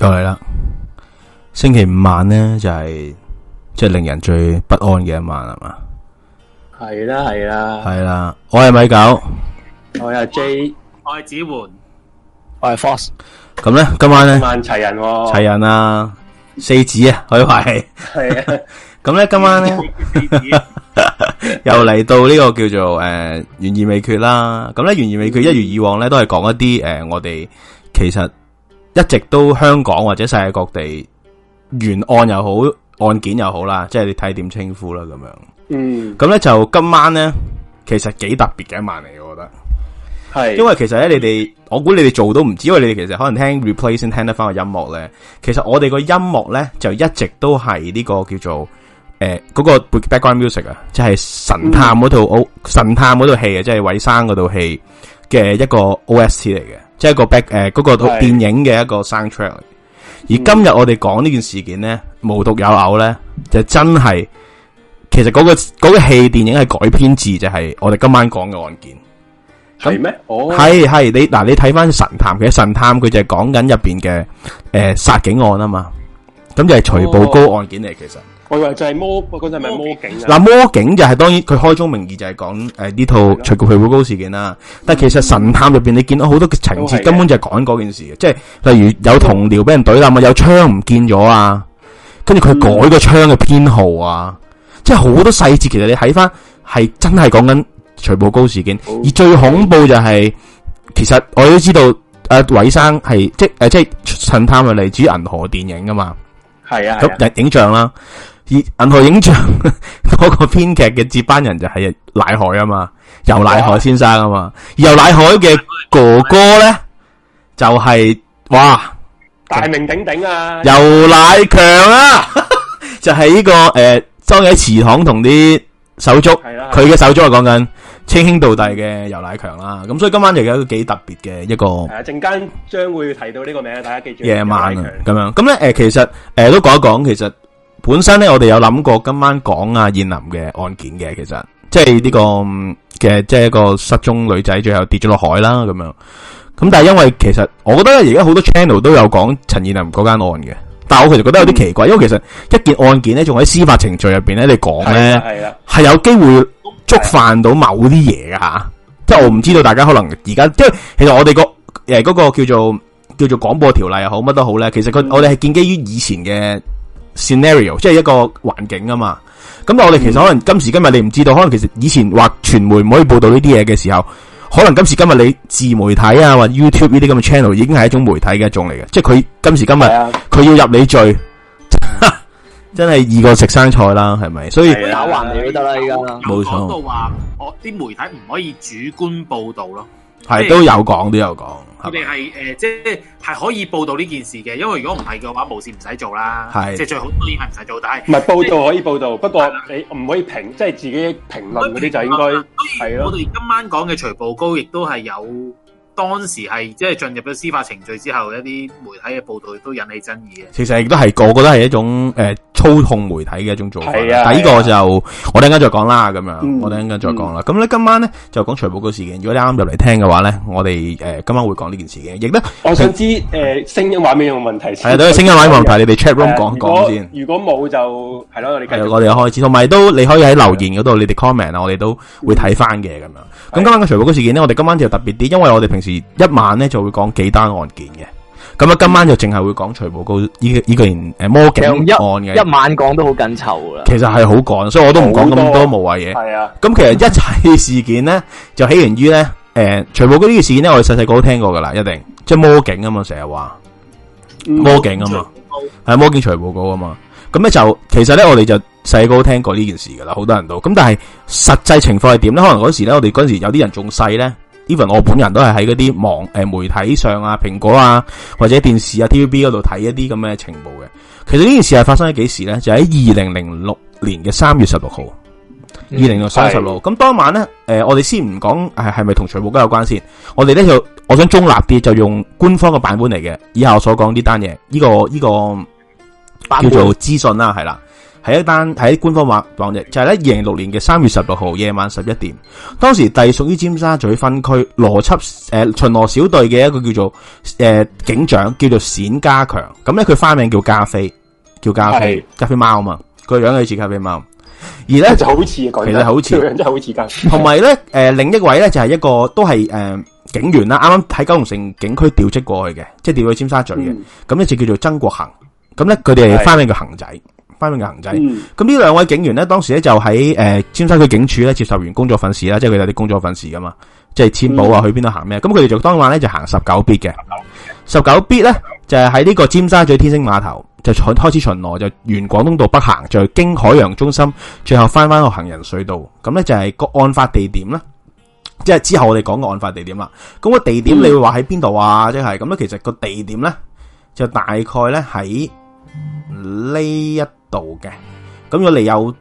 又嚟啦！星期五晚咧就係即係令人最不安嘅一晚係嘛？係啦係啦係啦！我係米九，我係是 J，我係子煥，我係 Force。咁咧今晚咧，萬齊人齊、哦、人啊，四子啊，許慧係啊。咁咧 的 今晚咧呢， 又嚟到呢個叫做誒懸疑未決啦。咁咧懸疑未決、嗯、一如以往咧都係講一啲誒、呃、我哋其實。一直都香港或者世界各地懸案又好案件又好啦，即係你睇點稱呼啦咁樣。嗯，咁咧就今晚咧，其實幾特別嘅一晚嚟，我覺得係，是 因為其實咧你哋，我估你哋做都唔知，因為你哋其實可能聽 replace 先聽得翻個音樂咧。其實我哋個音樂咧就一直都係呢個叫做誒嗰、呃那個 background music 啊，即、就、係、是、神探嗰套、嗯、神探套戲啊，即係韋生嗰套戲嘅一個 O S T 嚟嘅。即係個 back 誒、呃，嗰、那個電影嘅一個 soundtrack。是而今日我哋講呢件事件咧，嗯、無獨有偶咧，就真係，其實嗰、那個嗰、那個戲電影係改編自，就係、是、我哋今晚講嘅案件。係咩？哦、oh.，係係你嗱，你睇翻神探嘅神探，佢就係講緊入邊嘅誒殺警案啊嘛。咁就係徐步高案件嚟，oh. 其實。我以為就係魔，嗰隻咪魔警。嗱，魔警就係當然佢開宗明義就係講誒呢套《徐步高》事件啦。但係其實神探入邊你見到好多嘅情節，根本就係講嗰件事嘅。即係例如有同僚俾人懟冧啊，有槍唔見咗啊，跟住佢改個槍嘅編號啊，即係好多細節。其實你睇翻係真係講緊徐步高事件。而最恐怖就係，其實我都知道誒韋生係即誒即係神探係嚟自銀河電影噶嘛。係啊，咁影影像啦。《銀河影像》嗰個編劇嘅接班人就係乃海啊嘛，游乃海先生啊嘛，游乃海嘅哥哥咧就係哇大名鼎鼎啊，游乃強啊，就係呢個誒，裝喺祠堂同啲手足，佢嘅手足啊，講緊稱兄道弟嘅游乃強啦。咁所以今晚就有一個幾特別嘅一個，係啊，陣間將會提到呢個名啊，大家記住。夜晚啊，咁樣咁咧，誒，其實誒都講一講，其實。本身咧，我哋有諗過今晚講阿彥霖嘅案件嘅，其實即係呢個嘅，即係、這個、一個失蹤女仔最後跌咗落海啦，咁樣。咁但係因為其實我覺得而家好多 channel 都有講陳彥霖嗰間案嘅，但係我其實覺得有啲奇怪，嗯、因為其實一件案件咧，仲喺司法程序入邊咧，你講咧係有機會觸犯到某啲嘢噶吓。是的 即係我唔知道大家可能而家即係其實我哋、嗰個、誒嗰、嗰個叫做叫做廣播條例又好乜都好咧，其實佢我哋係建基於以前嘅。scenario 即係一個環境啊嘛，咁但我哋其實可能今時今日你唔知道，可能其實以前話傳媒唔可以報道呢啲嘢嘅時候，可能今時今日你自媒體啊或者 YouTube 呢啲咁嘅 channel 已經係一種媒體嘅一種嚟嘅，即係佢今時今日佢、啊、要入你罪， 真係易過食生菜啦，係咪？所以打橫都得啦，而家冇講到話我啲媒體唔可以主觀報道咯。係都有講，都有講。佢哋係誒，即係係可以報道呢件事嘅，因為如果唔係嘅話，無綫唔使做啦。係即係最好當然係唔使做，但係唔係報道可以報道，的不過你唔可以評，的即係自己評論嗰啲就應該係咯。我哋今晚講嘅徐步高，亦都係有。當時係即係進入咗司法程序之後，一啲媒體嘅報道都引起爭議嘅。其實亦都係個個都係一種誒操控媒體嘅一種做法。係啊，但係呢個就我哋陣間再講啦。咁樣我哋陣間再講啦。咁咧今晚咧就講徐步高個事件。如果你啱入嚟聽嘅話咧，我哋誒今晚會講呢件事嘅。亦都我想知誒聲音畫面有冇問題先。係啊，對聲音畫面問題，你哋 chat room 講講先。如果冇就係咯，我哋繼續。我哋開始。同埋都你可以喺留言嗰度，你哋 comment 啊，我哋都會睇翻嘅咁樣。咁今晚嘅徐步高個事件咧，我哋今晚就特別啲，因為我哋平時一晚咧就會講幾單案件嘅，咁啊今晚就淨係會講徐步高呢呢件誒魔警一案嘅，一晚講都好緊湊噶啦。其實係好趕，所以我都唔講咁多無謂嘢。係啊，咁其實一切事件咧就起源於咧，誒徐步高呢件事件咧，我哋細細個都聽過噶啦，一定即係魔警啊嘛，成日話魔警啊嘛，係魔警徐步高啊嘛。咁咧就其實咧我哋就細細個都聽過呢件事噶啦，好多人都咁，但係實際情況係點咧？可能嗰時咧我哋嗰時有啲人仲細咧。Even 我本人都係喺嗰啲網誒媒體上啊，蘋果啊或者電視啊 TVB 嗰度睇一啲咁嘅情報嘅。其實呢件事係發生喺幾時咧？就喺二零零六年嘅三月十六號，二零零三十六。咁 20 36, 的當晚咧，誒、呃，我哋先唔講係係咪同徐步高有關先。我哋咧就我想中立啲，就用官方嘅版本嚟嘅。以後所講呢單嘢，呢、這個呢、這個本叫做資訊啦，係啦。第一單喺官方話、就是、日就係咧，二零六年嘅三月十六號夜晚十一點，當時隸屬於尖沙咀分區邏輯誒巡邏小隊嘅一個叫做誒、呃、警長，叫做冼家強。咁咧佢花名叫加菲，叫加菲的加菲貓啊嘛，佢樣好似加菲貓，而咧就好似其實好似真係好似加，同埋咧誒另一位咧就係、是、一個都係誒、呃、警員啦，啱啱喺九龍城警區調職過去嘅，即係調去尖沙咀嘅。咁咧、嗯、就叫做曾國恆，咁咧佢哋係花名叫恆仔。翻去行仔，咁呢兩位警員呢，當時咧就喺誒、呃、尖沙咀警署咧接受完工作訓示啦，即係佢哋啲工作訓示噶嘛，即係簽簿啊，去邊度行咩？咁佢哋就當晚咧就行十九 B 嘅，十九 B 咧就係喺呢個尖沙咀天星碼頭就巡開始巡邏，就沿廣東道北行，就經海洋中心，最後翻翻個行人隧道。咁咧就係個案發地點啦，即、就、係、是、之後我哋講個案發地點啦。咁個地點你會話喺邊度啊？嗯、即係咁咧，其實個地點咧就大概咧喺呢一。道嘅，咁如果你有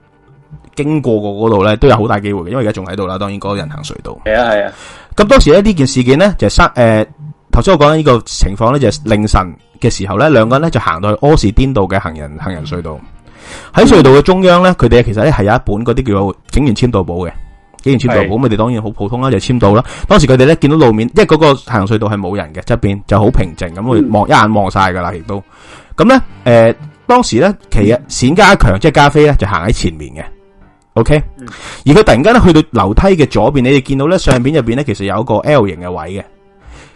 經過過嗰度咧，都有好大機會嘅，因為而家仲喺度啦。當然嗰個人行隧道係啊係啊。咁當時咧呢件事件咧就係誒，頭先我講呢個情況咧就凌晨嘅時候咧，兩個人咧就行到去柯士甸道嘅行人行人隧道，喺隧道嘅中央咧，佢哋其實咧係有一本嗰啲叫做警員簽到簿嘅，警員簽到簿，咁佢哋當然好普通啦，就簽到啦。當時佢哋咧見到路面，因為嗰個行人隧道係冇人嘅，側邊就好平靜，咁佢望一眼望晒噶啦，亦都咁咧誒。當時咧，其實冼家強即係加菲咧，就行喺前面嘅，OK、嗯。而佢突然間咧去到樓梯嘅左邊，你哋見到咧相片入邊咧，其實有一個 L 型嘅位嘅。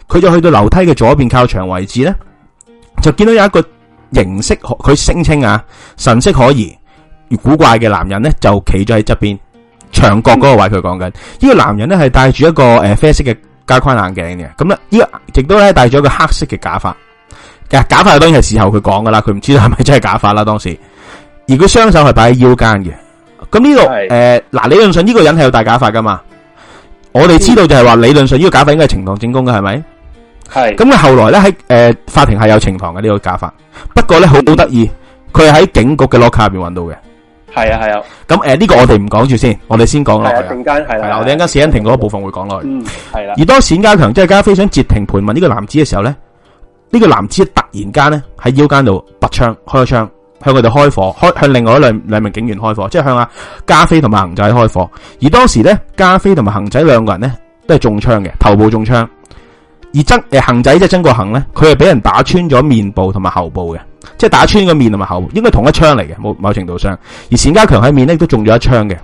佢就去到樓梯嘅左邊靠牆位置咧，就見到有一個形色佢聲稱啊，神色可疑而古怪嘅男人咧就企咗喺側邊牆角嗰個位。佢講緊呢個男人咧係戴住一個誒啡色嘅加框眼鏡嘅，咁咧亦都咧戴咗一個黑色嘅假髮。假髮係當然係事後佢講噶啦，佢唔知道係咪真係假髮啦當時。而佢雙手係擺喺腰間嘅，咁呢度誒，嗱是的、呃、理論上呢個人係有戴假髮噶嘛？我哋知道就係話理論上呢個假髮應該係情堂正功噶係咪？係。咁後是的 後來咧喺誒法庭係有呈堂嘅呢，這個假髮，不過咧好好得意，佢係喺警局嘅 locker 入邊揾到嘅。係啊係啊。咁誒呢個我哋唔講住先，我哋先講落去。間我哋一陣間審訊庭嗰個部分會講落去。係啦。而當冼家強即係家非想截停盤問呢個男子嘅時候咧。呢個男子突然間咧喺腰間度拔槍開槍，向佢哋開火，開向另外一兩兩名警員開火，即係向阿加菲同埋恒仔開火。而當時咧，加菲同埋恒仔兩個人咧都係中槍嘅，頭部中槍。而曾誒恒仔即係曾國恒咧，佢係俾人打穿咗面部同埋後部嘅，即係打穿個面同埋後部，應該同一槍嚟嘅。某某程度上，而冼家強喺面咧都中咗一槍嘅。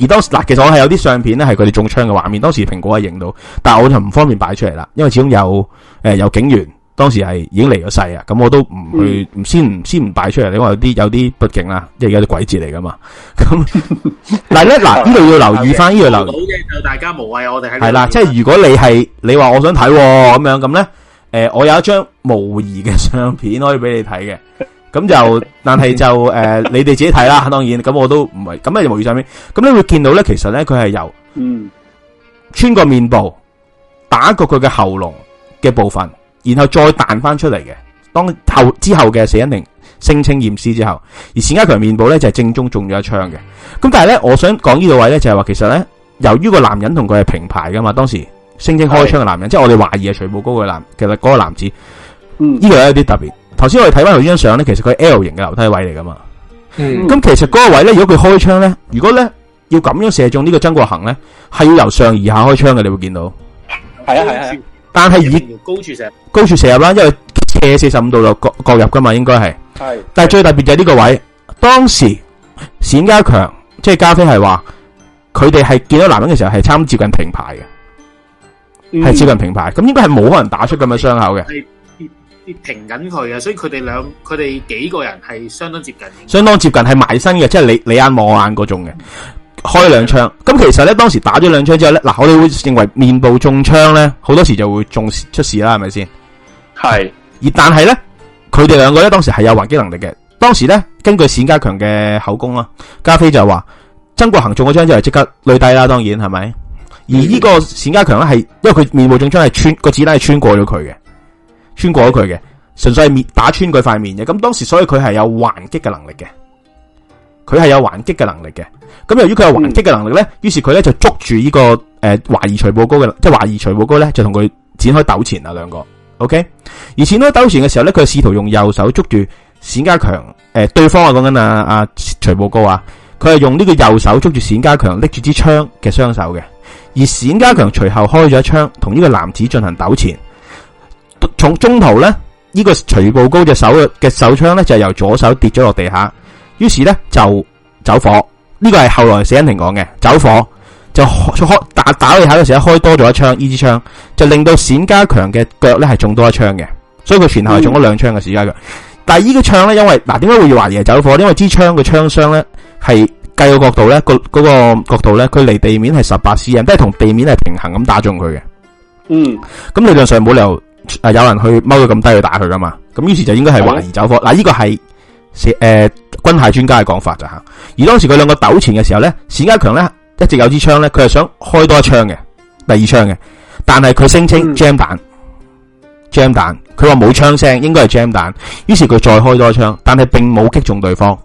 而當時嗱，其實我係有啲相片咧，係佢哋中槍嘅畫面。當時蘋果係影到，但係我就唔方便擺出嚟啦，因為始終有誒、呃、有警員。當時係已經離咗世啊，咁我都唔去唔先唔先唔擺出嚟，因為有啲有啲不敬啦，即係而家啲鬼節嚟噶嘛。咁嗱咧嗱，呢度要留意翻呢樣留意。好嘅，就大家無謂我哋係係啦。即係如果你係你話我想睇咁樣咁咧，誒，我有一張模擬嘅相片可以俾你睇嘅。咁就但係就誒，你哋自己睇啦。當然咁我都唔係咁咧，就模擬相片咁咧會見到咧，其實咧佢係由嗯穿過面部打過佢嘅喉嚨嘅部分。然後再彈翻出嚟嘅，當後之後嘅死因庭聲稱驗屍之後，而冼家強面部咧就係、是、正中中咗一槍嘅。咁但係咧，我想講呢個位咧就係話，其實咧由於個男人同佢係平排噶嘛，當時聲稱開槍嘅男人，的即係我哋懷疑係徐步高嘅男，其實嗰個男子呢、嗯、個有啲特別。頭先我哋睇翻呢張相咧，其實佢係 L 型嘅樓梯位嚟噶嘛。咁、嗯、其實嗰個位咧，如果佢開槍咧，如果咧要咁樣射中個行呢個曾國恒咧，係要由上而下開槍嘅，你會見到。係啊係啊。但係越高處射，高處射入啦，入因為斜四十五度就割割入噶嘛，應該係。係。但係最特別就係呢個位，當時冼家強即係加菲係話，佢哋係見到男人嘅時候係參接近停牌嘅，係、嗯、接近停牌，咁應該係冇可能打出咁嘅傷口嘅。係跌跌停緊佢嘅。所以佢哋兩佢哋幾個人係相，相當接近。相當接近係埋身嘅，即、就、係、是、你你眼望我眼嗰種嘅。嗯開兩槍，咁其實咧當時打咗兩槍之後咧，嗱我哋會認為面部中槍咧，好多時就會中出事啦，係咪先？係是，而但係咧，佢哋兩個咧當時係有還擊能力嘅。當時咧根據冼家強嘅口供啊，家菲就話曾國恆中咗槍之後即刻累低啦，當然係咪？而呢個冼家強咧係因為佢面部中槍係穿個子彈係穿過咗佢嘅，穿過咗佢嘅純粹係面打穿佢塊面嘅。咁當時所以佢係有還擊嘅能力嘅。佢係有還擊嘅能力嘅，咁由於佢有還擊嘅能力咧，於是佢咧就捉住呢、這個誒懷、呃、疑徐步高嘅，即係懷疑徐步高咧就同佢展開糾纏啊兩個，OK，而展開糾纏嘅時候咧，佢試圖用右手捉住冼家強誒對方啊，講緊啊啊徐步高啊，佢係用呢個右手捉住冼家強拎住支槍嘅雙手嘅，而冼家強隨後開咗一槍，同呢個男子進行糾纏，從中途咧呢、這個徐步高隻手嘅手槍咧就係、由左手跌咗落地下。於是咧就走火，呢、這個係後來史恩廷講嘅走火，就開打打你下嘅時候開多咗一槍呢支槍，就令到冼家強嘅腳咧係中多一槍嘅，所以佢前後係中咗兩槍嘅冼家強。嗯、但係呢個槍咧，因為嗱點解會要懷疑走火？因為支槍嘅槍傷咧係計個角度呢、那個角度咧，個嗰個角度咧，佢離地面係十八 CM，即係同地面係平行咁打中佢嘅。嗯，咁理論上冇理由誒、呃、有人去踎佢咁低去打佢噶嘛？咁於是就應該係懷疑走火。嗱、啊，呢、這個係。誒、呃，軍械專家嘅講法就吓、是，而當時佢兩個糾纏嘅時候咧，冼家強咧一直有一支槍咧，佢係想開多一槍嘅，第二槍嘅，但係佢聲稱 jam 彈、mm.，jam 彈，佢話冇槍聲，應該係 jam 彈。於是佢再開多一槍，但係並冇擊中對方，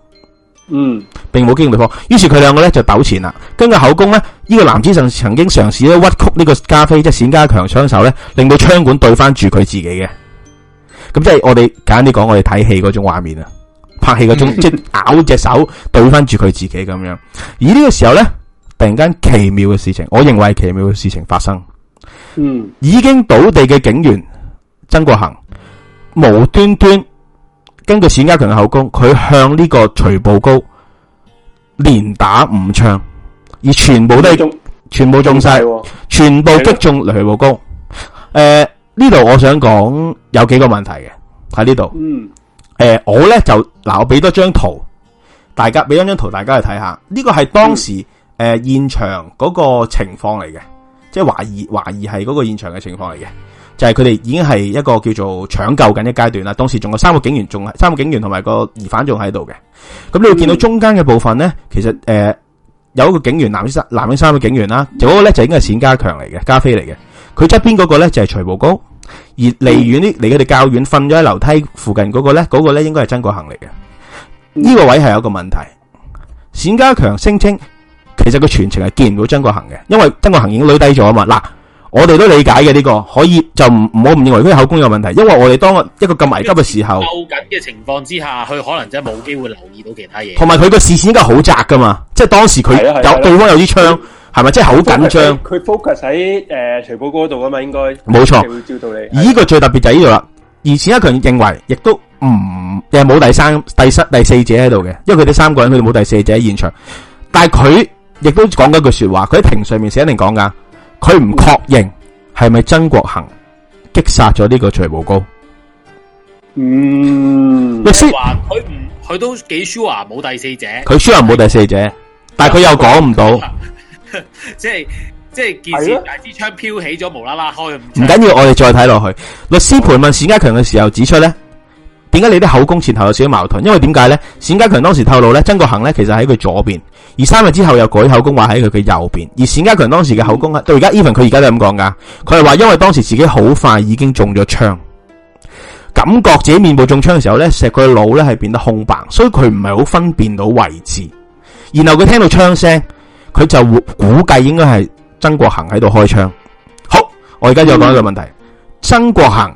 嗯，mm. 並冇擊中對方。於是佢兩個咧就糾纏啦。根據口供呢，呢、這個男子曾曾經嘗試咧屈曲個咖、就是、呢個加菲即係冼家強槍手咧，令到槍管對翻住佢自己嘅。咁即係我哋簡單啲講，我哋睇戲嗰種畫面啊。氣種 即係咬隻手對翻住佢自己咁樣，而呢個時候咧，突然間奇妙嘅事情，我認為係奇妙嘅事情發生。嗯，已經倒地嘅警員曾國恆，無端端根據冼家強嘅口供，佢向呢個徐步高連打五槍，而全部都係中，全部中晒，全部擊中徐步高。誒、呃，呢度我想講有幾個問題嘅喺呢度。嗯。誒、呃，我咧就嗱，我俾多張圖，大家俾多張圖，大家去睇下。呢、這個係當時誒、呃、現場嗰個情況嚟嘅，即係懷疑懷疑係嗰個現場嘅情況嚟嘅，就係佢哋已經係一個叫做搶救緊嘅階段啦。當時仲有三個警員，仲係三個警員同埋個疑犯仲喺度嘅。咁你會見到中間嘅部分呢，其實誒、呃、有一個警員，藍色三個警員啦，就、那、嗰個咧就應該係冼家強嚟嘅，加菲嚟嘅。佢側邊嗰個咧就係、是、徐步高。而離遠啲，離佢哋較遠，瞓咗喺樓梯附近嗰、那個咧，嗰、那個咧應該係曾國恒嚟嘅。呢、這個位係有個問題。冼家強聲稱，其實個全程係見唔到曾國恒嘅，因為曾國恒已經攞低咗啊嘛。嗱，我哋都理解嘅呢、這個，可以就唔唔好唔認為佢口供有問題，因為我哋當一個咁危急嘅時候，鬥緊嘅情況之下，佢可能真係冇機會留意到其他嘢。同埋佢個視線應該好窄噶嘛，即係當時佢有對方有啲窗。係咪即係好緊張？佢 focus 喺誒徐保高度噶嘛？應該冇錯，錯會照到你。依個最特別就呢度啦。而前一強認為，亦都唔誒冇第三、第三、第四，第四者喺度嘅，因為佢哋三個人佢冇第四者喺現場。但係佢亦都講緊句說話，佢喺評上面寫定講噶，佢唔確認係咪曾國恆擊殺咗呢個徐步高。嗯，律師佢唔佢都幾舒 u 冇第四者，佢舒 u 冇第四者，但係是佢又講唔到。 即係即係件事，的大支槍飄起咗，無啦啦開唔緊要，我哋再睇落去。律師盤問冼家強嘅時候指出呢，點解你啲口供前後有少少矛盾？因為點解呢？冼家強當時透露呢，曾國恆呢其實喺佢左邊，而三日之後又改口供話喺佢嘅右邊。而冼家強當時嘅口供咧，到而家 even 佢而家都咁講噶，佢係話因為當時自己好快已經中咗槍，感覺自己面部中槍嘅時候呢，石佢腦呢係變得空白，所以佢唔係好分辨到位置，然後佢聽到槍聲。佢就估計應該係曾國恒喺度開槍。好，我而家就講一個問題：嗯、曾國恒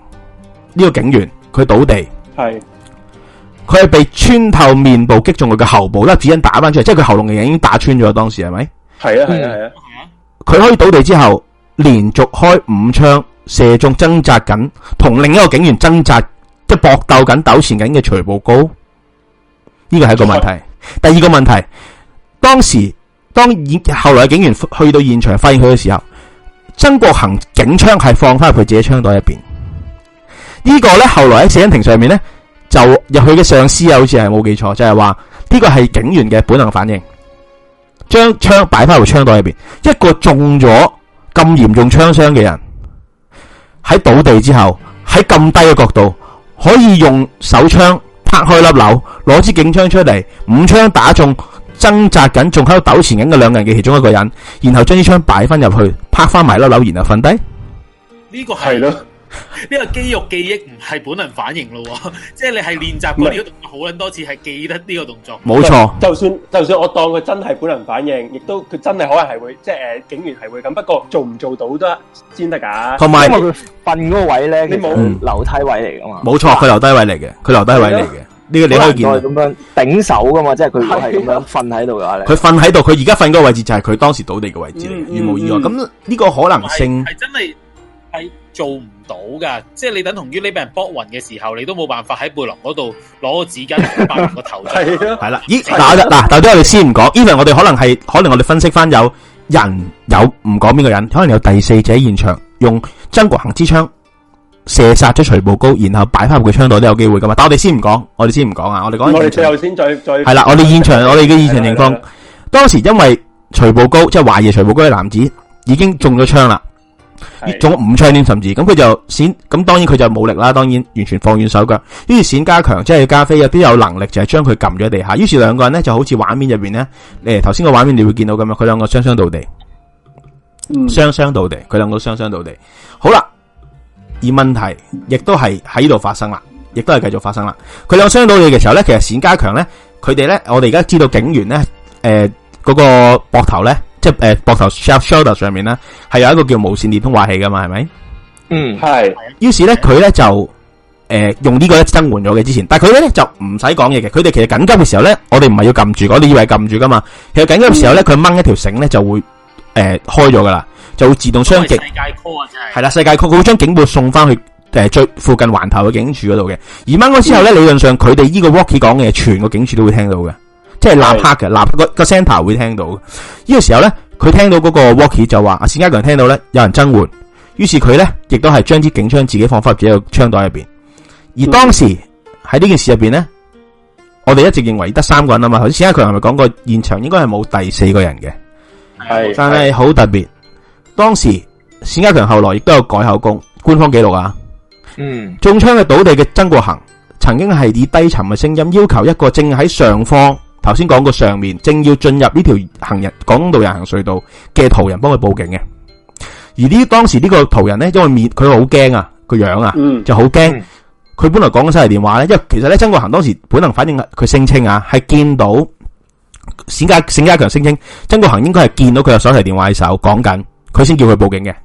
呢、這個警員佢倒地，係佢係被穿透面部擊中佢嘅喉部啦，子彈打翻出嚟，即係佢喉嚨嘅人已經打穿咗。當時係咪？係啊，係啊，係啊。佢可以倒地之後，連續開五槍射中掙扎緊同另一個警員掙扎，即係搏鬥緊、糾纏緊嘅徐步高。呢個係一個問題。是第二個問題，當時，當以後來嘅警員去到現場發現佢嘅時候，曾國恆警槍係放翻入佢自己槍袋入邊。呢個咧，後來喺死因庭上面咧，就入去嘅上司啊，好似係冇記錯，就係話呢個係警員嘅本能反應，將槍擺翻入槍袋入邊。一個中咗咁嚴重槍傷嘅人喺倒地之後，喺咁低嘅角度可以用手槍拍開粒鈕，攞支警槍出嚟，五槍打中，掙扎緊，仲喺度糾纏緊嘅兩個人嘅其中一個人，然後將啲槍擺翻入去，拍翻埋粒鈕，然後瞓低。呢個係咯，呢個肌肉記憶唔係本能反應咯，即係你係練習過呢個動作好捻多次，係記得呢個動作。冇錯，就算就算我當佢真係本能反應，亦都佢真係可能係會，即係誒警員係會咁，不過做唔做到都得先得噶。同埋瞓嗰個位咧，你冇樓梯位嚟噶嘛？冇錯，佢樓梯位嚟嘅，佢樓梯位嚟嘅。你你可以見佢咁樣頂手噶嘛？即係佢係咁樣瞓喺度嘅話，佢瞓喺度，佢而家瞓個位置就係佢當時倒地嘅位置，如無、嗯嗯、意外，咁呢個可能性係真係係做唔到噶，即係你等同於呢個人搏暈嘅時候，你都冇辦法喺背囊嗰度攞個紙巾撥完個頭，係咯，係啦。咦嗱，嗱，但係都我哋先唔講，even 我哋可能係可能我哋分析翻有人有唔講邊個人，可能有第四者喺現場用曾國恒支槍。射殺咗徐步高，然後擺翻佢槍袋都有機會噶嘛？但我哋先唔講，我哋先唔講啊！我哋講我哋、嗯、最後先再再係啦！我哋現場， 我哋嘅現場情況，當時因為徐步高即係懷疑徐步高嘅男子已經中咗槍啦，的中咗五槍添甚至咁，佢就閃咁，當然佢就冇力啦，當然完全放軟手腳。於是閃加強，即係加菲有啲有能力就係將佢撳咗地下。於是兩個人呢就好似畫面入邊呢。誒頭先個畫面你會見到咁樣，佢兩個雙雙倒地，雙雙倒地，佢兩個雙雙倒地，好啦。而問題亦都係喺度發生啦，亦都係繼續發生啦。佢兩雙到嘢嘅時候咧，其實冼家強咧，佢哋咧，我哋而家知道警員咧，誒嗰個膊頭咧，即係誒膊頭 shoulder 上面啦，係有一個叫無線電通話器嘅嘛，係咪？嗯，係。於是咧，佢咧就誒用呢個咧增援咗嘅之前，但係佢咧就唔使講嘢嘅。佢哋其實緊急嘅時候咧，我哋唔係要撳住，我哋以為撳住嘅嘛。其實緊急嘅時候咧，佢掹一條繩咧就會。誒、呃，開咗噶啦，就會自動將警係啦，世界佢會將警報送翻去誒、呃、最附近環頭嘅警署嗰度嘅。而掹咗之後咧，嗯、理論上佢哋呢個 walkie 講嘅嘢，全個警署都會聽到嘅，即係立刻嘅，立刻的個個 centre 會聽到呢、這個時候咧，佢聽到嗰個 walkie 就話：，阿、啊、冼家強聽到咧，有人爭援。於」於是佢咧，亦都係將啲警槍自己放翻入自己個槍袋入邊。而當時喺呢件事入邊咧，我哋一直認為得三個人啊嘛。好似冼家強係咪講過現場應該係冇第四個人嘅？係，但係好特別。當時冼家強後來亦都有改口供，官方記錄啊。嗯，中槍嘅倒地嘅曾國恆，曾經係以低沉嘅聲音要求一個正喺上方，頭先講過上面，正要進入呢條行人廣東道人行隧道嘅途人幫佢報警嘅。而呢當時呢個途人呢，因為面佢好驚啊，個樣啊，就好驚。佢、嗯、本來講緊西事電話呢，因為其實咧曾國恆當時本能反應，佢聲稱啊係見到。冼家冼家強聲稱曾國恒應該係見到佢有手提電話喺手，講緊，佢先叫佢報警嘅。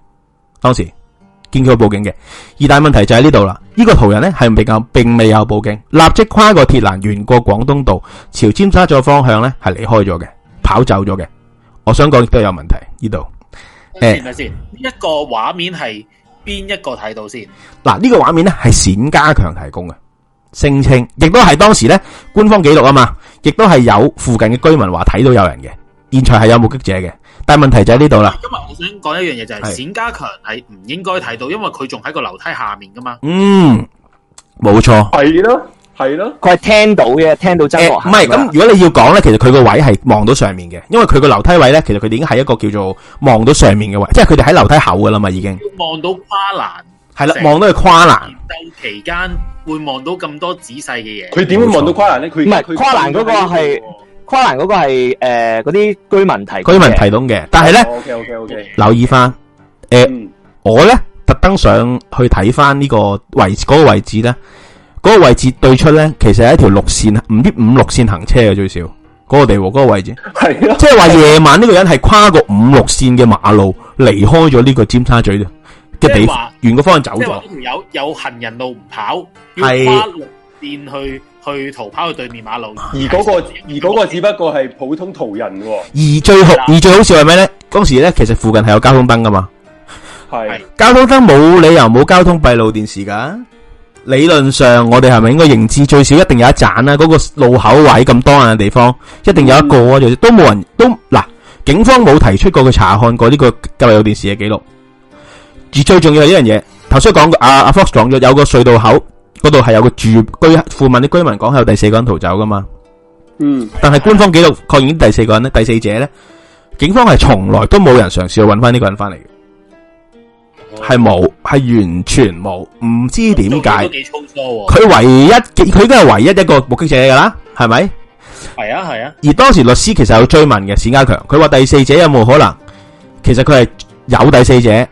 當時見佢報警嘅，而大問題就喺呢度啦。呢、呢個途人呢，係比較並未有報警，立即跨過鐵欄，沿過廣東道朝尖沙咀方向呢，係離開咗嘅，跑走咗嘅。我想講亦都有問題呢度，係先？呢一、哎、個畫面係邊一個睇到先？嗱，呢個畫面呢，係冼家強提供嘅。聲稱亦都係當時咧，官方記錄啊嘛，亦都係有附近嘅居民話睇到有人嘅，現場係有目擊者嘅。但係問題就喺呢度啦。因為我想講一樣嘢，就係、是、冼是家強係唔應該睇到，因為佢仲喺個樓梯下面噶嘛。嗯，冇錯，係咯，係咯，佢係聽到嘅，聽到真唔係。咁如果你要講咧，其實佢個位係望到上面嘅，因為佢個樓梯位咧，其實佢哋已經係一個叫做望到上面嘅位，即係佢哋喺樓梯口噶啦嘛，已經望到跨欄係啦，望到佢跨欄。鬥期間。會望到咁多仔細嘅嘢，佢點錯會望到跨欄咧？佢唔係跨欄嗰個係跨欄嗰個係誒，嗰啲居民提供，居民睇到嘅，但係咧，哦、okay, okay, okay. 留意翻誒，呃嗯、我咧特登上去睇翻呢個位嗰、嗰個位置咧，嗰、嗰個位置對出咧，其實係一條六線，唔知五六線行車嘅最少嗰、嗰個地嗰、嗰個位置係即係話夜晚呢個人係跨過五六線嘅馬路離開咗呢個尖沙咀嘅。即係沿個方向走咗。有行人路唔跑，係跨是路電去去逃跑去對面馬路。而嗰、那個而嗰個只不過係普通途人喎。而最好的而最好笑係咩呢？當時呢，其實附近係有交通燈噶嘛。係是交通燈冇理由冇交通閉路電視噶、啊。理論上，我哋係咪應該認知最少一定有一盞啊嗰、那個路口位咁多人嘅地方，一定有一個啊！就、嗯、都冇人都嗱，警方冇提出過去查看過呢個閉路電視嘅記錄。最最重要係一樣嘢，頭先講過阿阿 Fox 講咗，有個隧道口嗰度係有個住居附近啲居民講，係有第四個人逃走噶嘛。嗯，但係官方記錄確認第四個人呢？第四者咧，警方係從來都冇人嘗試去揾翻呢個人翻嚟嘅，係冇，係完全冇，唔知點解，都幾粗疏。佢唯一佢都係唯一一個目擊者噶啦，係咪？係啊，係啊。而當時律師其實有追問嘅史家強，佢話第四者有冇可能？其實佢係有第四者。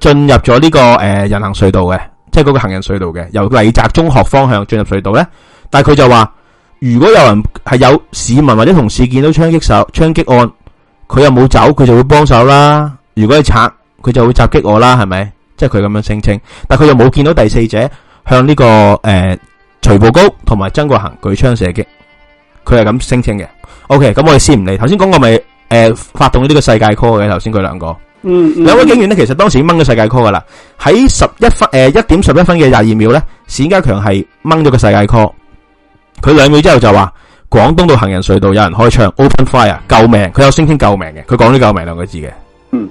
進入咗呢、這個誒、呃、人行隧道嘅，即係嗰個行人隧道嘅，由麗澤中學方向進入隧道咧。但係佢就話，如果有人係有市民或者同事見到槍擊手、槍擊案，佢又冇走，佢就會幫手啦。如果係賊，佢就會襲擊我啦，係咪？即係佢咁樣聲稱。但係佢又冇見到第四者向呢、這個誒、呃、徐步高同埋曾國恒舉槍射擊，佢係咁聲稱嘅。OK，咁我哋先唔理。頭先講過咪誒、呃、發動咗呢個世界 call 嘅，頭先佢兩個。兩、嗯嗯、位警員咧，其實當時掹咗世界 call 噶啦。喺十一分誒一點十一分嘅廿二秒咧，冼家強係掹咗個世界 call。佢兩秒之後就話廣東道行人隧道有人開槍，open fire，救命！佢有聲稱救命嘅，佢講咗救命兩個字嘅。嗯，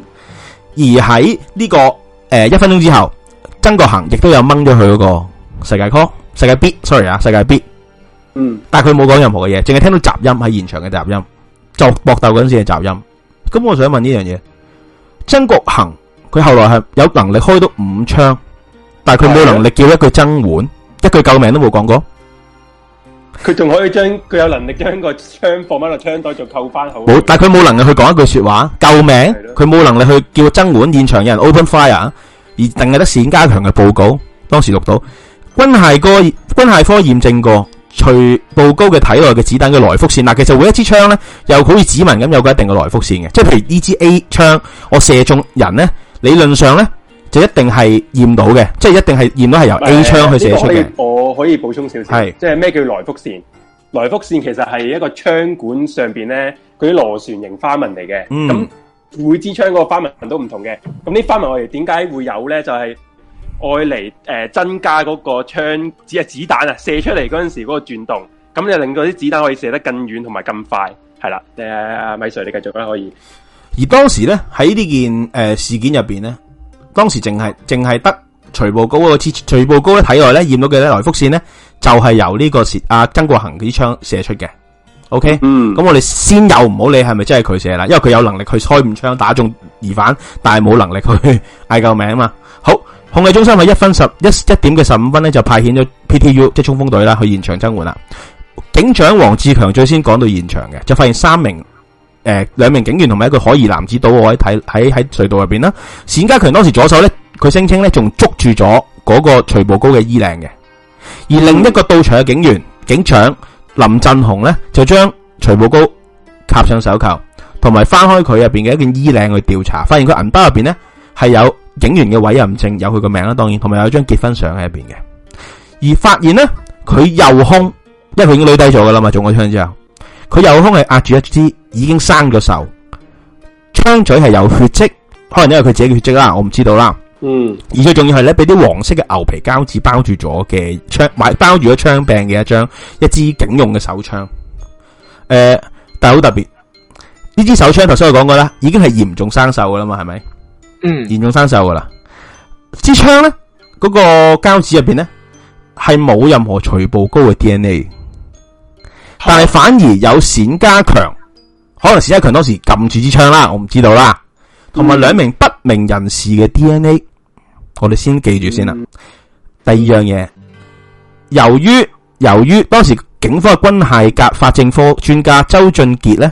而喺呢、這個誒一、呃、分鐘之後，曾國恒亦都有掹咗佢嗰個世界 call，世界 B，sorry 啊，世界 B。嗯，但係佢冇講任何嘅嘢，淨係聽到雜音喺現場嘅雜音，就搏鬥嗰陣先係雜音。咁我想問呢樣嘢。曾國恒佢後來係有能力開到五槍，但係佢冇能力叫一句增援，一句救命都冇講過，佢仲可以將佢有能力將個槍放喺個槍袋就扣翻好。冇，但係佢冇能力去講一句說話救命，佢冇能力去叫增援現場有人 open fire，而淨係得冼家強嘅報告當時錄到，軍械科軍械科驗證過。徐步高嘅體內嘅子彈嘅來福線，嗱其實每一支槍咧，又好似指紋咁，有，一有一個一定嘅來福線嘅。即係譬如呢支 A 槍，我射中人咧，理論上咧就一定係驗到嘅，即係一定係驗到係由 A 槍去射出嘅。我可以補充少少，係是即係咩叫來福線？來福線其實係一個槍管上邊咧，佢啲螺旋形花紋嚟嘅。咁、嗯、每支槍嗰個花紋都唔同嘅。咁啲花紋我哋點解會有咧？就係、是。愛嚟，誒，增加嗰個槍隻啊，子彈啊，射出嚟嗰陣時嗰個轉動，咁就令到啲子彈可以射得更遠同埋更快，係啦。誒、啊，阿米 Sir，你繼續啦，可以。而當時咧，喺呢件誒、呃、事件入邊咧，當時淨係淨係得徐步高嗰個，徐步高嘅體內咧驗到嘅咧，來福線咧，就係、是、由呢、這個啊曾國恒啲槍射出嘅。OK，嗯，咁我哋先有唔好理係咪真係佢射啦，因為佢有能力去開五槍打中疑犯，但係冇能力去嗌救命啊嘛。控制中心係一分十一一點嘅十五分咧，就派遣咗 PTU 即係衝鋒隊啦，去現場增援啦。警長黃志強最先趕到現場嘅，就發現三名誒兩名警員同埋一個可疑男子倒卧喺睇喺喺隧道入邊啦。冼家強當時左手咧，佢聲稱咧仲捉住咗嗰個徐步高嘅衣領嘅，而另一個到場嘅警員警長林振雄咧，就將徐步高插上手扣，同埋翻開佢入邊嘅一件衣領去調查，發現佢銀包入邊咧係有。警員嘅委任證有佢個名啦，當然，同埋有一張結婚相喺入邊嘅。而發現呢，佢右胸，因為佢已經攞低咗噶啦嘛，中咗槍之後，佢右胸係壓住一支已經生咗鏽槍嘴，係有血跡，可能因為佢自己嘅血跡啦，我唔知道啦。嗯，而且仲要係咧，俾啲黃色嘅牛皮膠紙包住咗嘅槍，買包住咗槍柄嘅一張一支警用嘅手槍。誒、呃，但係好特別，呢支手槍頭先我講過啦，已經係嚴重生鏽噶啦嘛，係咪？嚴重生鏽噶啦，支槍咧，嗰、那個膠紙入邊咧係冇任何徐步高嘅 DNA，但係反而有冼家強，可能冼家強當時撳住支槍啦，我唔知道啦，同埋兩名不明人士嘅 DNA，我哋先記住先啦。第二樣嘢，由於由於當時警方嘅軍械及法政科專家周俊傑咧。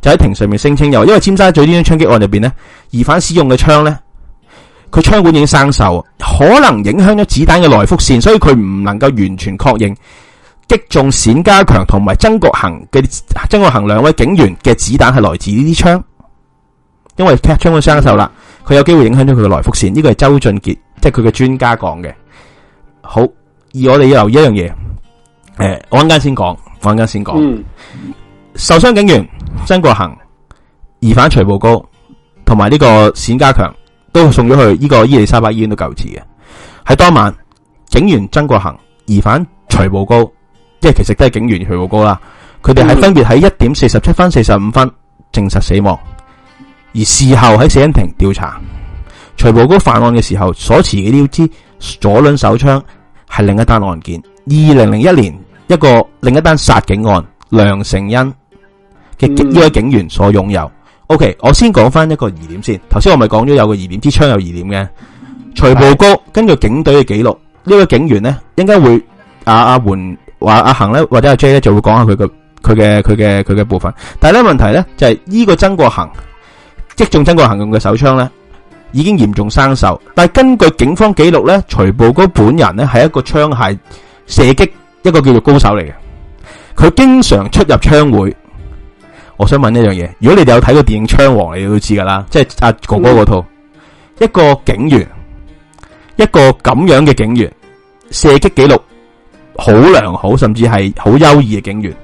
就喺庭上面聲稱又，因為尖沙咀呢宗槍擊案入邊呢，疑犯使用嘅槍呢，佢槍管已經生鏽，可能影響咗子彈嘅來福線，所以佢唔能夠完全確認擊中冼家強同埋曾國恒嘅，曾國恒兩位警員嘅子彈係來自呢啲槍，因為槍管生鏽啦，佢有機會影響咗佢嘅來福線。呢個係周俊杰，即係佢嘅專家講嘅。好，而我哋要留意一樣嘢，誒、呃，我一陣間先講，我一陣間先講。嗯受傷警員曾國恒、疑犯徐步高同埋呢個冼家強都送咗去呢個伊利沙伯醫院度救治嘅。喺當晚，警員曾國恒、疑犯徐步高，即係其實都係警員徐步高啦，佢哋喺分別喺一點四十七分、四十五分證實死亡。而事後喺死因庭調查，徐步高犯案嘅時候所持嘅呢支左輪手槍係另一單案件，二零零一年一個另一單殺警案梁成恩。嘅呢位警員所擁有。OK，我先講返一個疑點先。頭先我咪講咗有個疑點，支槍有疑點嘅。徐步高根據警隊嘅記錄，呢位警員呢應該會阿阿煥話阿恒咧，或者阿 J 呢就會講下佢嘅佢嘅佢嘅佢嘅部分。但係咧問題呢，就係呢個曾國恒擊中曾國恒用嘅手槍呢已經嚴重生銹，但係根據警方記錄呢，徐步高本人呢係一個槍械射擊一個叫做高手嚟嘅，佢經常出入槍會。我想問一樣嘢，如果你哋有睇過電影《槍王》，你都知噶啦，即係阿哥哥嗰套，一個警員，一個咁樣嘅警員，射擊記錄好良好，甚至係好優異嘅警員，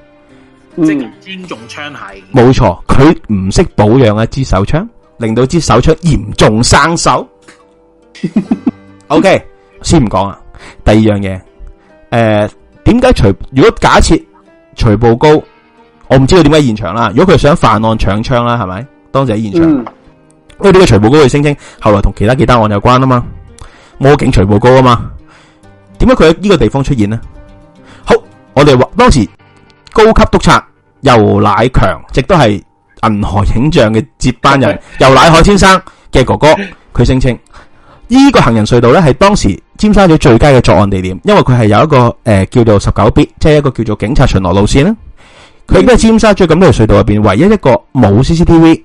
即係尊重槍械。冇錯，佢唔識保養一支手槍，令到支手槍嚴重生鏽。OK，先唔講啊，第二樣嘢，誒，點解徐？如果假設徐步高？我唔知道點解現場啦。如果佢想犯案搶槍啦，係咪當時喺現場？嗯、因為呢個徐步高佢聲稱後來同其他幾單案有關啊嘛。魔警徐步高啊嘛，點解佢喺呢個地方出現呢？好，我哋話當時高級督察游乃強，亦都係銀河影像嘅接班人，游、嗯、乃海先生嘅哥哥，佢聲稱呢個行人隧道咧係當時尖沙咀最佳嘅作案地點，因為佢係有一個誒、呃、叫做十九 B，即係一個叫做警察巡邏路線啦。佢依家尖沙咀咁多條隧道入邊，唯一一個冇 CCTV。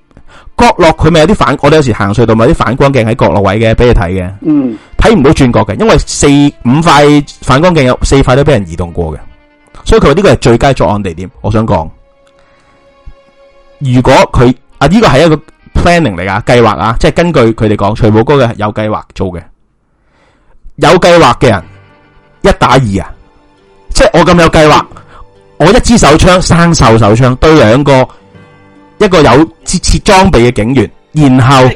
角落佢咪有啲反，我哋有時行隧道咪有啲反光鏡喺角落位嘅，俾你睇嘅。嗯，睇唔到轉角嘅，因為四五塊反光鏡有四塊都俾人移動過嘅，所以佢話呢個係最佳作案地點。我想講，如果佢啊呢個係一個 planning 嚟㗎，計劃啊，即係根據佢哋講徐步高嘅有計劃做嘅，有計劃嘅人一打二啊，即係我咁有計劃。我一支手槍，生銹手槍對兩個一個有設設裝備嘅警員，然後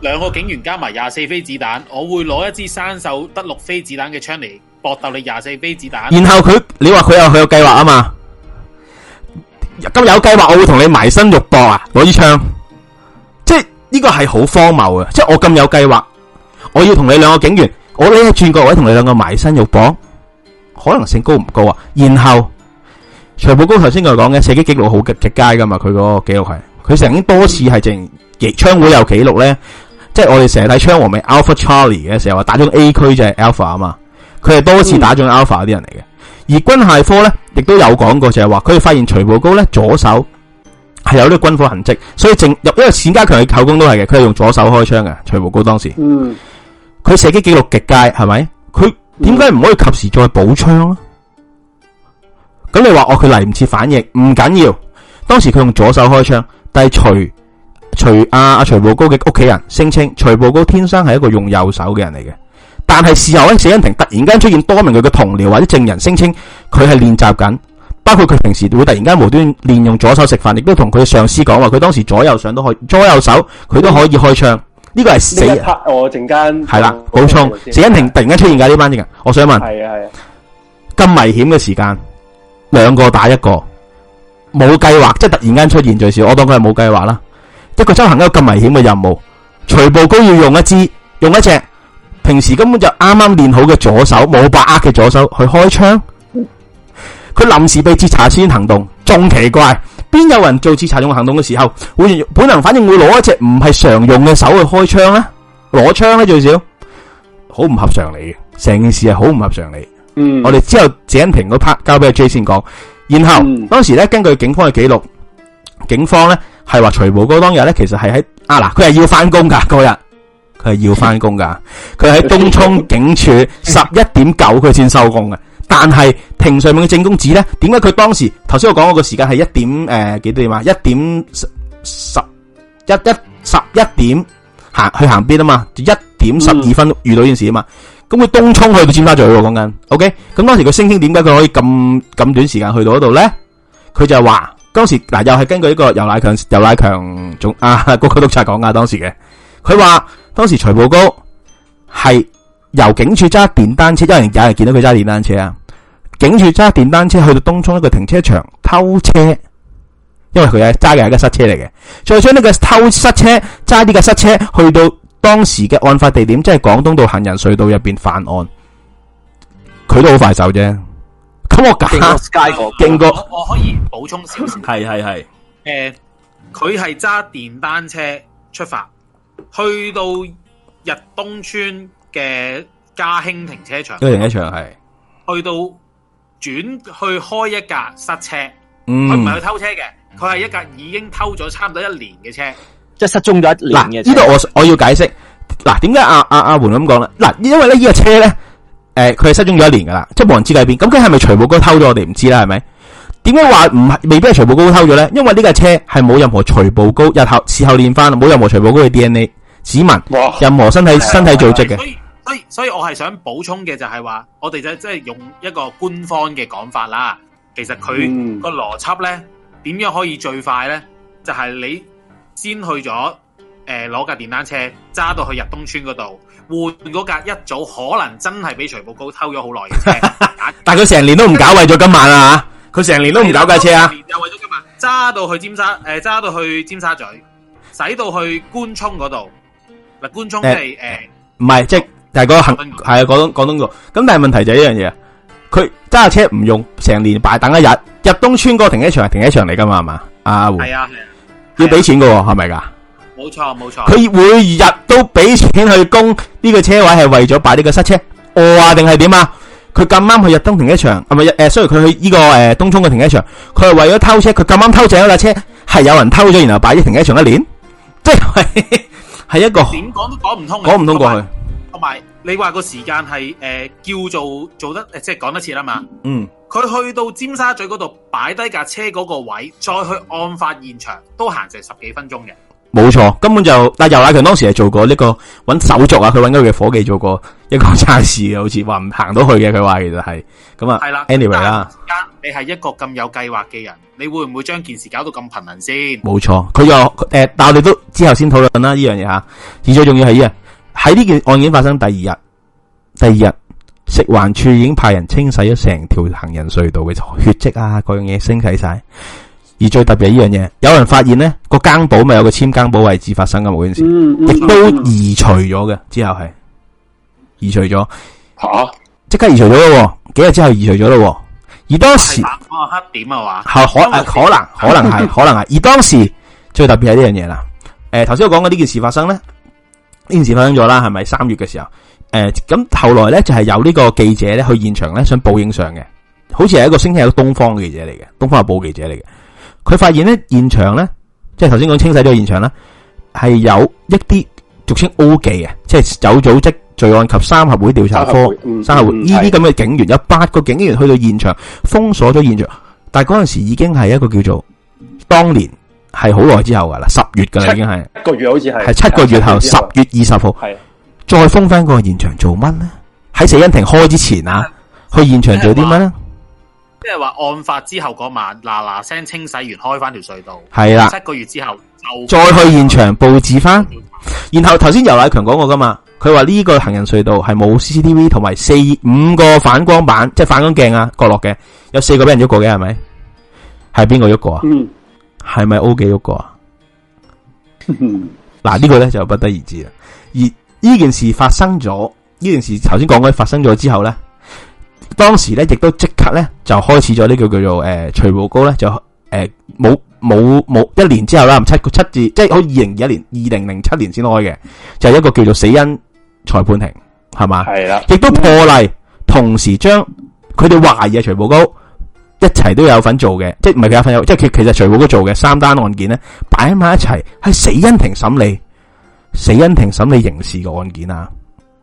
兩個警員加埋廿四飛子彈，我會攞一支生銹得六飛子彈嘅槍嚟搏鬥你廿四飛子彈。然後佢你話佢有佢有計劃吖嘛，咁有計劃，我會同你埋身肉搏啊！攞支槍，即係呢個係好荒謬嘅，即係我咁有計劃，我要同你兩個警員，我呢個轉角位同你兩個埋身肉搏，可能性高唔高啊？然後。徐步高頭先佢講嘅射擊紀錄好極極佳㗎嘛，佢嗰個紀錄係，佢曾經多次系淨槍會有紀錄咧，即係我哋成日睇槍王咪 Alpha Charlie 嘅成日話打中 A 區就係 Alpha 啊嘛，佢係多次打中 Alpha 啲人嚟嘅。而軍械科咧亦都有講過就是說，就係話佢哋發現徐步高咧，左手係有呢個軍火痕跡，所以淨因為冼家強嘅口供都係嘅，佢係用左手開槍嘅。徐步高當時，嗯，佢射擊紀錄極佳係咪？佢點解唔可以及時再補槍咧？咁你話，哦，佢嚟唔切反應唔緊要。當時佢用左手開槍，但係徐徐阿阿、啊、徐步高嘅屋企人聲稱徐步高天生係一個用右手嘅人嚟嘅。但係事後呢，謝恩婷突然間出現多名佢嘅同僚或者證人聲稱佢係練習緊，包括佢平時會突然間無端練用左手食飯，亦都同佢上司講話，佢當時左右上都可以，左右手佢都可以開槍。呢、嗯、個係死人。呢一我陣間係啦補充，謝恩婷突然間出現嘅呢的班人，我想問，係啊係啊，咁危險嘅時間。兩個打一個，冇計劃，即係突然間出現最少，我當佢係冇計劃啦。一個執行一個咁危險嘅任務，徐步高要用一支，用一隻平時根本就啱啱練好嘅左手，冇把握嘅左手去開槍。佢臨時被截查先行動，仲奇怪。邊有人做截查用行動嘅時候，會本能，反應會攞一隻唔係常用嘅手去開槍咧，攞槍咧最少，好唔合常理嘅，成件事係好唔合常理。嗯，我哋之後鄭恩平嗰 part 交俾阿 J 先講，然後當時咧根據警方嘅記錄，警方咧係話徐步高當日咧其實係喺啊嗱，佢係要翻工噶嗰日，佢係要翻工噶，佢喺東涌警署十一點九佢先收工嘅，但係庭上面嘅證供指咧，點解佢當時頭先我講嗰個時間係一點誒幾多點啊？一點十十一一十一點行去行邊啊嘛？一點十二分遇到呢件事啊嘛？咁佢東涌去到尖沙咀喎，講緊，OK？咁當時佢聲稱點解佢可以咁咁短時間去到嗰度咧？佢就係話，當時嗱、啊、又係根據一個尤乃強尤乃強總啊，高級督察講噶當時嘅，佢話當時徐步高係由警署揸電單車，有人解係見到佢揸電單車啊，警署揸電單車去到東涌一個停車場偷車，因為佢咧揸嘅係一個塞車嚟嘅，再將呢個偷塞車揸呢個塞車去到。當時嘅案發地點即係廣東道行人隧道入邊犯案，佢都好快手啫。咁我夾經過，我可以補充少少。係係係。誒，佢係揸電單車出發，去到日東村嘅嘉興停車場。因為停車場係去到轉去開一架塞車，佢唔係去偷車嘅，佢係一架已經偷咗差唔多一年嘅車。即係失蹤咗一年呢度、啊、我我要解釋，嗱、啊，點解阿阿阿煥咁講啦？嗱、啊啊啊，因為咧呢、這個車咧，誒、呃，佢係失蹤咗一年噶啦，即係無人知道喺邊。咁佢係咪徐步高偷咗我哋唔知啦，係咪？點解話唔係未必係徐步高偷咗咧？因為呢架車係冇任何徐步高日後事後驗翻冇任何徐步高嘅 DNA、指紋、任何身體哇身體組織嘅、嗯。所以所以所以我係想補充嘅就係話，我哋就即係用一個官方嘅講法啦。其實佢個邏輯咧，點樣可以最快咧？就係、是、你。先去咗誒，攞、呃、架電單車揸到去入東村嗰度換嗰架，一早可能真係俾徐步高偷咗好耐嘅車， 裝但係佢成年都唔搞，為咗今晚啊佢成年都唔搞架車啊，又為咗今晚揸到去尖沙誒，揸到去尖沙咀，使到去官涌嗰度。嗱， 官涌即係誒，唔係即係，但係個行係啊，廣東廣東個。咁但係問題就係呢樣嘢，佢揸車唔用成年，擺等一日，入東村嗰個停車場係停車場嚟噶嘛？係嘛？阿胡啊，係啊。要俾錢喎，係咪噶冇錯冇錯，佢每日都俾錢去供呢個車位，係為咗擺呢個塞車，我啊定係點啊？佢咁啱去日東停車場，係、啊、咪？誒、啊，雖然佢去呢、這個誒、啊、東涌嘅停車場，佢係為咗偷車，佢咁啱偷正一架車，係有人偷咗，然後擺喺停車場一年，即係係一個點講都講唔通，講唔通過去。同埋你話個時間係誒叫做做得即係講得切啦嘛。嗯。佢去到尖沙咀嗰度擺低架車嗰個位，再去案發現場都行成十幾分鐘嘅。冇錯，根本就但係尤乃強當時係做過呢個揾手續啊，佢揾佢嘅夥計做過一個測試嘅，好似話唔行到去嘅，佢話其實係咁啊。係啦，anyway 啦。你係一個咁有計劃嘅人，你會唔會將件事搞到咁頻繁先？冇錯，佢又誒，但我哋都之後先討論啦呢樣嘢吓。而最重要係呢樣，喺呢件案件發生第二日，第二日。食環處已經派人清洗咗成條行人隧道嘅血跡啊，嗰樣嘢清洗晒。而最特別係呢樣嘢，有人發現呢那部個更簿咪有個簽更簿位置發生嘅嗰件事，亦、嗯嗯、都移除咗嘅。之後係移除咗，吓即、啊、刻移除咗咯，幾日之後移除咗咯。而當時黑點啊嘛、啊啊，可可可能係 可能係可能係。而當時最特別係呢樣嘢啦，誒頭先我講嘅呢件事發生咧，呢件事發生咗啦，係咪三月嘅時候？誒，咁、呃、後來咧就係有呢個記者咧去現場咧想報影相嘅，好似係一個星期有東方嘅記者嚟嘅，東方嘅報記者嚟嘅。佢發現咧現場咧，即係頭先講清洗咗個現場啦，係有一啲俗稱 O 記嘅，即係有組織罪案及三合會調查科三合會呢啲咁嘅警員，的有八個警員去到現場封鎖咗現場，但係嗰陣時已經係一個叫做當年係好耐之後噶啦，十月噶啦已經係一個月好，好似係係七個月後十月二十號係。再封翻個現場做乜呢？喺死因庭開之前啊，去現場做啲乜呢？即係話案發之後嗰晚嗱嗱聲清洗完，開翻條隧道係啦。七個月之後就再去現場布置翻。然後頭先游乃強講過噶嘛？佢話呢個行人隧道係冇 C C T V 同埋四五個反光板，即係反光鏡啊，角落嘅有四個俾人喐過嘅係咪？係邊個喐過啊？嗯，係咪 O 記喐過啊？嗱、嗯啊，呢、這個呢，就不得而知啦，而。呢件事發生咗，呢件事頭先講開發生咗之後咧，當時咧亦都即刻咧就開始咗呢個叫做誒、呃、徐步高咧就誒冇冇冇一年之後啦，唔七七字即係好二零二一年二零零七年先開嘅，就係一個叫做死因裁判庭係嘛，係啦，亦都破例同時將佢哋懷疑嘅徐步高一齊都有份做嘅，即係唔係佢有份有，即係其其實徐步高做嘅三單案件咧擺喺埋一齊喺死因庭審理。死因庭審理刑事個案件啊。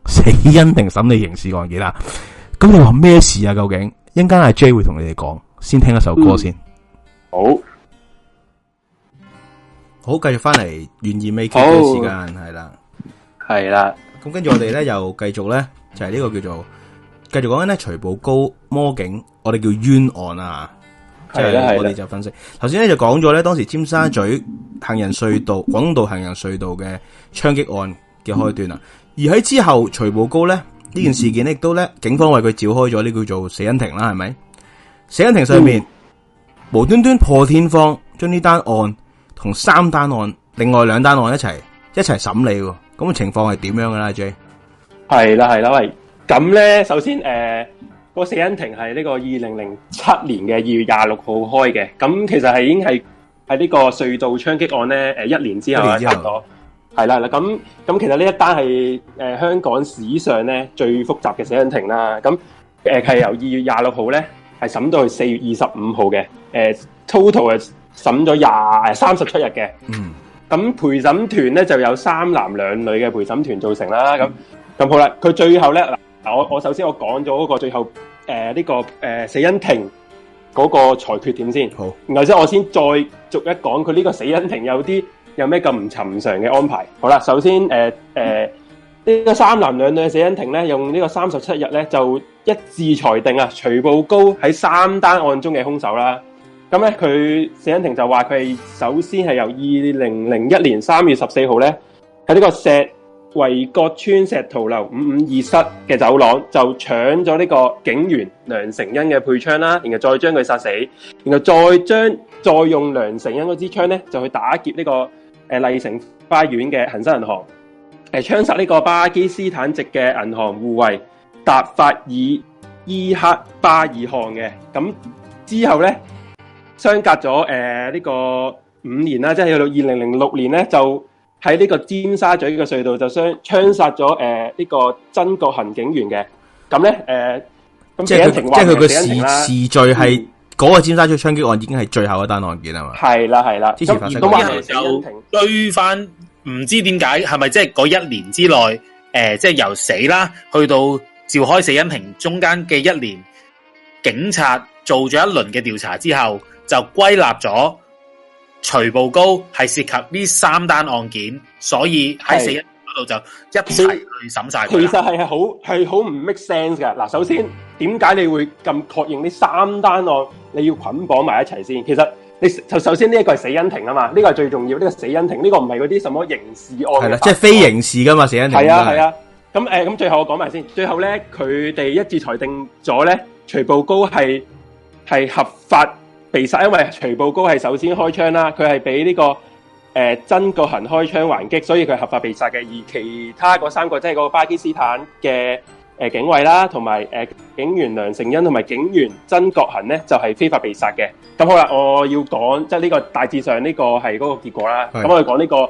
死因庭審理刑事個案件啊。咁你話咩事啊？究竟，一陣間阿 J 會同你哋講，先聽一首歌先。嗯、好，好繼續翻嚟，懸疑未決嘅時間係啦，係啦了，咁跟住我哋咧又繼續咧就係、是、呢個叫做，繼續講緊咧徐步高魔警，我哋叫冤案啊。即係我哋就分析，頭先咧就講咗咧，當時尖沙咀行人隧道、廣東道行人隧道嘅槍擊案嘅開端啦、嗯、而喺之後徐步高咧呢件事件，亦都咧警方為佢召開咗呢叫做死因庭啦，係咪？死因庭上面、嗯、無端端破天荒將呢單案同三單案、另外兩單案一齊一齊審理，咁嘅情況係點樣㗎？啦？J 係啦係啦，喂，咁咧首先誒。呃廷是個死因庭係呢個二零零七年嘅二月廿六號開嘅，咁其實係已經係喺呢個隧道槍擊案咧，誒一年之後咯，係啦係啦，咁咁其實呢一單係誒香港史上咧最複雜嘅死因庭啦，咁誒係由二月廿六號咧係審到去四月二十五號嘅，誒、呃、，total 係審咗廿三十七日嘅，嗯，咁陪審團咧就有三男兩女嘅陪審團組成啦，咁咁、嗯、好啦，佢最後咧嗱我我首先我講咗嗰個最後。誒，呢、呃這個誒死因庭嗰個裁決點先，好，然後之後我先再逐一講佢呢個死因庭有啲有咩咁唔尋常嘅安排。好啦，首先誒誒，呢、呃呃這個三男兩女嘅死因庭咧，用這個呢個三十七日咧就一致裁定啊，徐步高喺三單案中嘅凶手啦。咁咧佢死因庭就話佢係首先係由二零零一年三月十四號咧喺呢個石。維角村石桃樓五五二室嘅走廊，就搶咗呢個警員梁成恩嘅配槍啦，然後再將佢殺死，然後再將再用梁成恩嗰支槍咧，就去打劫呢個誒麗城花園嘅恒生銀行，誒槍殺呢個巴基斯坦籍嘅銀行護衛達法爾伊克巴爾汗嘅，咁之後咧相隔咗誒、呃、呢個五年啦，即係去到二零零六年咧就。喺呢個尖沙咀嘅隧道就槍殺咗誒呢個曾國恒警員嘅，咁咧誒咁即係佢個時序係嗰、嗯、個尖沙咀槍擊案已經係最後一單案件啊嘛，係啦係啦，咁然後就追翻唔知點解係咪即係嗰一年之內誒即係由死啦去到召開死因庭中間嘅一年，警察做咗一輪嘅調查之後就歸納咗。徐步高係涉及呢三單案件，所以喺死因嗰度就一齊去審晒佢。其實係係好係好唔 make sense 嘅。嗱，首先點解你會咁確認呢三單案你要捆綁埋一齊先？其實你首首先呢一個係死因庭啊嘛，呢個係最重要。呢個死因庭呢個唔係嗰啲什麼刑事案係啦，即係非刑事噶嘛，死因庭。係啊係啊，咁誒咁最後我講埋先。最後咧，佢哋一致裁定咗咧，徐步高係係合法。被殺，因為徐步高係首先開槍啦，佢係俾呢個誒、呃、曾國恒開槍還擊，所以佢合法被殺嘅。而其他嗰三個即係個巴基斯坦嘅誒、呃、警衛啦，同埋誒警員梁成恩同埋警員曾國恒咧，就係、是、非法被殺嘅。咁好啦，我要講即係、這、呢個大致上呢個係嗰個結果啦。咁的我哋講呢個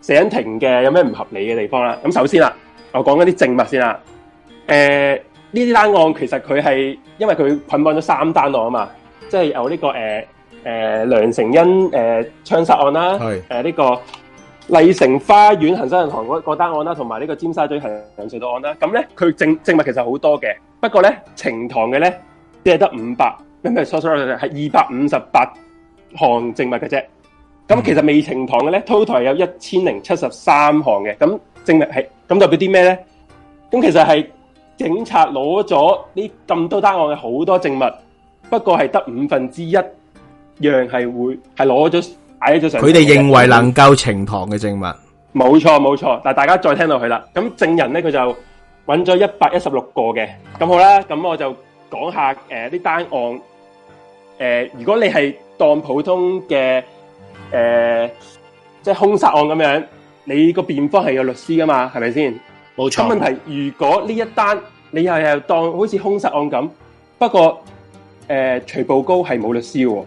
死因庭嘅有咩唔合理嘅地方啦。咁首先啦、啊，我講一啲證物先啦、啊。誒、呃，呢啲單案其實佢係因為佢捆綁咗三單案啊嘛。即係有呢、這個誒誒、呃呃、梁成恩誒槍殺案啦、啊，誒呢是、呃這個麗城花園恒生銀行嗰個單案啦、啊，同埋呢個尖沙咀行行人隧道案啦、啊。咁咧佢證證物其實好多嘅，不過咧呈堂嘅咧即係得五百，唔係，sorry，係二百五十八項證物嘅啫。咁其實未呈堂嘅咧，total 有一千零七十三項嘅。咁證物係咁代表啲咩咧？咁其實係警察攞咗呢咁多單案嘅好多證物。不過係得五分之一樣，係會係攞咗擺咗上，佢哋認為能夠呈堂嘅證物，冇錯冇錯。但係大家再聽落去啦。咁證人咧,佢就揾咗一百一十六個嘅。咁好啦，咁我就講一下誒呢、呃、單案。誒、呃，如果你係當普通嘅誒、呃、即係凶殺案咁樣，你個辯方係有律師噶嘛係咪先？冇錯。咁問題，如果呢一單你又係當好似凶殺案咁，不過。誒、呃，徐步高係冇律師㗎、哦。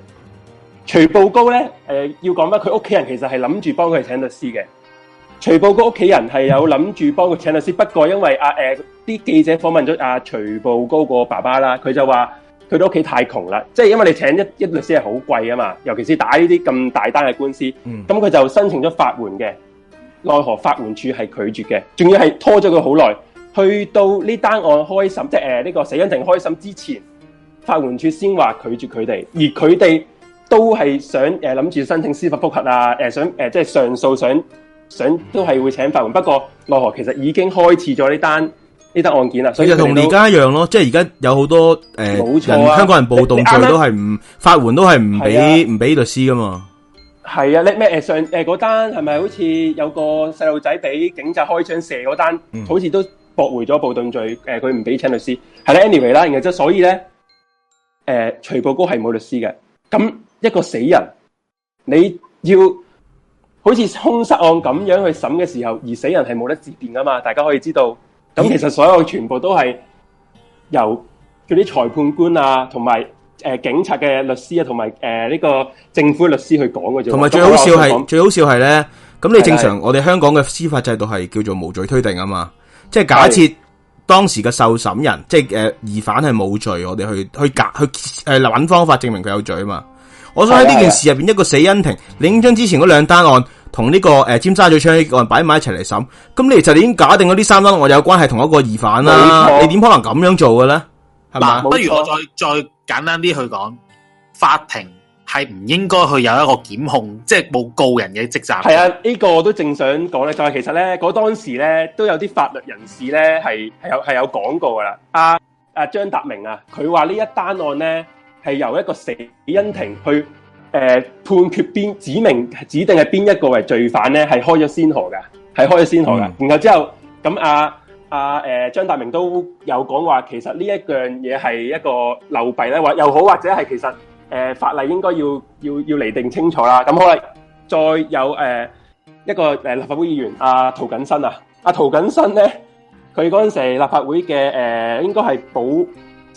徐步高咧，誒、呃，要講乜？佢屋企人其實係諗住幫佢請律師嘅。徐步高屋企人係有諗住幫佢請律師，不過因為阿誒啲記者訪問咗阿、啊、徐步高個爸爸啦，佢就話佢哋屋企太窮啦，即係因為你請一一律師係好貴啊嘛，尤其是打呢啲咁大單嘅官司，咁佢、嗯、就申請咗法援嘅，奈何法援處係拒絕嘅，仲要係拖咗佢好耐，去到呢單案開審，即係誒呢個死因庭開審之前。法援處先話拒絕佢哋，而佢哋都係想誒諗住申請司法覆核啊！誒、呃、想誒、呃、即係上訴想，想想都係會請法援。不過奈何其實已經開始咗呢單呢單案件啦，所以就同而家一樣咯。即係而家有好多誒、呃啊、人香港人暴動罪都係唔法援都係唔俾唔俾律師㗎嘛。係啊，你咩誒上誒嗰單係咪好似有個細路仔俾警察開槍射嗰單，嗯、好似都駁回咗暴動罪？誒佢唔俾請律師係啦、啊，anyway 啦，然後即所以咧。誒、呃，徐步高係冇律師嘅，咁一個死人，你要好似兇殺案咁樣去審嘅時候，而死人係冇得自辯噶嘛？大家可以知道，咁其實所有全部都係由嗰啲裁判官啊，同埋誒警察嘅律師啊，同埋誒呢個政府律師去講嘅啫。同埋最好笑係最好笑係咧，咁你正常是的 我哋香港嘅司法制度係叫做無罪推定啊嘛，即係假設。當時嘅受審人，即係誒疑犯係冇罪，我哋去去去誒揾方法證明佢有罪啊嘛！我想喺呢件事入邊，的一個死因庭，你已經將之前嗰兩單案同呢、呢個誒、呃、尖沙咀槍擊案擺埋一齊嚟審。咁你其實已經假定嗰啲三單案有關係同一個疑犯啦、啊，錯你點可能咁樣做嘅咧？係嘛？不如我再再簡單啲去講法庭。係唔應該去有一個檢控，即係冇告人嘅職責。係啊，呢、這個我都正想講咧，就係、是、其實咧，嗰當時咧都有啲法律人士咧係係有係有講過噶啦。阿阿張達明啊，佢話呢一單案咧係由一個死因庭去誒、呃、判決邊指明指定係邊一個為罪犯咧，係開咗先河噶，係開咗先河噶。嗯、然後之後咁阿阿誒張達明都有講話，其實呢一樣嘢係一個流弊咧，或又好或者係其實。誒、呃、法例應該要要要釐定清楚啦。咁好啦，再有誒、呃、一個誒、呃、立法會議員阿涂謹申啊，阿涂謹申咧，佢嗰陣時立法會嘅誒、呃、應該係保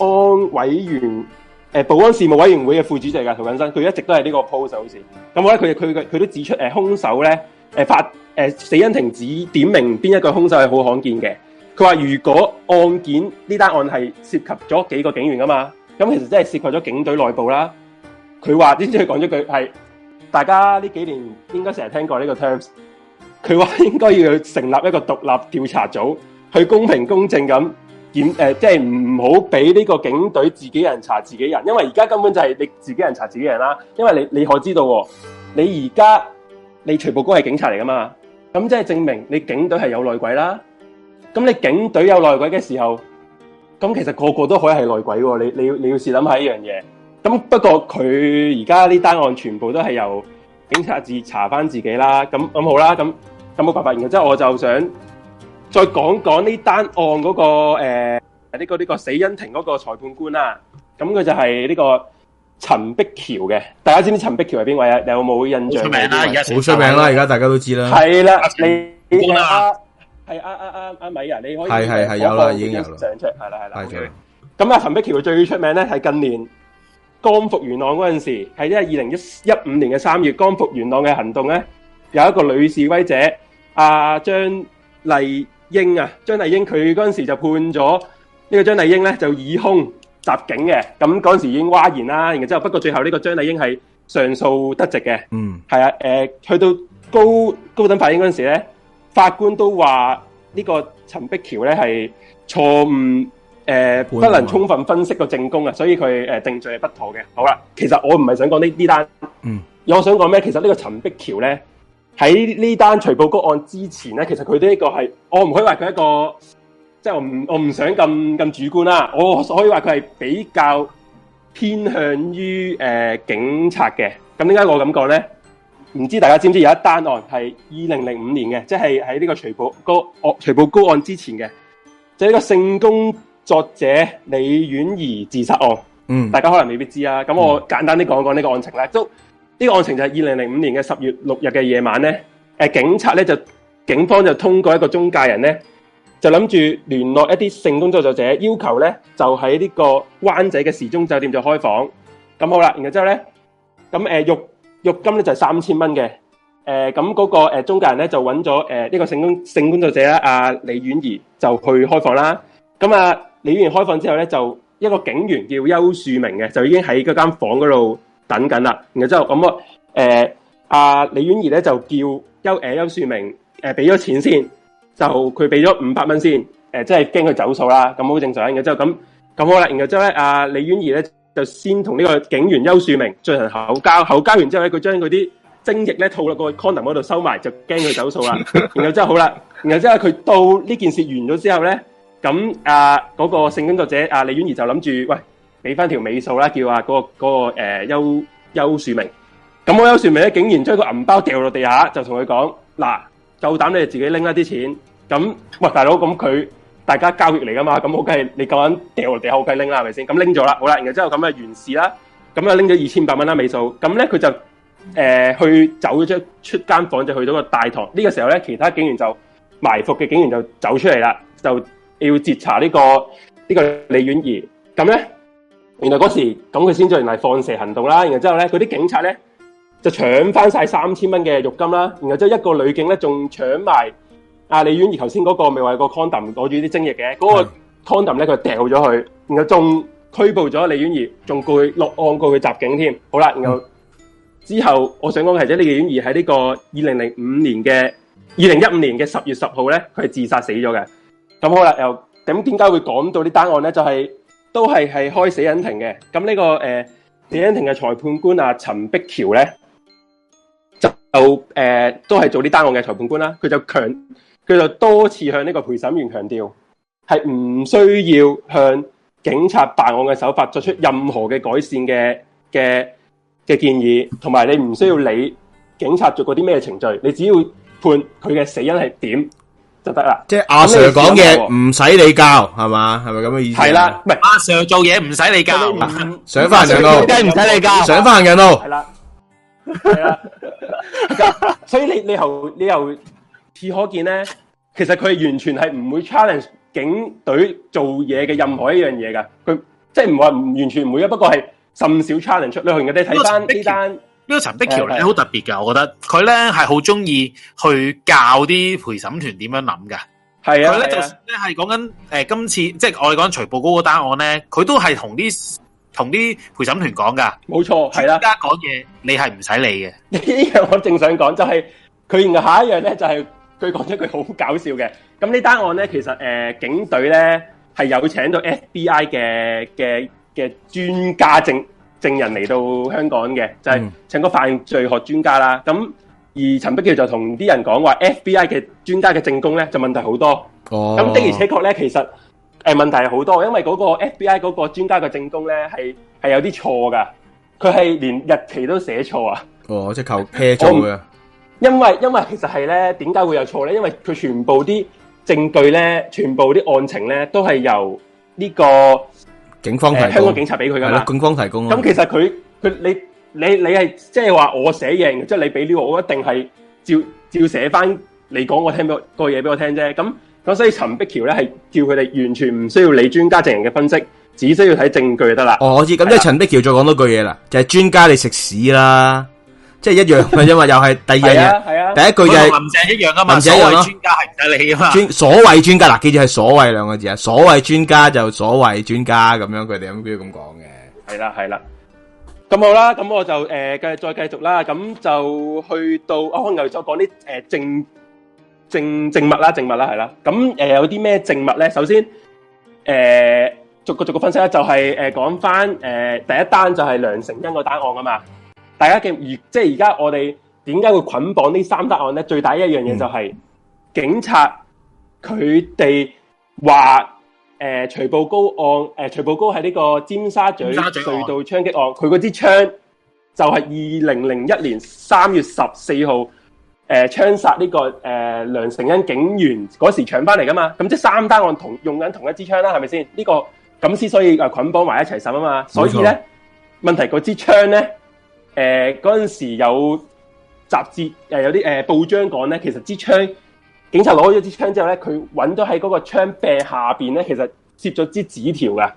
安委員，誒、呃、保安事務委員會嘅副主席㗎，涂謹申，佢一直都係呢個 pose 好似。咁我咧佢佢佢都指出誒、呃、兇手咧，誒法誒死因庭指點明邊一個兇手係好罕見嘅。佢話如果案件呢單、這個、案係涉及咗幾個警員㗎嘛，咁其實真係涉及咗警隊內部啦。佢話，點知佢講咗句係，大家呢幾年應該成日聽過呢個 terms。佢話應該要成立一個獨立調查組，去公平公正咁檢誒，即係唔好俾呢個警隊自己人查自己人，因為而家根本就係你自己人查自己人啦。因為你你可知道喎、啊，你而家你全部都係警察嚟噶嘛？咁即係證明你警隊係有內鬼啦。咁你警隊有內鬼嘅時候，咁其實個個都可以係內鬼喎。你你要你要試諗下一樣嘢。咁不過佢而家呢單案全部都係由警察自查翻自己啦。咁咁好啦。咁咁冇辦法嘅。然之後我就想再講講呢單案嗰個呢個呢個死因庭嗰個裁判官啦。咁佢就係呢個陳碧橋嘅。大家知唔知陳碧橋係邊位啊？你有冇印象？出名啦，而家好出名啦，而家大家都知啦。係啦，你係阿阿啊，阿米啊，你可以係係係有啦，已經有啦，上係啦係啦。咁啊，陳碧橋最出名咧係近年光復元朗嗰陣時，喺即係二零一一五年嘅三月，光復元朗嘅行動咧，有一個女示威者，阿張麗英啊，張麗英佢嗰陣時就判咗呢個張麗英咧就以兇襲警嘅，咁嗰陣時已經嘩然啦，然之後不過最後呢個張麗英係上訴得直嘅，嗯，係啊，誒去到高高等法院嗰陣時咧，法官都話呢個陳碧橋咧係錯誤。誒、呃、不能充分分析個證供啊，所以佢誒定罪係不妥嘅。好啦，其實我唔係想講呢呢單，嗯，我想講咩？其實個陳呢個陳碧橋咧喺呢單徐步高案之前咧，其實佢都一個係我唔可以話佢一個，即係我唔我唔想咁咁主觀啦。我可以話佢係比較偏向於誒、呃、警察嘅。咁點解我咁講咧？唔知大家知唔知有一單案係二零零五年嘅，即係喺呢個徐步高案徐步高案之前嘅，就呢個正功作者李婉怡自殺案，嗯，大家可能未必知啊。咁我簡單啲講講呢個案情啦。都、so, 呢個案情就係二零零五年嘅十月六日嘅夜晚咧。警察咧就警方就通過一個中介人咧，就諗住聯絡一啲性工作作者，要求咧就喺呢個灣仔嘅時鐘酒店就開房。咁好啦，然後之後咧，咁誒浴浴金咧就係三千蚊嘅。誒咁嗰個誒中介人咧就揾咗誒呢個性工性工作者啊阿李婉怡就去開房啦。咁啊～、呃李婉儀開房之後咧，就一個警員叫邱樹明嘅，就已經喺嗰間房嗰度等緊啦。然後之後咁啊，誒、嗯、阿、呃、李婉儀咧就叫邱誒邱樹明誒俾咗錢先，就佢俾咗五百蚊先，誒即係驚佢走數啦。咁好正常嘅。之後咁咁啦，然後之後咧，阿、啊、李婉儀咧就先同呢個警員邱樹明進行口交，口交完之後咧，佢將佢啲精液咧套落個 condom 嗰度收埋，就驚佢走數啦。 然後之後好啦，然後之後佢到呢件事完咗之後咧。咁啊，嗰、那個性工作者啊，李婉儀就諗住喂，俾翻條尾數啦，叫啊、那、嗰個嗰、那個誒邱邱樹明。咁、呃、我邱樹明咧，竟然將個銀包掉落地下，就同佢講：嗱，夠膽你哋自己拎一啲錢。咁喂，大佬，咁佢大家交易嚟噶嘛？咁我梗係你夠膽掉落地下，我梗係拎啦，係咪先？咁拎咗啦，好啦，然後之後咁啊完事啦，咁啊拎咗二千八蚊啦尾數。咁咧佢就誒、呃、去走咗出出間房，就去到個大堂。呢、這個時候咧，其他警員就埋伏嘅警員就走出嚟啦，就。要截查呢、這個呢、這個李婉儀，咁咧，原來嗰時咁佢先進嚟放蛇行動啦，然後之後咧，啲警察咧就搶翻晒三千蚊嘅肉金啦，然後之後一個女警咧仲搶埋阿、啊、李婉儀頭先嗰個，咪話有個 condom 攞住啲精液嘅，嗰是的 個 condom 咧佢掉咗佢，然後仲拘捕咗李婉儀，仲告落案告佢襲警添，好啦，然後是的 之後我想講係即李婉儀喺呢個二零零五年嘅二零一五年嘅十月十號咧，佢係自殺死咗嘅。咁好啦，又點點解會講到啲單案咧？就係、係、都係係開死人庭嘅。咁呢、呢個誒、呃、死人庭嘅裁判官啊，陳碧橋咧就誒、呃、都係做啲單案嘅裁判官啦、啊。佢就強，佢就多次向呢個陪審員強調，係唔需要向警察辦案嘅手法作出任何嘅改善嘅嘅嘅建議，同埋你唔需要理警察做過啲咩程序，你只要判佢嘅死因係點。就得啦，即係阿 Sir 講嘢唔使你教，係嘛，係咪咁嘅意思？係啦，唔係阿 Sir 做嘢唔使你教，想翻人咯，唔使你教，想翻人咯，係啦，係啦，所以你你由你由此可見咧，其實佢完全係唔會 challenge 警隊做嘢嘅任何一樣嘢噶，佢即係唔話唔完全唔會，不過係甚少 challenge 出去，呢樣嘢都睇翻呢單。呢個陳碧橋咧，好特別噶，我覺得佢咧係好中意去教啲陪審團點樣諗噶。係啊，佢咧呢、啊、就咧係講緊誒，今次即係我哋講緊徐步高個單案咧，佢都係同啲同啲陪審團講噶。冇錯，係啦、啊。專家講嘢，你係唔使理嘅。呢樣我正想講就係、是、佢，然後下一樣咧就係佢講咗句好搞笑嘅。咁呢單案咧，其實誒、呃、警隊咧係有請到 FBI 嘅嘅嘅專家證證人嚟到香港嘅就係請個犯罪學專家啦，咁而陳碧橋就同啲人講話 FBI 嘅專家嘅證供咧就問題好多，咁的而且確咧其實誒問題係好多，因為嗰個 FBI 嗰個專家嘅證供咧係係有啲錯噶，佢係連日期都寫錯啊，哦即係求撇咗佢，因為因為其實係咧點解會有錯咧？因為佢全部啲證據咧，全部啲案情咧都係由呢個。警方提供，香港警察俾佢噶，警方提供。咁其實佢佢你你你係即係話我寫嘢，即係你俾料，我一定係照照寫翻你講我，、那個、我聽個個嘢俾我聽啫。咁咁所以陳碧橋咧係叫佢哋完全唔需要理專家證人嘅分析，只需要睇證據就得啦。哦，我知的。咁即係陳碧橋再講多句嘢啦，就係、是、專家你食屎啦。即係一樣嘅，因為又係第二樣嘢，第一句就係林鄭一樣嘅嘛。所謂專家係唔使理啊嘛。專所謂專家嗱，記住係所謂兩個字啊。所謂專家就所謂專家咁樣，佢哋咁樣咁講嘅。係啦，係啦。咁好啦，咁我就誒繼續再繼續啦。咁就去到我可能又再講啲誒證證證物啦，證物啦係啦。咁誒有啲咩證物咧？首先誒逐個逐個分析啦，就係誒講翻誒第一單就係梁成恩個單案啊嘛。大家嘅而即係而家我哋點解會捆綁呢三單案咧？最大一樣嘢就係警察佢哋話誒，徐步高案誒、呃，徐步高喺呢個尖沙咀隧道槍擊案，佢嗰支槍就係二零零一年三月十四號誒槍殺呢個誒、呃、梁成恩警員嗰時搶翻嚟噶嘛。咁即係三單案同用緊同一支槍啦、啊，係咪先？呢、這個咁先所以誒捆綁埋一齊審啊嘛。所以咧錯問題嗰支槍咧？誒嗰陣時有雜誌、呃、有啲誒、呃、報章講咧，其實支槍警察攞咗支槍之後咧，佢揾咗喺嗰個槍柄下面咧，其實攝咗支紙條㗎，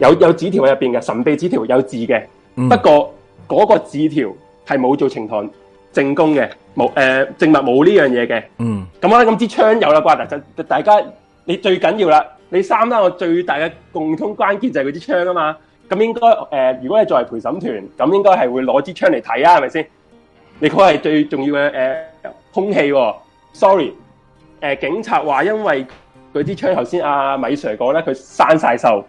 有有紙條喺入面嘅，神秘紙條有字嘅，嗯、不過嗰、嗰個紙條係冇做呈堂證供嘅，冇誒、呃、證物冇呢樣嘢嘅，嗯，咁啦、啊，咁支槍有啦，瓜達就大家你最緊要啦，你三啦，我最大嘅共通關鍵就係佢支槍啊嘛。咁應該、呃、如果你作為陪審團，咁應該係會攞支槍嚟睇啊，係咪先？你講係最重要嘅、呃、空氣喎、啊。Sorry，、呃、警察話，因為佢支槍頭先，阿米 sir 講咧，佢生晒銹，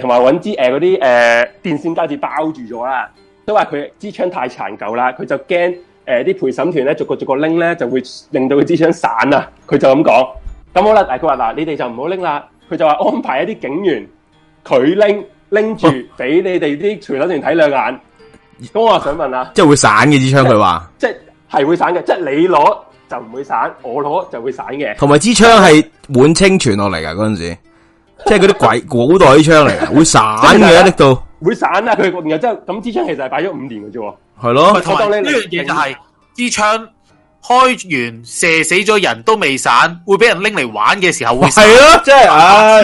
同埋揾支嗰啲誒電線膠紙包住咗啦，都話佢支槍太殘舊啦，佢就驚啲、呃、陪審團咧逐個逐個拎咧就會令到佢支槍散啊。佢就咁講咁好啦。誒，佢話嗱，你哋就唔好拎啦。佢就話安排一啲警員佢拎，拎住俾你哋啲隨躉員睇兩眼，咁我啊想問啊，即係會散嘅支槍佢話，即係會散嘅，即係你攞就唔會散，我攞就會散嘅。同埋支槍係滿清傳落嚟噶嗰陣時，即係嗰啲鬼古代啲槍嚟噶，會散嘅一直都，會散啊！佢然後咁支槍其實係擺咗五年㗎咋，係咯？呢樣嘢就係支槍開完射死咗人都未散，會俾人拎嚟玩嘅時候會散咯，即係啊！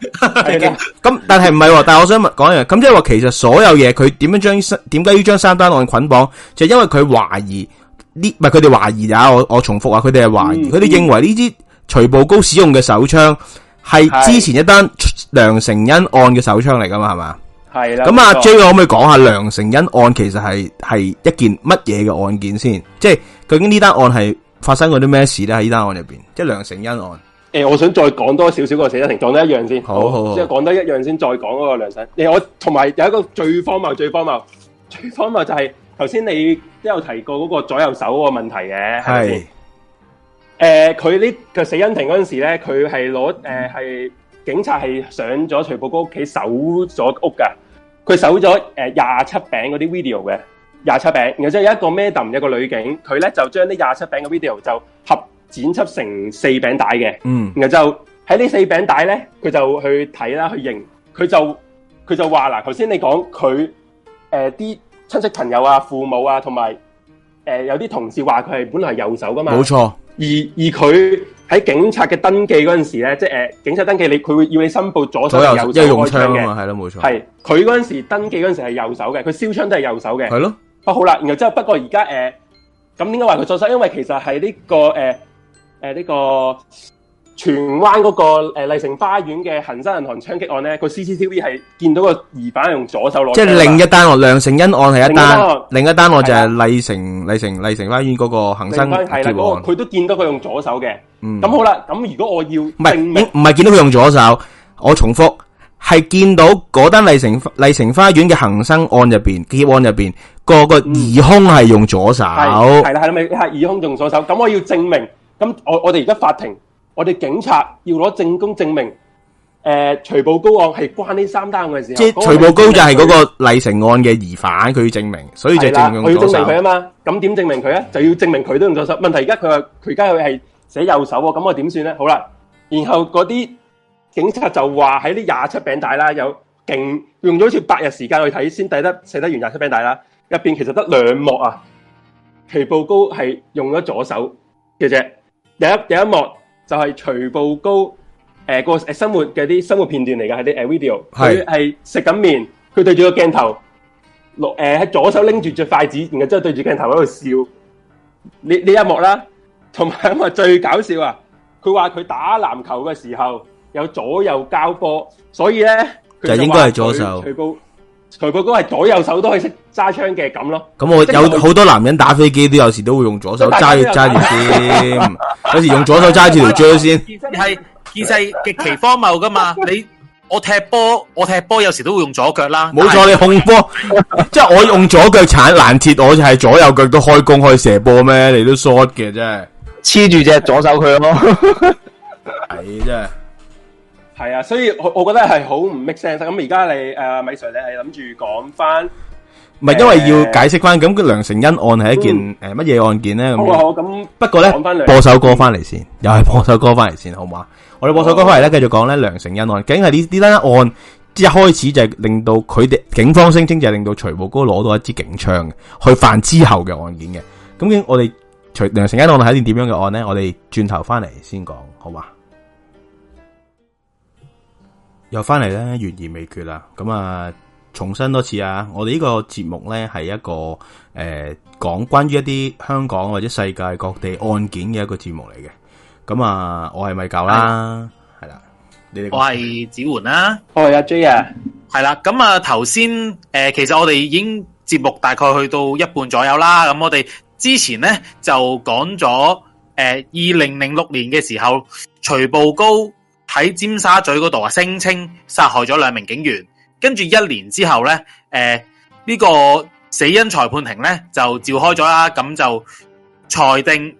咁，但係唔係？但係我想問，講一樣，咁即係話，其實所有嘢，佢點樣將三，點解要將三單案捆綁？就因為佢懷疑呢，唔係佢哋懷疑啊！我我重複話，佢哋係懷疑，佢哋認為呢支徐步高使用嘅手槍係之前一單梁成恩案嘅手槍嚟噶嘛？係嘛？係啦。咁阿 J，可唔可以講下梁成恩案其實係係一件乜嘢嘅案件先？即係究竟呢單案係發生過啲咩事咧？喺呢單案入邊，即係梁成恩案。我想再講多少少個死因庭講得一樣先，好，即係講得一樣先，再講嗰個梁生。你我同埋有一個最荒謬、最荒謬、最荒謬就係頭先你都有提過嗰個左右手嗰個問題嘅，係是。誒，佢、呃、呢個死因庭嗰陣時咧，佢係攞誒係警察係上咗徐步高屋企搜咗屋噶，佢搜咗誒廿七餅嗰啲 video 嘅廿七餅，然後即係有一個 madam，一個女警，佢咧就將啲廿七餅嘅 video 就合。剪輯成四餅帶嘅，嗯，然後就喺呢四餅帶咧，佢就去睇啦，去認，佢就佢就話啦，頭先你講佢誒啲親戚朋友啊、父母啊，同埋誒有啲、呃、同事話佢係本來係右手噶嘛，冇錯。而而佢喺警察嘅登記嗰陣時咧，即係、呃、警察登記你，佢會要你申報左手右手，左右右手即係用槍嘅，係啦，冇錯，係佢嗰陣時登記嗰陣時係右手嘅，佢燒槍都係右手嘅，係咯。啊好啦，然後之後不過而家誒咁點解話佢左手？因為其實係呢個，呃誒，呢個荃灣嗰個誒麗城花園嘅恒生銀行槍擊案咧，個 CCTV 係見到個疑犯用左手攞。即係另一單案，梁成恩案係一單，另一單案就係麗城、麗城的、麗城花園嗰個恒生佢、那個、都見到佢用左手嘅。咁、嗯、好啦，咁如果我要證明，唔係見到佢用左手，我重複係見到嗰單麗城麗城花園嘅恒生案入邊，劫案入邊個、那個疑兇係用左手。係啦係啦，係疑兇用左手。咁我要證明。咁我我哋而家法庭，我哋警察要攞證供，證明，誒徐步高案係關呢三單嘅時候，即徐步高就係嗰個麗成案嘅疑犯，佢要證明，所以就證明佢左手。佢證明佢啊嘛，咁點證明佢啊？就要證明佢都用左手。問題而家佢話佢而家係寫右手喎，咁我點算咧？好啦，然後嗰啲警察就話喺啲廿七餅帶啦，有勁用咗好似八日時間去睇，先睇得寫得完廿七餅帶啦。入邊其實得兩幕啊，徐步高係用咗左手嘅啫。第一第一幕就係徐步高誒個誒生活嘅啲生活片段嚟嘅，係啲誒 video，佢係食緊麵，佢對住個鏡頭，落誒喺左手拎住隻筷子，然後之後對住鏡頭喺度笑，呢呢一幕啦，同埋咁啊最搞笑啊，佢話佢打籃球嘅時候有左右交波，所以咧就應該係左手。徐步高係左右手都可以識揸槍嘅，咁咯。咁、就是、我有好多男人打飛機都有時都會用左手揸住揸住先，有時用左手揸住條蕉先。係其實極其荒謬噶嘛，你我踢波我踢波有時都會用左腳啦。冇錯，你控波， 即係我用左腳鏟攔截，切我就係左右腳都開弓開射波咩？你都 short 嘅啫。黐住隻左手佢咯，係 啫。係啊，所以我我覺得係好唔 make sense。咁而家你誒，米 Sir，你係諗住講翻？唔係，因為要解釋翻。咁梁成恩案係一件誒乜嘢案件咧？咁咁、嗯、不過咧，播首歌翻嚟先，又係、嗯、播首歌翻嚟先，好唔好啊？我哋播首歌翻嚟咧，繼續講咧梁成恩案，究竟係呢呢單案件一開始就係令到佢哋警方聲稱就係令到徐步高攞到一支警槍去犯之後嘅案件嘅。咁究竟我哋徐梁成恩案係一件點樣嘅案咧？我哋轉頭翻嚟先講，好嘛？又翻嚟咧，懸疑未決啦。咁啊，重申多次啊，我哋呢個節目咧係一個誒講、呃、關於一啲香港或者世界各地案件嘅一個節目嚟嘅。咁啊，我係咪夠啦？係啦的，你我係子煥啦，我係、啊、阿 J 啊。係啦，咁啊頭先誒，其實我哋已經節目大概去到一半左右啦。咁我哋之前咧就講咗誒，二零零六年嘅時候，徐步高。喺尖沙咀嗰度啊，聲稱殺害咗兩名警員，跟住一年之後呢，誒呢個死因裁判庭呢就召開咗啦，咁就裁定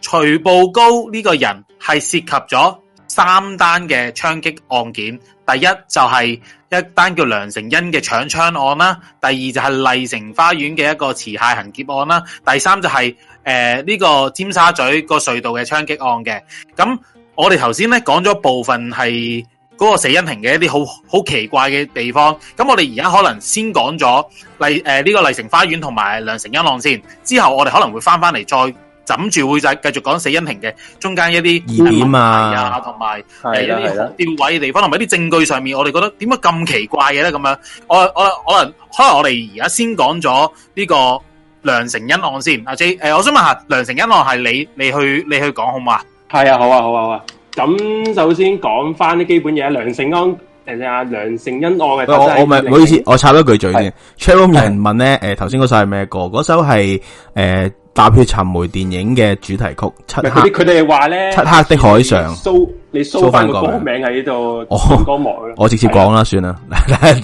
徐步高呢個人係涉及咗三單嘅槍擊案件，第一就係一單叫梁成恩嘅搶槍案啦，第二就係麗城花園嘅一個持械行劫案啦，第三就係誒呢個尖沙咀個隧道嘅槍擊案嘅，咁。我哋頭先咧，講咗部分係嗰個死因庭嘅一啲好好奇怪嘅地方，咁我哋而家可能先講咗例誒呢個麗城花園同埋梁成恩案先，之後我哋可能會翻翻嚟，再枕住會再繼續講死因庭嘅中間一啲疑點啊，同埋係啦係啦吊位嘅地方，同埋啲證據上面，我哋覺得點解咁奇怪嘅咧？咁樣，我我可能可能我哋而家先講咗呢個梁成恩案先，阿 J 誒，我想問下梁成恩案係你你去你去講好唔好？係啊，好啊，好啊，好啊！咁首先講翻啲基本嘢。梁成安，誒呀，梁成恩，案嘅，我我唔係，唔好意思，我插多句嘴先。《Chatroom 人問咧，誒，頭先嗰首係咩歌？嗰首係誒《踏血尋梅》電影嘅主題曲。漆黑，佢哋話咧，漆黑的海上。搜你搜翻個名喺呢度，我我直接講啦，算啦，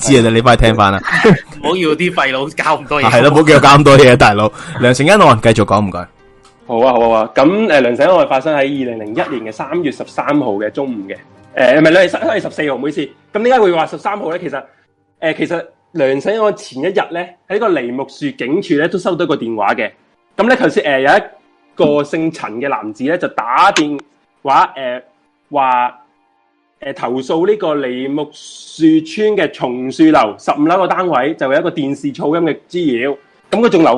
知啦，你快聽翻啦。唔好要啲廢佬教咁多嘢。係啦，唔好叫佢教咁多嘢，大佬。梁成恩案，我繼續講，唔該。好啊，好啊，咁誒梁成恩發生喺二零零一年嘅三月十三號嘅中午嘅誒，唔係兩月三，兩月十四號，唔好意思。咁點解會話十三號咧？其實誒、呃，其實梁成恩前一日咧喺呢個梨木樹警署咧都收到一個電話嘅。咁咧，頭先誒有一個姓陳嘅男子咧就打電話誒話誒投訴呢個梨木樹村嘅松樹樓十五樓一個單位就有一個電視噪音嘅滋擾。咁佢仲留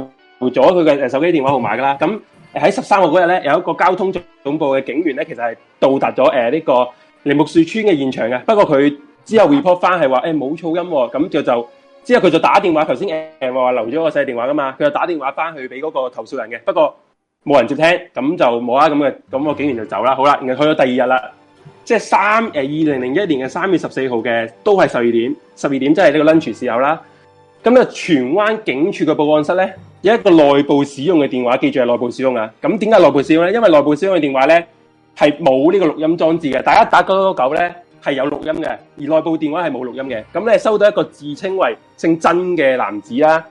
咗佢嘅誒手機電話號碼㗎喇。咁喺十三號嗰日咧，有一個交通總部嘅警員咧，其實係到達咗誒呢個梨木樹村嘅現場嘅。不過佢之後 report 翻係話誒冇噪音喎。哦，咁就之後佢就打電話，頭先誒話留咗個細電話噶嘛，佢就打電話翻去俾嗰個投訴人嘅，不過冇人接聽，咁就冇啊咁嘅，咁，那個警員就走啦。好啦，然後去到第二日啦，即係三誒二零零一年嘅三月十四號嘅，都係十二點，十二點即係呢個 lunch 時有啦。咁荃灣警署嘅報案室咧。有一個內部使用嘅電話，記住係內部使用啊！咁點解內部使用咧？因為內部使用嘅電話咧係冇呢是沒有這個錄音裝置嘅。大家打九九九咧係有錄音嘅，而內部電話係冇錄音嘅。咁咧收到一個自稱為姓曾嘅男子啦。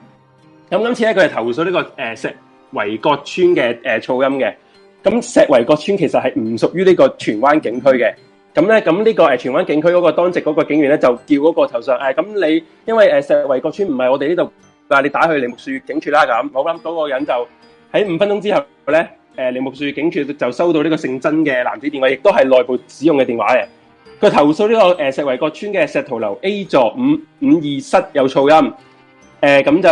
咁今次咧佢係投訴呢、這個誒、呃、石圍角村嘅誒、呃、噪音嘅。咁石圍角村其實係唔屬於呢個荃灣景區嘅。咁咧咁呢、這個誒、呃、荃灣警區嗰個當值嗰個警員咧就叫嗰個頭上誒，咁、哎、你因為誒、呃、石圍角村唔係我哋呢度。你打去梨木樹警署啦，咁冇諗到嗰個人就喺五分鐘之後咧，誒梨木樹警署就收到呢個姓曾嘅男子電話，亦都係內部使用嘅電話嘅。佢投訴呢個誒石圍角村嘅石桃樓 A 座五五二室有噪音，誒、呃、咁就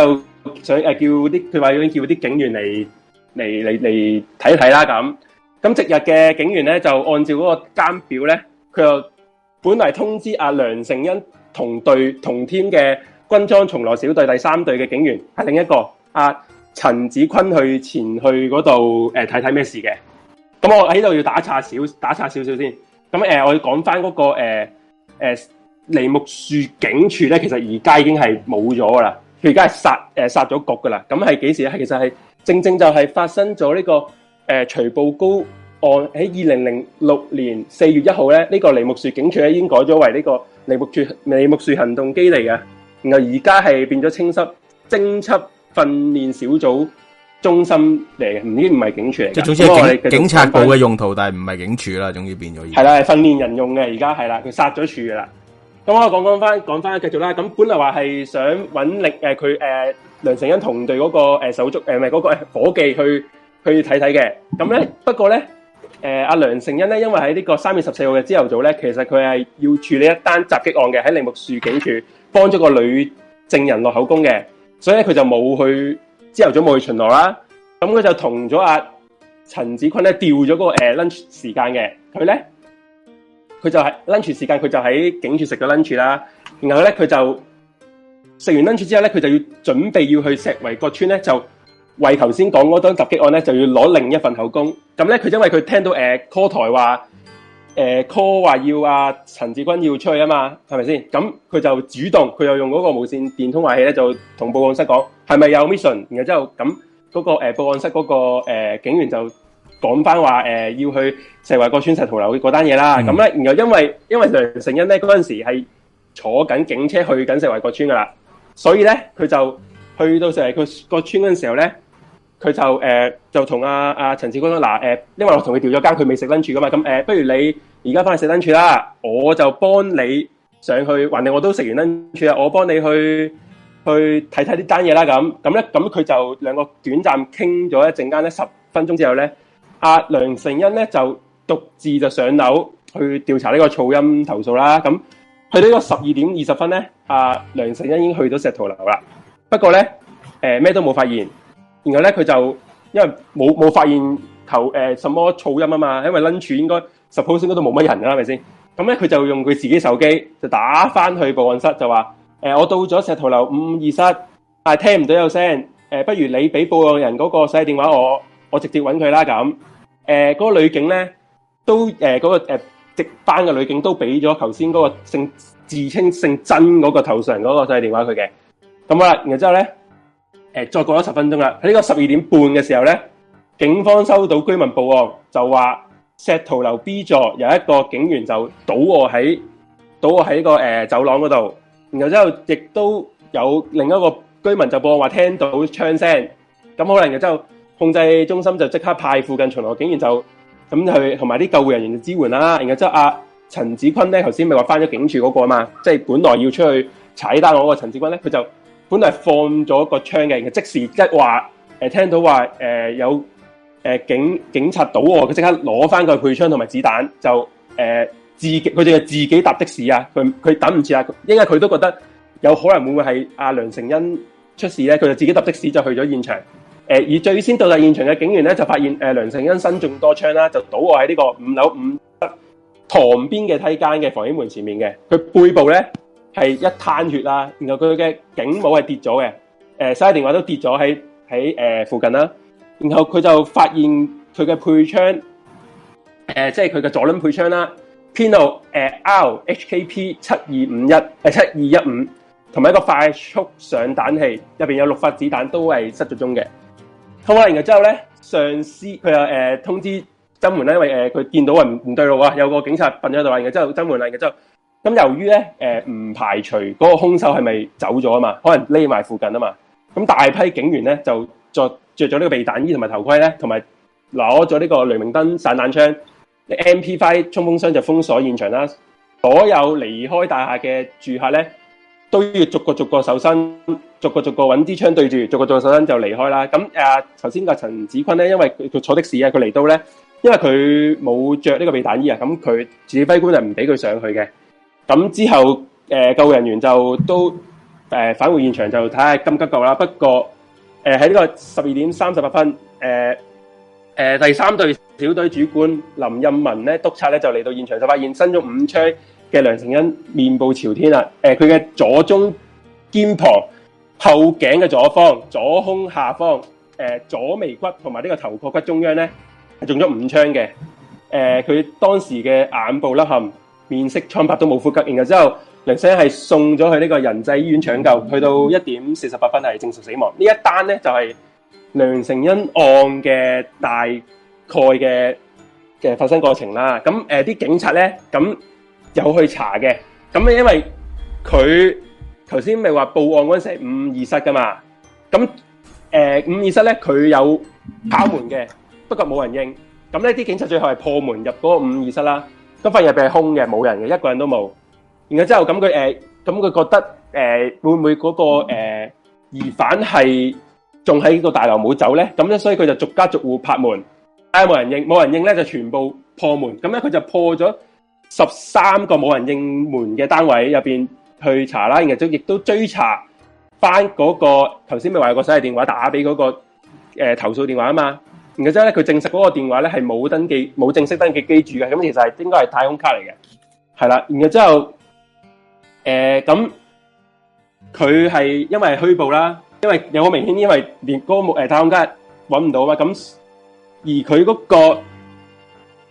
想誒、呃、叫啲，佢話要叫啲警員嚟嚟嚟嚟睇睇啦，咁咁值日嘅警員咧就按照嗰個監表咧，佢又本嚟通知阿梁成恩同隊同添嘅。軍裝巡邏小隊第三隊嘅警員係另一個，阿、啊、陳子坤去前去嗰度誒睇睇咩事嘅。咁我喺度要打岔少打岔少少先。咁誒、呃，我要講翻嗰個誒梨、呃呃、木樹警署咧，其實而家已經係冇咗噶啦，而家係殺誒、呃、殺咗局噶啦。咁係幾時咧？其實係正正就係發生咗呢、這個誒、呃、徐步高案喺二零零六年四月一號咧，呢、這個梨木樹警署咧已經改咗為呢個梨木樹梨木樹行動基地嚟嘅。然後而家係變咗清室偵緝訓練小組中心嚟，唔知唔係警署嚟，即係總之係警警察部嘅用途，但係唔係警署啦，總之變咗。係啦，係訓練人用嘅，而家係啦，佢殺咗處啦。咁我講講翻，講翻繼續啦。咁本嚟話係想揾令誒佢誒梁成恩同隊嗰個誒手足誒唔係嗰個誒夥計去去睇睇嘅。咁咧不過咧誒阿梁成恩咧，因為喺呢個三月十四號嘅朝頭早咧，其實佢係要處理一單襲擊案嘅，喺檸木樹警署。幫咗個女證人落口供嘅，所以咧佢就冇去朝頭早冇去巡邏啦。咁佢就同咗阿陳子坤咧調咗個誒 lunch 時間嘅，佢咧佢就喺 lunch 時間佢就喺警署食咗 lunch 啦。然後咧佢就食完 lunch 之後咧，佢就要準備要去石圍角村咧，就為頭先講嗰單襲擊案咧，就要攞另一份口供。咁咧佢因為佢聽到誒 call 台話。誒，call 話要啊陳志軍要出去啊嘛，係咪先？咁佢就主動，佢又用嗰個無線電通話器咧，就同報案室講，係咪有 mission？然後之後咁嗰、那個誒、呃、報案室嗰、那個誒、呃、警員就講返話誒要去石圍角村石屠樓嗰單嘢啦。咁咧、嗯，然後因為因為梁成恩咧嗰陣時係坐緊警車去緊石圍角村噶啦，所以咧佢就去到石圍角角村嗰陣時候咧。佢就誒、呃、就同阿阿陳志光嗱、啊、因為我同佢調咗間佢未食 lunch 噶嘛，咁誒、呃，不如你而家翻去食 lunch 啦，我就幫你上去，橫掂，我都食完 lunch 啊，我幫你去去睇睇呢單嘢啦，咁咁咧，咁佢就兩個短暫傾咗一陣間咧，十分鐘之後咧，阿、啊、梁成恩咧就獨自就上樓去調查呢個噪音投訴啦。咁去到個呢個十二點二十分咧，阿、啊、梁成恩已經去到石頭樓啦，不過咧誒咩都冇發現。然後咧，佢就因為冇冇發現頭誒、呃、什麼噪音啊嘛，因為 lunch 應該 suppose 應該都冇乜人啦，係咪先？咁咧佢就用佢自己手機就打翻去報案室，就話誒、呃、我到咗石頭樓五五二室，但係聽唔到有聲，誒、呃、不如你俾報案人嗰個細電話我，我直接揾佢啦咁。誒嗰、呃那個女警咧都誒嗰、呃那個值、呃、班嘅女警都俾咗頭先嗰個姓自稱姓曾嗰個頭上嗰個細電話佢嘅。咁好啦然後之後咧。誒，再過咗十分鐘啦！喺呢個十二點半嘅時候咧，警方收到居民報案，就話石圖樓 B 座有一個警員就倒卧喺倒卧喺個誒、呃、走廊嗰度。然後之後，亦都有另一個居民就報案話聽到槍聲。咁可能之後控制中心就即刻派附近巡邏警員就咁去，同埋啲救護人員就支援啦。然後之後、啊，阿陳子坤咧頭先咪話翻咗警署嗰個啊嘛，即係本來要出去踩單嗰個陳子坤咧，佢就。本嚟放咗個槍嘅，然後即時即話誒聽到話誒、呃、有誒警警察倒臥，佢即刻攞翻個配槍同埋子彈，就誒、呃、自佢就自己搭的士啊，佢佢等唔住啊，因為佢都覺得有可能會唔會係阿梁成恩出事咧，佢就自己搭的士就去咗現場。誒、呃、而最先到達現場嘅警員咧，就發現誒、呃、梁成恩身中多槍啦，就倒臥喺呢個五樓五側旁邊嘅梯間嘅防煙門前面嘅，佢背部咧。係一灘血啦，然後佢嘅警帽係跌咗嘅，誒、呃、手提電話都跌咗喺喺誒附近啦。然後佢就發現佢嘅配槍，誒、呃、即係佢嘅左輪配槍啦，編號誒 RHKP 七二五一誒七二一五，同埋、呃、一個快速上彈器，入邊有六發子彈都係失咗蹤嘅。好啦，然後之後咧上司佢又誒通知增援咧，因為誒佢、呃、見到啊唔唔對路啊，有個警察瞓咗喺度，然後之後增援嚟嘅之後。咁由於咧，誒、呃、唔排除嗰個兇手係咪走咗啊？嘛，可能匿埋附近啊？嘛，咁大批警員咧就着着咗呢個避彈衣同埋頭盔咧，同埋攞咗呢個雷明燈散彈槍，MP five 衝鋒槍就封鎖現場啦。所有離開大廈嘅住客咧，都要逐個逐個搜身，逐個逐個揾支槍對住，逐個逐個搜身就離開啦。咁啊，頭先個陳子坤咧，因為佢坐的士啊，佢嚟到咧，因為佢冇着呢個避彈衣啊，咁佢指揮官就唔俾佢上去嘅。咁之後，誒救護人員就都誒返回現場就睇下咁急救啦。不過，誒喺呢個十二點三十八分，誒誒第三隊小隊主管林任文咧督察咧就嚟到現場就發現，身中五槍嘅梁成恩面部朝天啦。誒佢嘅左中肩旁、後頸嘅左方、左胸下方、誒左眉骨同埋呢個頭殼骨中央咧，係中咗五槍嘅。誒佢當時嘅眼部凹陷。面色蒼白都冇呼吸，然後之後梁成恩係送咗去呢個仁濟醫院搶救，去到一點四十八分係證實死亡。這一呢一單咧就係、是、梁成恩案嘅大概嘅嘅發生過程啦。咁誒、啲、呃、警察咧咁、嗯、有去查嘅。咁、嗯、咧因為佢頭先咪話報案嗰陣時係五二室噶嘛，咁、嗯、誒、呃、五二室咧佢有敲門嘅，不過冇人應。咁呢啲警察最後係破門入嗰個五二室啦。嗰份入邊係空嘅，冇人嘅，一個人都冇。然後之後咁佢誒，咁佢覺得誒會唔會嗰個誒疑犯係仲喺個大樓冇走咧？咁咧，所以佢就逐家逐戶拍門，但係冇人應，冇人應咧就全部破門。咁咧佢就破咗十三個冇人應門嘅單位入面去查啦，然後亦都追查翻嗰個頭先咪話有個手提電話打俾嗰個誒投訴電話啊嘛。然後他佢證實嗰個電話是係冇登記、冇正式登記機主嘅，咁其實係應該係太空卡嚟嘅，係啦。然後之後，佢、呃、係因為虛報啦，因為有好明顯，因為連、嗰個太空卡揾唔到嘛。咁而佢嗰個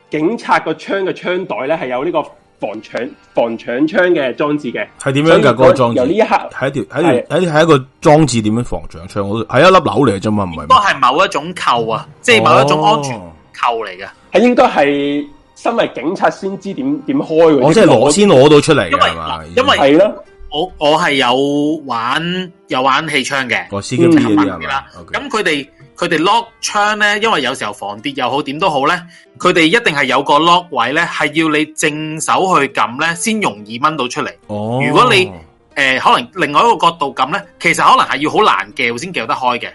警察個槍嘅槍袋呢，係有呢、這個。防搶防搶槍嘅裝置嘅係點樣㗎？嗰個裝置由呢一刻係一條，係條，係，係一個裝置點樣防搶槍？我係一粒鈕嚟啫嘛，唔係，不過係某一種扣啊，即係某一種安全扣嚟嘅，係應該係身為警察先知點點開。我即係攞先攞到出嚟，係嘛？因為係咯，我我係有玩有玩氣槍嘅，我司機唔同噶啦。咁佢哋。佢哋 lock 槍咧，因為有時候防跌又好點都好咧，佢哋一定係有個 lock 位咧，係要你正手去撳咧，先容易掹到出嚟。哦，oh. 如果你誒、呃、可能另外一個角度撳咧，其實可能係要好難撬先撬得開嘅。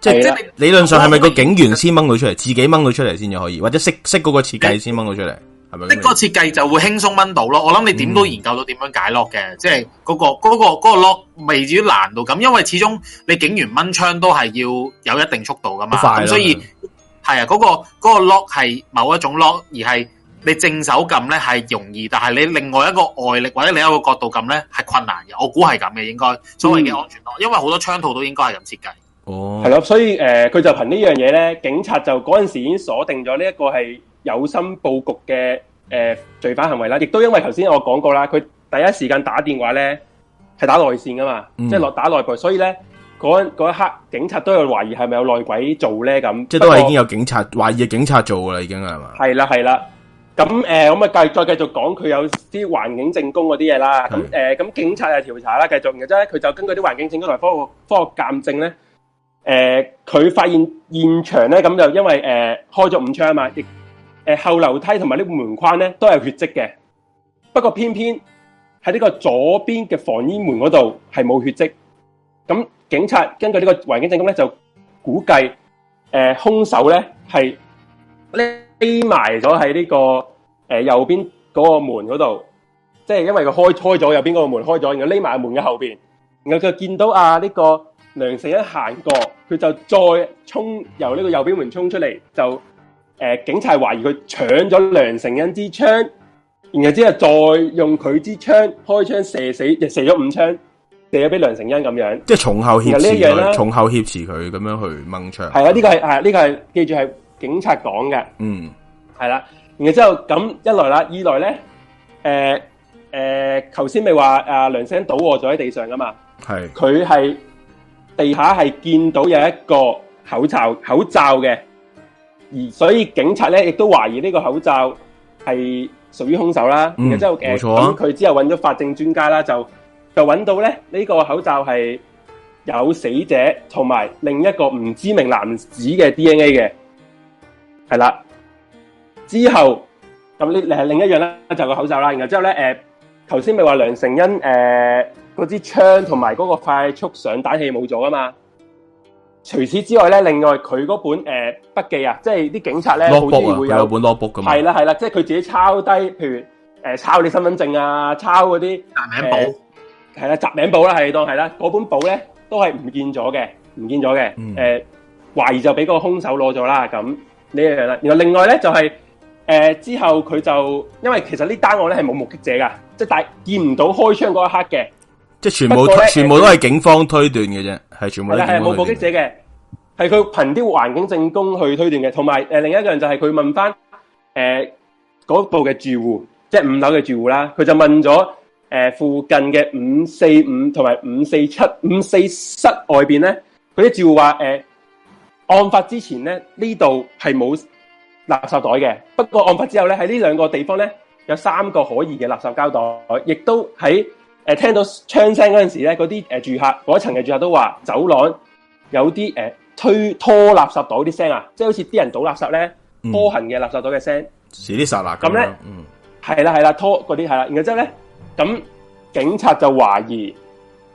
即係即係理論上係咪個警員先掹到出嚟，的自己掹到出嚟先至可以，或者識識嗰個設計先掹到出嚟？的個設計就會輕鬆掹到咯，我諗你點都研究到點樣解 lock 嘅，即係嗰個嗰、嗰個、嗰個 lock 未至於難到咁，因為始終你警員掹槍都係要有一定速度噶嘛、嗯，所以係啊，嗰、嗰個嗰、嗰個 lock 係某一種 lock，而係你正手撳咧係容易，但係你另外一個外力或者另一個角度撳咧係困難嘅，我估係咁嘅應該。所謂嘅安全 lock 因為好多槍套都應該係咁設計。哦，係咯，所以誒，佢、呃、就憑呢樣嘢咧，警察就嗰陣時已經鎖定咗呢一個係。有心布局嘅誒、呃、罪犯行為啦，亦都因為頭先我講過啦，佢第一時間打電話咧係打內線噶嘛，嗯、即係落打內部。所以咧嗰一刻警察都有懷疑係咪有內鬼做咧咁，即係都係已經有警察懷疑警察做噶啦，已經係嘛？係啦，係啦，咁誒咁啊，繼、呃、再繼續講佢有啲環境證供嗰啲嘢啦，咁誒咁警察係調查啦，繼續然後咧，佢就根據啲環境證供同科學科學鑑證咧，誒、呃、佢發現現場咧咁就因為誒、呃、開咗五槍啊嘛，亦。誒，後樓梯同埋呢門框咧，都係血跡嘅。不過偏偏喺呢個左邊嘅防煙門嗰度係冇血跡。咁警察根據呢個環境證據咧，就估計誒，兇手咧係匿埋咗喺呢個誒，右邊嗰個門嗰度。即係因為佢開開咗右邊嗰個門開咗，然後匿埋喺門嘅後邊。然後佢見到啊，呢個梁成一行過，佢就再衝由呢個右邊門衝出嚟就。誒，警察懷疑佢搶咗梁成恩支槍，然後之後再用佢支槍開槍射死，就射咗五槍，射咗俾梁成恩咁樣。即係從後挾持佢，從後挾持佢咁樣去掹槍。係啊，呢個係係呢個係，記住係警察講嘅。嗯，係啦，然後之後咁一來啦，二來咧，誒、呃、誒，頭先咪話阿梁生倒臥咗喺地上噶嘛？係，佢係地下係見到有一個口罩口罩嘅。而所以警察咧，亦都懷疑呢個口罩係屬於兇手啦。嗯、然之後、啊、然後之後誒，咁佢之後揾咗法證專家啦，就就揾到咧呢、這個口罩係有死者同埋另一個唔知名男子嘅 D N A 嘅，係啦。之後咁呢，另一樣啦就個口罩啦。然後之後咧，誒、呃，頭先咪話梁成恩誒，嗰、呃、支槍同埋嗰個快速上彈器冇咗啊嘛。除此之外咧，另外佢嗰本誒筆、呃、記啊，即係啲警察咧好自然會有，有本 notebook 噶嘛，係啦係啦，即係佢自己抄低，譬如誒、呃、抄你身份證啊，抄嗰啲雜名簿，係啦、呃，雜名簿啦，係當係啦，嗰本簿咧都係唔見咗嘅，唔見咗嘅，誒、嗯呃、懷疑就俾嗰個兇手攞咗啦，咁呢樣啦。然後另外咧就係、是、誒、呃、之後佢就因為其實呢單案咧係冇目擊者噶，即係但係見唔到開槍嗰一刻嘅。即係全部，全部都係警方推斷嘅啫，係全部都係。但係冇目擊者嘅，係佢憑啲環境證供去推斷嘅。同埋誒，另一個人就係佢問翻誒嗰部嘅住戶，即係五樓嘅住戶啦。佢就問咗誒附近嘅五四五同埋五四七五四室外邊咧，佢啲住戶話誒案發之前咧呢度係冇垃圾袋嘅。不過案發之後咧，喺呢兩個地方咧有三個可疑嘅垃圾膠袋，亦都喺。誒、呃、聽到槍聲嗰陣時咧，嗰啲誒住客，嗰一層嘅住客都話走廊有啲誒、呃、推拖垃圾袋啲聲啊，即係好似啲人倒垃圾咧，拖、嗯、行嘅垃圾袋嘅聲似的，似啲垃圾咁咧，係啦，係啦，拖嗰啲係啦，然後之後咧，咁警察就懷疑誒、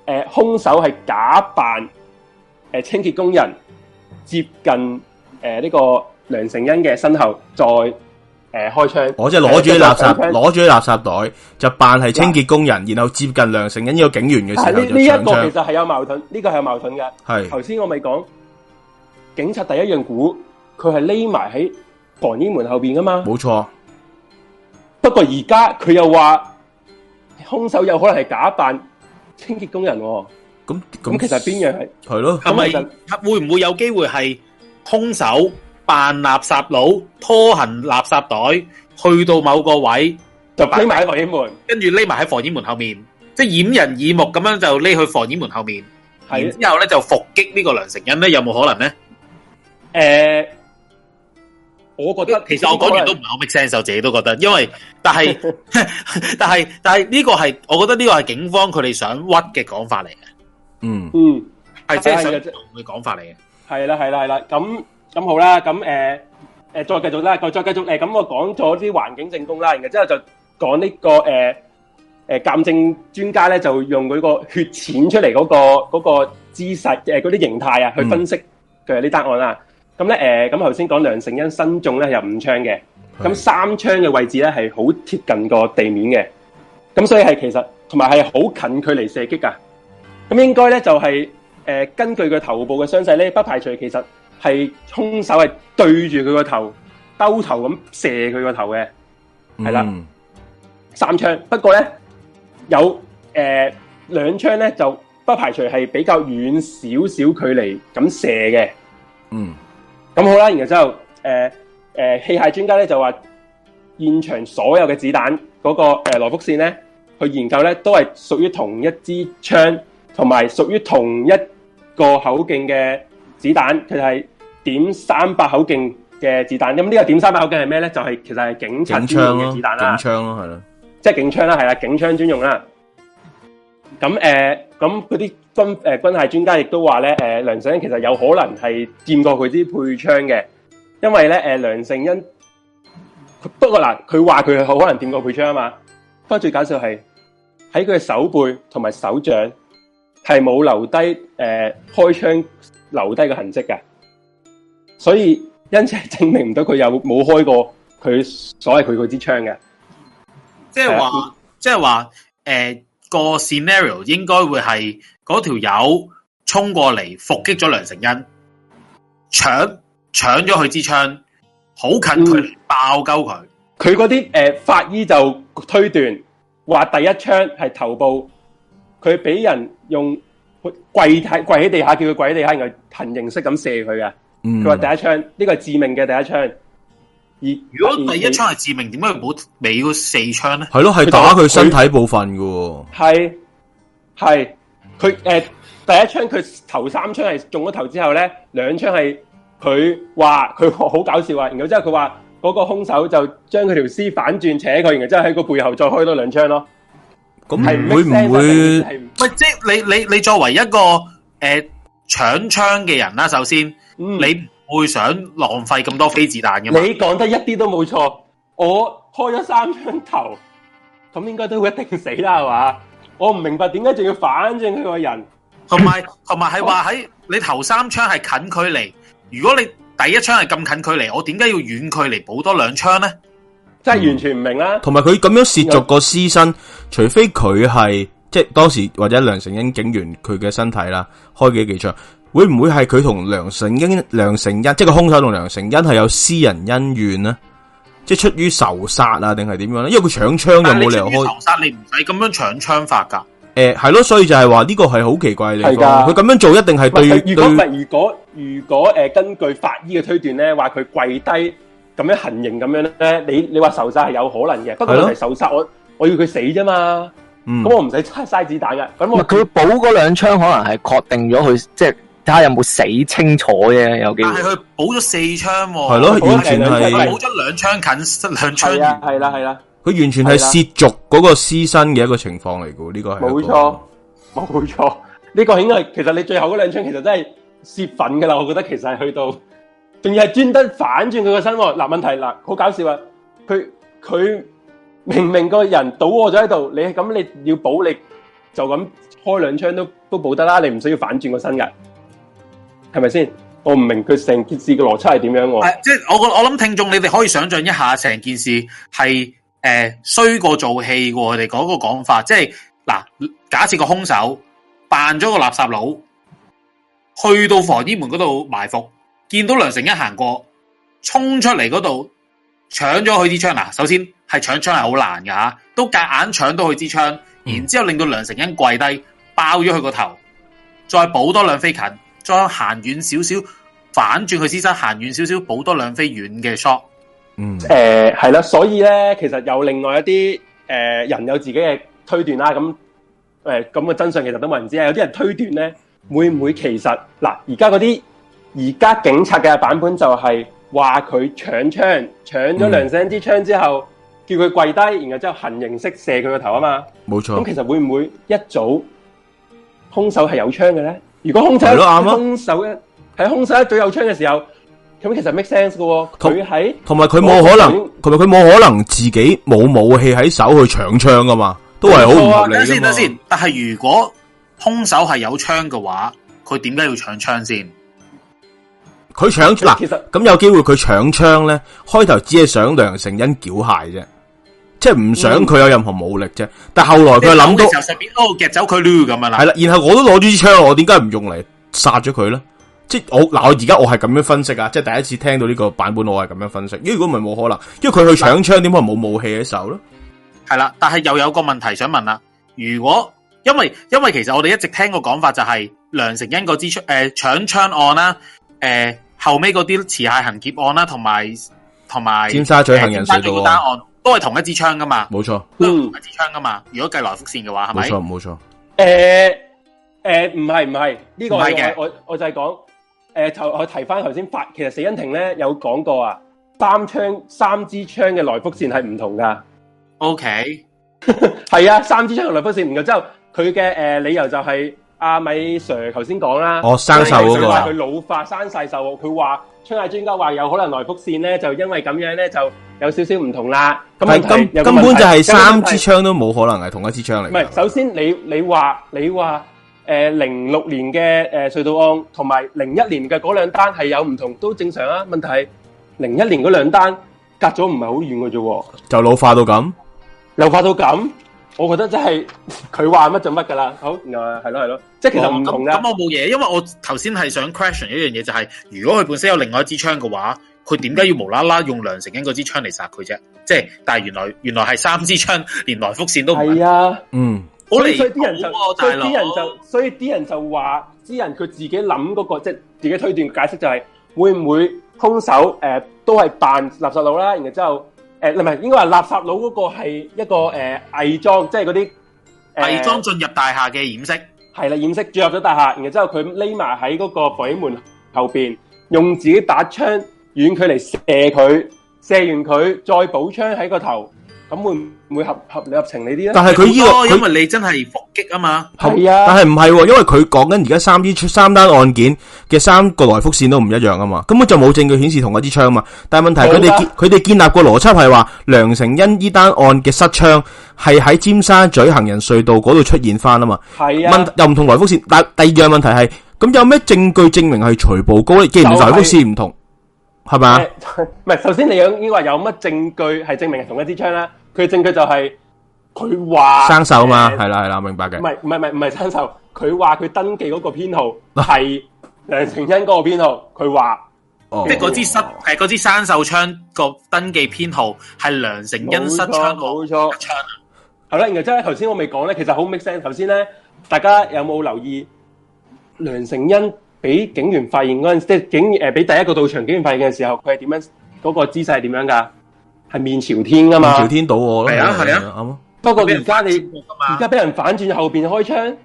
呃、兇手係假扮誒、呃、清潔工人接近誒呢、呃這個梁成恩嘅身後，在。誒，開槍！我即係攞住啲垃圾，攞住啲垃圾袋，就扮係清潔工人，然後接近梁成恩呢個警員嘅時候就開槍。呢呢一個其實係有矛盾，呢個係有矛盾嘅。係頭先我咪講，警察第一樣估佢係匿埋喺房門後邊噶嘛，冇錯。不過而家佢又話，兇手有可能係假扮清潔工人。咁咁，其實邊樣係？係咯，係咪會唔會有機會係兇手？扮垃圾佬拖行垃圾袋去到某個位就匿埋喺防煙門，跟住匿埋喺防煙門後面，即、就、係、是、掩人耳目咁樣就匿去防煙門後面。的然之後咧就伏擊呢個梁成恩咧，有冇可能咧？誒、呃，我覺得其實我講完都唔係好 make sense，我自己都覺得，因為但係 但係但係呢個係我覺得呢個係警方佢哋想屈嘅講法嚟嘅。嗯嗯，係即係想屈嘅講法嚟嘅。係啦係啦係啦，咁。咁好啦，咁誒誒再繼續啦，再再繼續誒，咁我講咗啲環境證供啦，然後之後就講呢個誒誒鑑證專家咧，就用佢個血濺出嚟嗰個嗰個姿勢誒嗰啲形態啊，去分析佢哋啲答案啦。咁咧誒，咁頭先講梁成恩身中咧有五槍嘅，咁三槍嘅位置咧係好貼近個地面嘅，咁所以係其實同埋係好近距離射擊噶。咁應該咧就係誒根據佢頭部嘅傷勢咧，不排除其實。係凶手係對住佢個頭，兜頭咁射佢個頭嘅，係啦、嗯，三槍。不過咧，有誒兩槍咧，就不排除係比較遠少少距離咁射嘅。嗯，咁好啦，然之後誒誒、呃呃，器械專家咧就話，現場所有嘅子彈嗰、那個誒來福線咧，去研究咧都係屬於同一支槍，同埋屬於同一個口徑嘅子彈，佢就係。點三百口徑嘅子彈，咁、嗯、呢個點三百口徑係咩咧？就係、是、其實係警察專用嘅子彈啦、啊，警槍咯、啊，係啦，即係警槍啦、啊，係啦，警槍專用啦、啊。咁、嗯、誒，咁、嗯、啲、嗯、軍誒、呃、軍械專家亦都話咧，誒、呃、梁成恩其實有可能係掂過佢啲配槍嘅，因為咧，誒、呃、梁成恩，不過嗱，佢話佢係好可能掂過配槍啊嘛。不過最搞笑係喺佢嘅手背同埋手掌係冇留低誒、呃、開槍留低嘅痕跡嘅。所以因此係證明唔到佢有冇開過佢所謂佢嗰支槍嘅。即係話即係話，誒、呃、個 scenario 應該會係嗰條友衝過嚟伏擊咗梁成恩，搶搶咗佢支槍，好近佢，爆鳩佢，佢嗰啲誒法醫就推斷話第一槍係頭部，佢俾人用跪喺跪喺地下，叫佢跪喺地下，然後行形式咁射佢嘅。佢話、嗯、第一槍呢、呢個係致命嘅第一槍，而如果第一槍係致命，點解唔好畀嗰四槍咧？係咯，係打佢身體部分嘅。係係佢誒，第一槍佢頭三槍係中咗頭之後咧，兩槍係佢話佢好搞笑啊！然後之後佢話嗰個凶手就將佢條屍反轉扯佢，然後之後喺個背後再開多兩槍咯。咁係會唔會？喂，即係你你你作為一個誒。呃搶槍嘅人啦，首先，你唔會想浪費咁多飛子彈嘅。你講得一啲都冇錯，我開咗三槍頭，咁應該都會一定死啦，係嘛？我唔明白點解仲要反正佢個人，同埋同埋係話喺你頭三槍係近距離，如果你第一槍係咁近距離，我點解要遠距離補多兩槍呢？真係完全唔明啦。同埋佢咁樣涉足個屍身，除非佢係。即係當時或者梁成恩警員佢嘅身體啦，開幾幾槍會唔會係佢同梁成恩？梁成恩即係個兇手同梁成恩係有私人恩怨呢？即係出於仇殺啊，定係點樣呢？因為佢搶槍有冇理由開，仇殺你唔使咁樣搶槍法噶誒、欸，係咯，所以就係話呢個係好奇怪嚟噶佢咁的樣做一定係對，如對。如果唔係，如果如果誒、呃，根據法醫嘅推斷咧，話佢跪低咁樣行刑咁樣咧，你你話仇殺係有可能嘅。不過係仇殺的，我我要佢死啫嘛。咁、嗯、我唔使嘥子彈嘅，咁佢補嗰兩槍，兩槍可能係確定咗佢，即係睇下有冇死清楚嘅。有但係佢補咗四槍、啊，係咯，佢完全係補咗兩槍近，兩槍係啦，係啦，佢完全係涉足嗰個屍身嘅一個情況嚟嘅。呢個係冇錯，冇錯。呢、這個應該係其實你最後嗰兩槍其實真係洩憤嘅啦。我覺得其實係去到，仲要係專登反轉佢個身。嗱、啊啊、問題嗱、啊，好搞笑啊，佢佢。佢明明個人倒卧咗喺度，你咁你要補力，就咁開兩槍都都補得啦，你唔需要反轉個身噶，係咪先？我唔明佢成件事嘅邏輯係點樣。喎、啊。即係我諗，我諗聽眾，你哋可以想象一下，成件事係誒衰過做戲喎。我哋嗰個講法，即係嗱、啊、假設個兇手扮咗個垃圾佬，去到房衣門嗰度埋伏，見到梁成一行過，衝出嚟，嗰度。搶咗佢支槍嗱，首先係搶槍係好難噶吓，都夾硬搶到佢支槍，然之後令到梁成恩跪低，爆咗佢個頭，再補多兩飛近，再行遠少少，反轉佢屍身行遠少少，補多兩飛遠嘅 shot。嗯，誒係啦，所以咧，其實有另外一啲誒、呃、人有自己嘅推斷啦，咁誒咁嘅真相其實都冇人知啊。有啲人推斷咧，會唔會其實嗱，而家嗰啲而家警察嘅版本就係、是。話佢搶槍，搶咗兩聲支槍之後，嗯、叫佢跪低，然後之後行刑式射佢個頭啊嘛。冇錯錯。咁其實會唔會一早凶手係有槍嘅咧？如果凶手，凶手一喺凶手一早有槍嘅時候，咁其實 make sense 嘅。佢喺同埋佢冇可能，同埋佢冇可能自己冇武器喺手去搶槍噶嘛？都係好無理噶嘛。等等等等但係如果凶手係有槍嘅話，佢點解要搶槍先？佢搶嗱其實咁有機會佢搶槍咧，開頭只係想梁成恩繳械啫，即係唔想佢有任何武力啫。但後來佢諗到就順夾走佢咁啊啦。係啦，然後我都攞住支槍，我點解唔用嚟殺咗佢咧？即係我嗱，我而家我係咁樣分析啊！即係第一次聽到呢個版本，我係咁樣分析。咦？如果唔係冇可能，因為佢去搶槍，點解冇武器嘅時候咧？係啦，但係又有一個問題想問啦。如果因為因為其實我哋一直聽個講法就係梁成恩個支槍誒搶槍案啦、啊、誒。呃後尾嗰啲持械行劫案啦、啊，同埋同埋尖沙咀行人隧道單案，案都係同一支槍噶嘛？冇錯錯，都同一支槍噶嘛？如果計來福線嘅話，係咪？冇錯，冇錯。誒誒、欸，唔係唔係，呢、這個，個我我我就係講，誒、呃、頭我提翻頭先，其實死恩庭死因庭咧有講過啊，三槍三支槍嘅來福線係唔同噶。O K，係啊，三支槍嘅來福線唔同之後的，佢嘅誒理由就係、是。阿米 Sir 頭先講啦，哦，生鏽啊嘛，佢老化生晒鏽，佢話槍械專家話有可能來福線咧，就因為咁樣咧就有少少唔同啦。係根根本就係三支槍都冇可能係同一支槍嚟。唔係，首先你你話你話誒零六年嘅誒隧道案同埋零一年嘅嗰兩單係有唔同都正常啊。問題係零一年嗰兩單隔咗唔係好遠嘅啫，就老化到咁老化到咁。我覺得真係佢話乜就乜噶啦，好，誒係咯係咯，即係其實唔同嘅。咁、哦、我冇嘢，因為我頭先係想 question 一樣嘢、就是，就係如果佢本身有另外一支槍嘅話，佢點解要無啦啦用梁成恩嗰支槍嚟殺佢啫？即係，但係原來原來係三支槍，連來福線都唔係啊。嗯的，所以所以啲人，所以啲人就，所以啲人就話，啲人佢自己諗嗰、那個，即係自己推斷解釋就係、是、會唔會兇手誒、呃、都係扮垃圾佬啦，然之後。誒，唔係，應該話垃圾佬嗰個係一個誒偽裝，即係嗰啲偽裝進入大廈嘅掩飾。係啦，掩飾進入咗大廈，然之後佢匿埋喺嗰個鬼門後邊，用自己把槍遠距離射佢，射完佢再補槍喺個頭。咁會唔會合合理合情你啲咧？但係佢依個，因為你真係伏擊啊嘛。係啊，但係唔係，因為佢講緊，而家三支出三單案件嘅三個來福線都唔一樣啊嘛。根本就冇證據顯示同一支槍啊嘛。但係問題佢哋佢哋建立個邏輯係話，梁成恩依單案嘅失槍係喺尖沙咀行人隧道嗰度出現翻啊嘛。係啊，問又唔同來福線。但第二樣問題係，咁有咩證據證明係徐步高既然來福線唔同？係嘛？唔係， 首先你有呢個話有乜證據係證明係同一支槍咧？佢證據就係佢話生鏽嘛，係啦係啦，我明白嘅。唔係唔係唔係唔係生鏽，佢話佢登記嗰個編號係梁成恩嗰個編號，佢話即係嗰支失係支生鏽槍個登記編號係梁成恩失槍冇錯冇錯槍。係啦，然後即係頭先我未講咧，其實好 mixing 頭先咧，大家有冇留意梁成恩？俾警員發現嗰陣，即係警誒俾第一個到場警員發現嘅時候，佢係點樣？嗰個姿勢係點樣噶？係面朝天噶嘛？面朝天倒，我係啊係啊，不過而家你而家俾人反轉後邊開槍，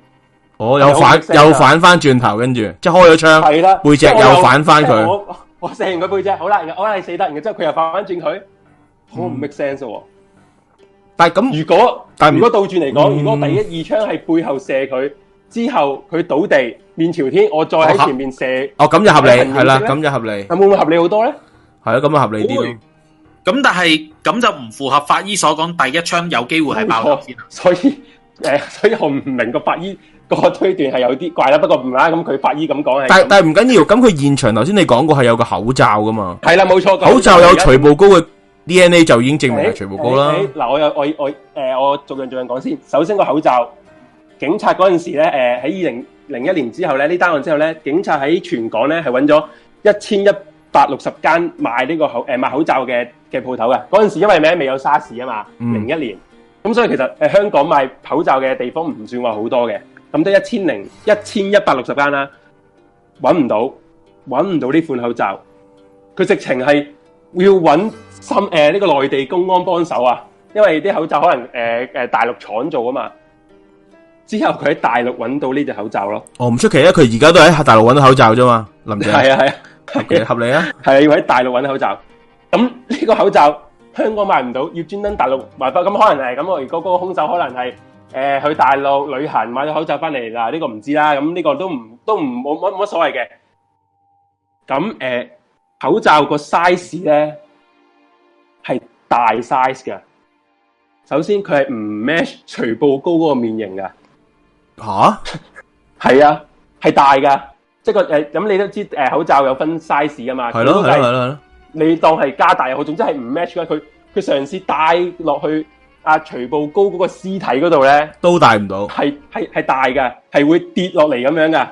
哦，反又反的又反翻轉頭，跟住即係開咗槍，係啦，背脊又反翻佢，我射完個背脊，好啦，我拉你射得，然之後佢又反翻轉佢，好唔 make sense 喎。但係咁，如果但係如果倒轉嚟講，嗯、如果第一二槍係背後射佢。之後佢倒地面朝天，我再喺前面射，哦，咁就合理係啦，咁、哦、就合理，係會唔會合理好多咧？係啊，咁就合理啲咯。咁、哦、但係咁就唔符合法醫所講第一槍有機會係爆炸所以，誒、呃，所以我唔明個法醫個推斷係有啲怪啦。不過唔係咁，佢法醫咁講嘅。但但係唔緊要。咁佢現場頭先你講過係有個口罩噶嘛？係啦，冇錯，那個、口罩有徐步高嘅 DNA 就已經證明係徐步高啦。嗱、欸欸欸，我有我我誒，我逐樣逐樣講先。首先個口罩。警察嗰陣時咧，誒喺二零零一年之後咧，呢單案之後咧，警察喺全港咧係揾咗一千一百六十間賣呢個口誒賣口罩嘅嘅鋪頭嘅。嗰陣時因為咩未有沙士 r 啊嘛，零一年，咁所以其實誒香港賣口罩嘅地方唔算話好多嘅，咁都一千零一千一百六十間啦，揾唔到揾唔到呢款口罩，佢直情係要揾深誒呢、呃，這個內地公安幫手啊，因為啲口罩可能誒誒、呃、大陸廠做啊嘛。之後佢喺大陸揾到呢隻口罩咯，哦唔出奇啊！佢而家都喺大陸揾到口罩啫嘛，林姐係啊係啊，合合理啊，係要喺大陸揾口罩。咁呢、這個口罩香港買唔到，要專登大陸買翻。咁可能係咁，我如果嗰個凶手可能係誒、呃、去大陸旅行買咗口罩翻嚟、這個、啦，呢個唔知啦。咁呢個都唔都唔冇乜乜所謂嘅。咁誒、呃，口罩個 size 咧係大 size 嘅。首先佢係唔 match 徐步高嗰個面型嘅。吓，係啊，係、啊、大噶，即係個誒，咁、嗯、你都知誒，口罩有分 size 噶嘛？係咯，係咯，係咯，你當係加大又好，總之係唔 match 啦。佢佢嘗試戴落去阿、啊、徐步高嗰個屍體嗰度咧，都戴唔到。係係係大嘅，係會跌落嚟咁樣噶。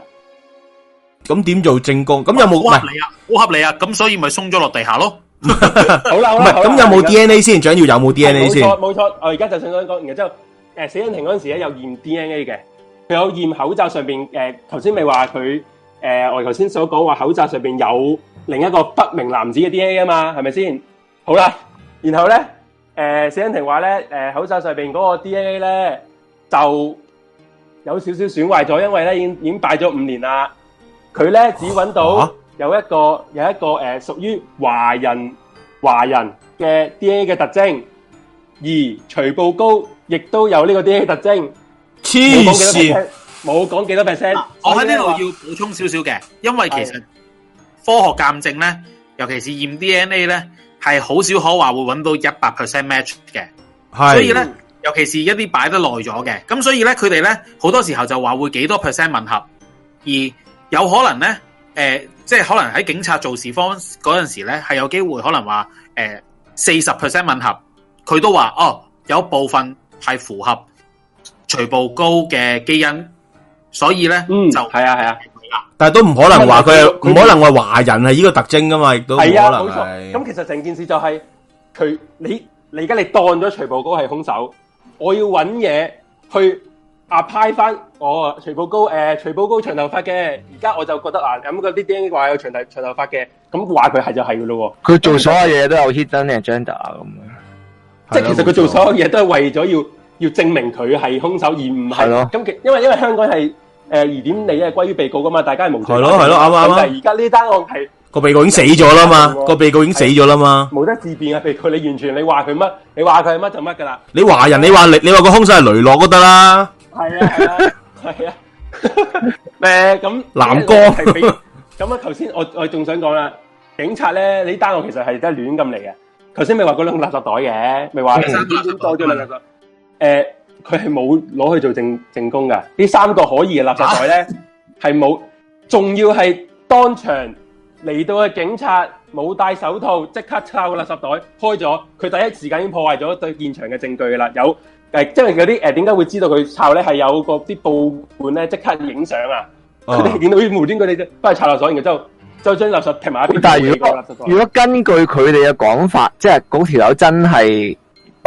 咁點做正功？咁有冇合理啊？好是合理啊！咁、啊、所以咪鬆咗落地下咯。 好啦好啦咁 有冇 D N A 先？最緊要有冇 D N A 先？冇錯，我而家就想講，然之後誒，死因庭嗰陣時咧有驗 D N A 嘅。佢有驗口罩上邊誒，頭先咪話佢誒，我頭先所講話口罩上邊有另一個不明男子嘅 DNA 啊嘛，係咪先？好啦，然後咧誒，史欣婷話咧，誒，口罩上邊嗰個 DNA 咧就有少少損壞咗，因為咧已經已經擺咗五年啦。佢咧只揾到有一個有一個誒屬於華人華人嘅 DNA 嘅特徵，而徐步高亦都有呢個 DNA 嘅特徵。黐線，冇講幾多 percent，啊。我喺呢度要補充少少嘅，因為其實科學鑑證咧，尤其是驗 DNA 咧，係好少可話會揾到一百 percent match 嘅。係，所以咧，尤其是一啲擺得耐咗嘅，咁所以咧，佢哋咧好多時候就話會幾多 percent 吻合，而有可能咧，誒，即係可能喺警察做事方嗰陣時咧，係有機會可能話，誒，四十 percent 吻合，佢都話哦，有部分係符合。徐步高嘅基因，所以咧就係啊係啊，啊啊但係都唔可能話佢唔可能話華人係呢個特徵噶嘛，亦都冇錯。咁、啊、其實成件事就係、是、佢你你而家你當咗徐步高係兇手，我要揾嘢去啊 app，派翻我徐步高誒，徐、呃、步高長頭髮嘅，而家我就覺得啊，咁嗰啲 DNA 話有長頭長頭髮嘅，咁話佢係就係噶咯。佢做所有嘢都有 hidden 定係 agenda 咁、啊，即係其實佢做所有嘢都係為咗要。要證明佢係兇手，而唔係咁，其因為因為香港係誒疑點，你係歸於被告噶嘛，大家係無罪。係咯，係咯，啱唔啱啊？而家呢單案係個被告已經死咗啦嘛，個被告已經死咗啦嘛，無得自辯啊！被告你完全你話佢乜，你話佢乜就乜噶啦。你話人，你話你，你話個兇手係雷洛都得啦。係啊係啊係啊誒咁，南哥咁啊頭先我我仲想講啦，警察咧，呢單案其實係真係亂咁嚟嘅。頭先咪話嗰兩垃圾袋嘅，咪話三點鐘多咗兩垃圾。誒，佢係冇攞去做證證供噶，呢三個可疑嘅垃圾袋咧係冇，仲、啊、要係當場嚟到嘅警察冇戴手套，即刻抄個垃圾袋開咗，佢第一時間已經破壞咗對現場嘅證據噶啦。有誒，即係嗰啲誒，點、就、解、是呃、會知道佢抄咧？係有個啲報館咧，即刻影相啊！佢哋見到佢無端佢哋都係抄垃圾袋，然之後再將垃圾踢埋一邊。如果如果根據佢哋嘅講法，即係嗰條友真係。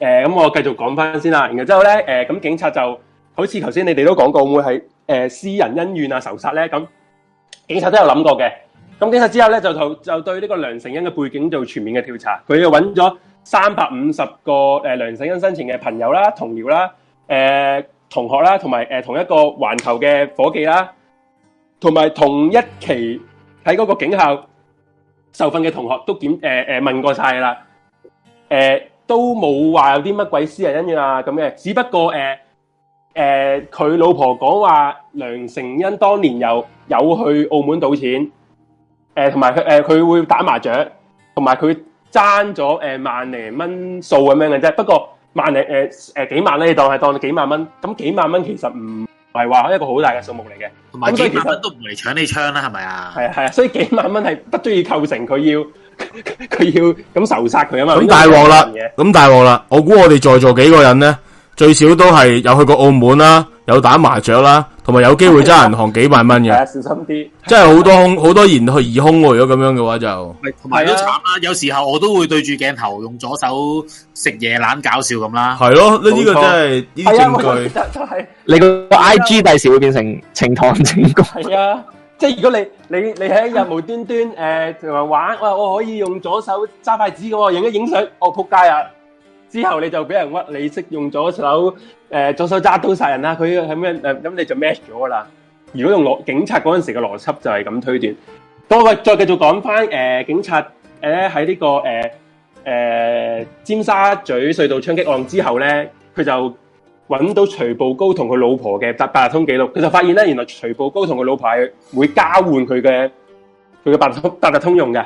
誒，咁我繼續講翻先啦。然後之後咧，誒，咁警察就好似頭先你哋都講過，會唔會係誒私人恩怨啊、仇殺咧。咁警察都有諗過嘅。咁警察之後咧就同就對呢個梁成恩嘅背景做全面嘅調查。佢又揾咗三百五十個誒梁成恩生前嘅朋友啦、同僚啦、誒同學啦，同埋誒同一個環球嘅夥計啦，同埋同一期喺嗰個警校受訓嘅同學都檢誒誒問過晒啦，誒。都冇話有啲乜鬼私人恩怨啊咁嘅，只不過誒誒，佢、呃呃、老婆講話梁成恩當年又有，有去澳門賭錢，誒同埋誒佢會打麻雀，同埋佢爭咗誒萬零蚊數咁樣嘅啫。不過萬零誒誒幾萬咧，你當係當是幾萬蚊。咁幾萬蚊其實唔係話一個好大嘅數目嚟嘅，咁有所以其實都唔嚟搶你槍啦，係咪啊？係啊係啊，所以幾萬蚊係不足以構成佢要。佢 要咁仇殺佢啊嘛，咁大鑊啦，咁大鑊啦！我估我哋在座幾個人咧，最少都係有去過澳門啦，有打麻雀啦，同埋有機會揸銀行幾萬蚊嘅，啊啊，小心啲！真係好多空，好多現去疑空喎。如果咁樣嘅話就，就都慘啦，有時候我都會對住鏡頭用左手食嘢，懶搞笑咁啦。係咯、啊，呢錯個真係呢證據係，啊就是就是，你個 I G 第時會變成呈堂證據啊。 即係如果你你你喺日無端端誒同人玩，我我可以用左手揸筷子嘅喎，影一影相，我撲街啊！之後你就俾人屈，你識用左手誒、呃、左手揸刀殺人啦。佢係咩？咁、呃、你就 match 咗啦。如果用邏警察嗰陣時嘅邏輯就係咁推斷。再再繼續講返誒警察誒喺呢個誒誒、呃、尖沙咀隧道槍擊案之後咧，佢就。揾到徐步高同佢老婆嘅搭八達通記錄，佢就發現咧，原來徐步高同佢老婆係會交換佢嘅佢嘅八達通八達通用嘅，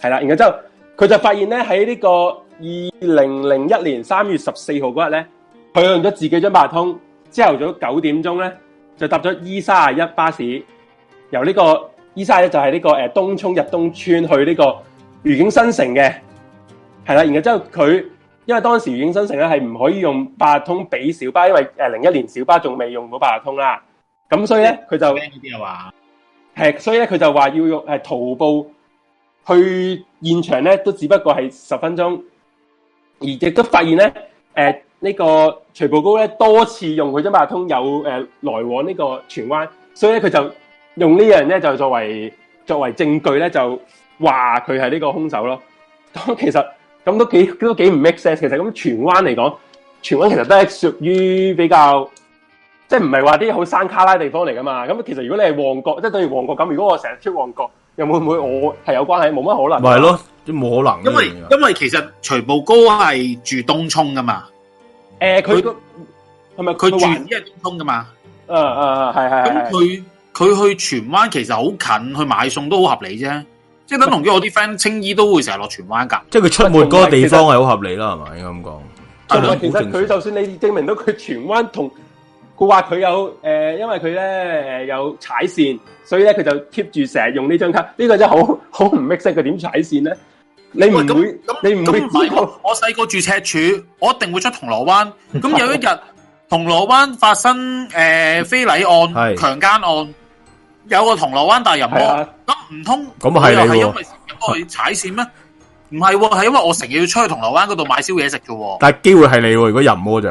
係啦。然後之後佢就發現咧，喺呢個二零零一年三月十四號嗰日咧，佢用咗自己張八達通，朝頭早九點鐘咧，就搭咗 E 三十一巴士，由呢個 E 三十一就係呢個誒東涌入東村去呢個愉景新城嘅，係啦。然後之後佢。因為當時影新城咧，係唔可以用八達通俾小巴，因為誒零一年小巴仲未用到八達通啦，咁所以咧佢就呢啲話，係，所以咧佢就話要用誒徒步去現場咧，都只不過係十分鐘，而亦都發現咧，誒、呃、呢、呢個徐步高咧多次用佢張八達通有誒、呃、來往呢個荃灣，所以咧佢就用呢呢樣咧就作為作為證據咧就話佢係呢個兇手咯，咁其實。咁都幾都幾唔 make sense。其實咁荃灣嚟講，荃灣其實都係屬於比較即係唔係話啲好山卡拉地方嚟噶嘛。咁其實如果你係旺角，即係對於旺角咁，如果我成日出旺角，又會唔會我係有關係？冇乜可能。咪係咯，都冇可能。因為因為其實徐步高係住東涌噶嘛。誒，佢個係咪佢住依家係東涌噶嘛？誒誒係係。咁佢佢去荃灣其實好近，去買餸都好合理啫。即係等同於我啲 friend 青衣都會成日落荃灣噶，即係佢出沒嗰個地方係好合理啦，係咪？應該咁講。但係其實佢就算你證明到佢荃灣同，佢話佢有誒、呃，因為佢咧誒有踩線，所以咧佢就 keep 住成日用呢張卡。呢、呢個真係好好唔 mix，佢點踩線咧？你唔會咁？你唔會唔係？我細個住赤柱，我一定會出銅鑼灣。咁有一日 銅鑼灣發生誒、呃、非禮案、是強姦案。有個銅鑼灣大人魔，咁唔通咁係你，係因為成日去踩線咩？唔係喎，係因為我成日 要出去銅鑼灣嗰度買宵夜食嘅。但係機會係你，如果人魔就。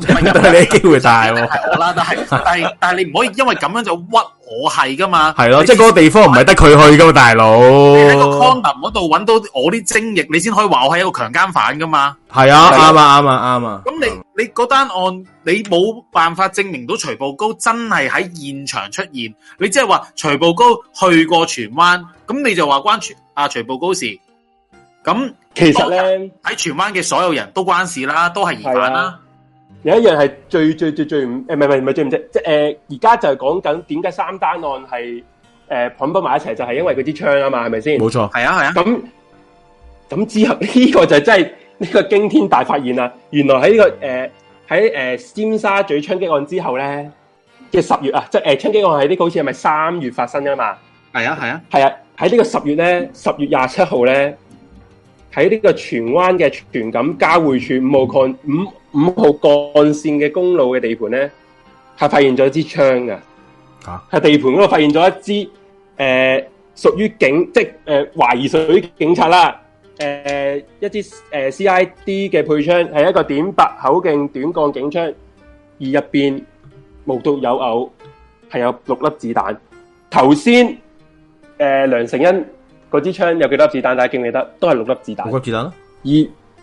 但係你機會大喎，係我啦，但係但係但係你唔可以因為咁樣就屈我係噶嘛？係咯，即係嗰個地方唔係得佢去噶嘛，大佬。你喺個 condom 嗰度搵到我啲精液，你先可以話我係一個強姦犯噶嘛？係啊，啱啊，啱啊，啱啊。咁你你嗰單案你冇辦法證明到徐步高真係喺現場出現，你即係話徐步高去過荃灣，咁你就話關徐啊徐步高事。咁其實咧喺荃灣嘅所有人都關事啦，都係疑犯啦。有一樣係最最最最唔，誒唔係唔係唔係最唔值，即係誒而家就係講緊點解三單案係誒捆綁埋一齊，就係因為嗰支槍啊嘛，係咪先？冇錯，係啊係啊。咁咁之後呢個就真係呢個驚天大發現啦！原來喺呢個誒喺誒尖沙咀槍擊案之後咧嘅十月啊，即係誒槍擊案喺呢個好似係咪三月發生噶嘛？係啊係啊，係啊！喺呢個十月咧，十月廿七號咧，喺呢個荃灣嘅荃錦交匯處五號礦五五號幹線嘅公路嘅地盤咧，係發現咗一支槍噶，吓、啊、地盤嗰度發現咗一支誒，屬、呃、於警即係誒懷疑屬於警察啦，誒、呃、一支誒 C I D 嘅配槍係一個點八口徑短槓警槍，而入邊無獨有偶，係有六粒子彈。頭先誒梁成恩。嗰支槍有幾多子彈，大家勁你得都是，都係六粒子彈。六粒子彈。而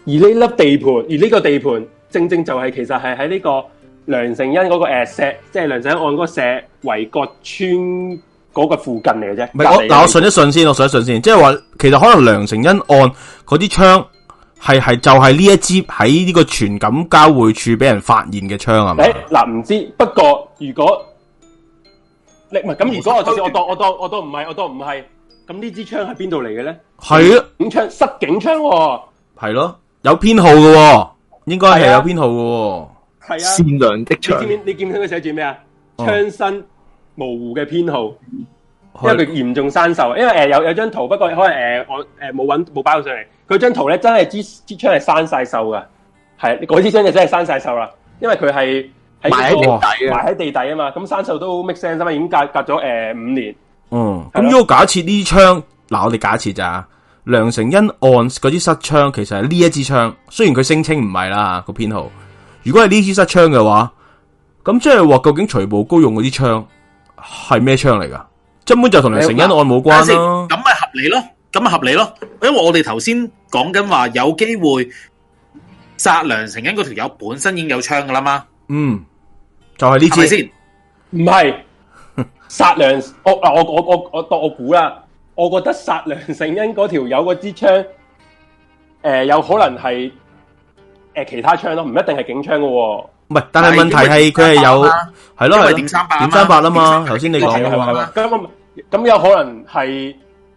而呢粒地盤，而呢個地盤正正就係其實係喺呢個梁成恩嗰個誒石，即、就、係、是、梁成恩案嗰個石圍角村嗰個附近嚟嘅啫。唔係我嗱，我順、這個、一順先，我順一順先。即係話，其實可能梁成恩案嗰啲槍係係就係、是、呢一支喺呢個荃錦交匯處俾人發現嘅槍係咪？誒，嗱、哎、唔、呃、知。不過如果你唔咁，如果，不如果我我當我當我都唔係，我都唔係。咁呢支槍係邊度嚟嘅咧？係咯、啊，警槍，實警槍、啊，係咯、啊，有編號嘅、啊，應該係有編號嘅，係啊。啊善良的槍，你見唔見？你見唔見佢寫住咩啊？槍身模糊嘅編號，啊、因為佢嚴重生銹。是因為誒、呃、有有張圖，不過可能誒、呃、我誒冇、呃、揾冇包上嚟。佢張圖咧真係支支槍係生晒銹噶，係你嗰支槍就真係生晒銹啦。因為佢係埋喺地底、哦、埋喺地底啊嘛。咁生銹都 make sense 啊嘛，已經隔隔咗誒五年。嗯咁，的如果假設呢、啊、支槍，嗱我哋假設咋梁成恩案嗰支失槍，其實係呢一支槍，雖然佢聲稱唔係啦個編號。如果係呢支失槍嘅話，咁即係話究竟徐步高用嗰啲槍係咩槍嚟噶？根本就同梁成恩案冇關咯、啊。咁咪合理咯？咁咪合理咯？因為我哋頭先講緊話，有機會殺梁成恩嗰條友本身已經有槍噶啦嘛。嗯，就係、是、呢支，先吧？唔係。殺梁我啊我我我我當我估啦，我覺得殺梁成恩嗰條友嗰支槍，誒有可能係誒其他槍咯，唔一定係警槍嘅。唔係，但係問題係佢係有係咯，係點三八點三八啊嘛。頭先你講嘅係嘛？咁咁有可能係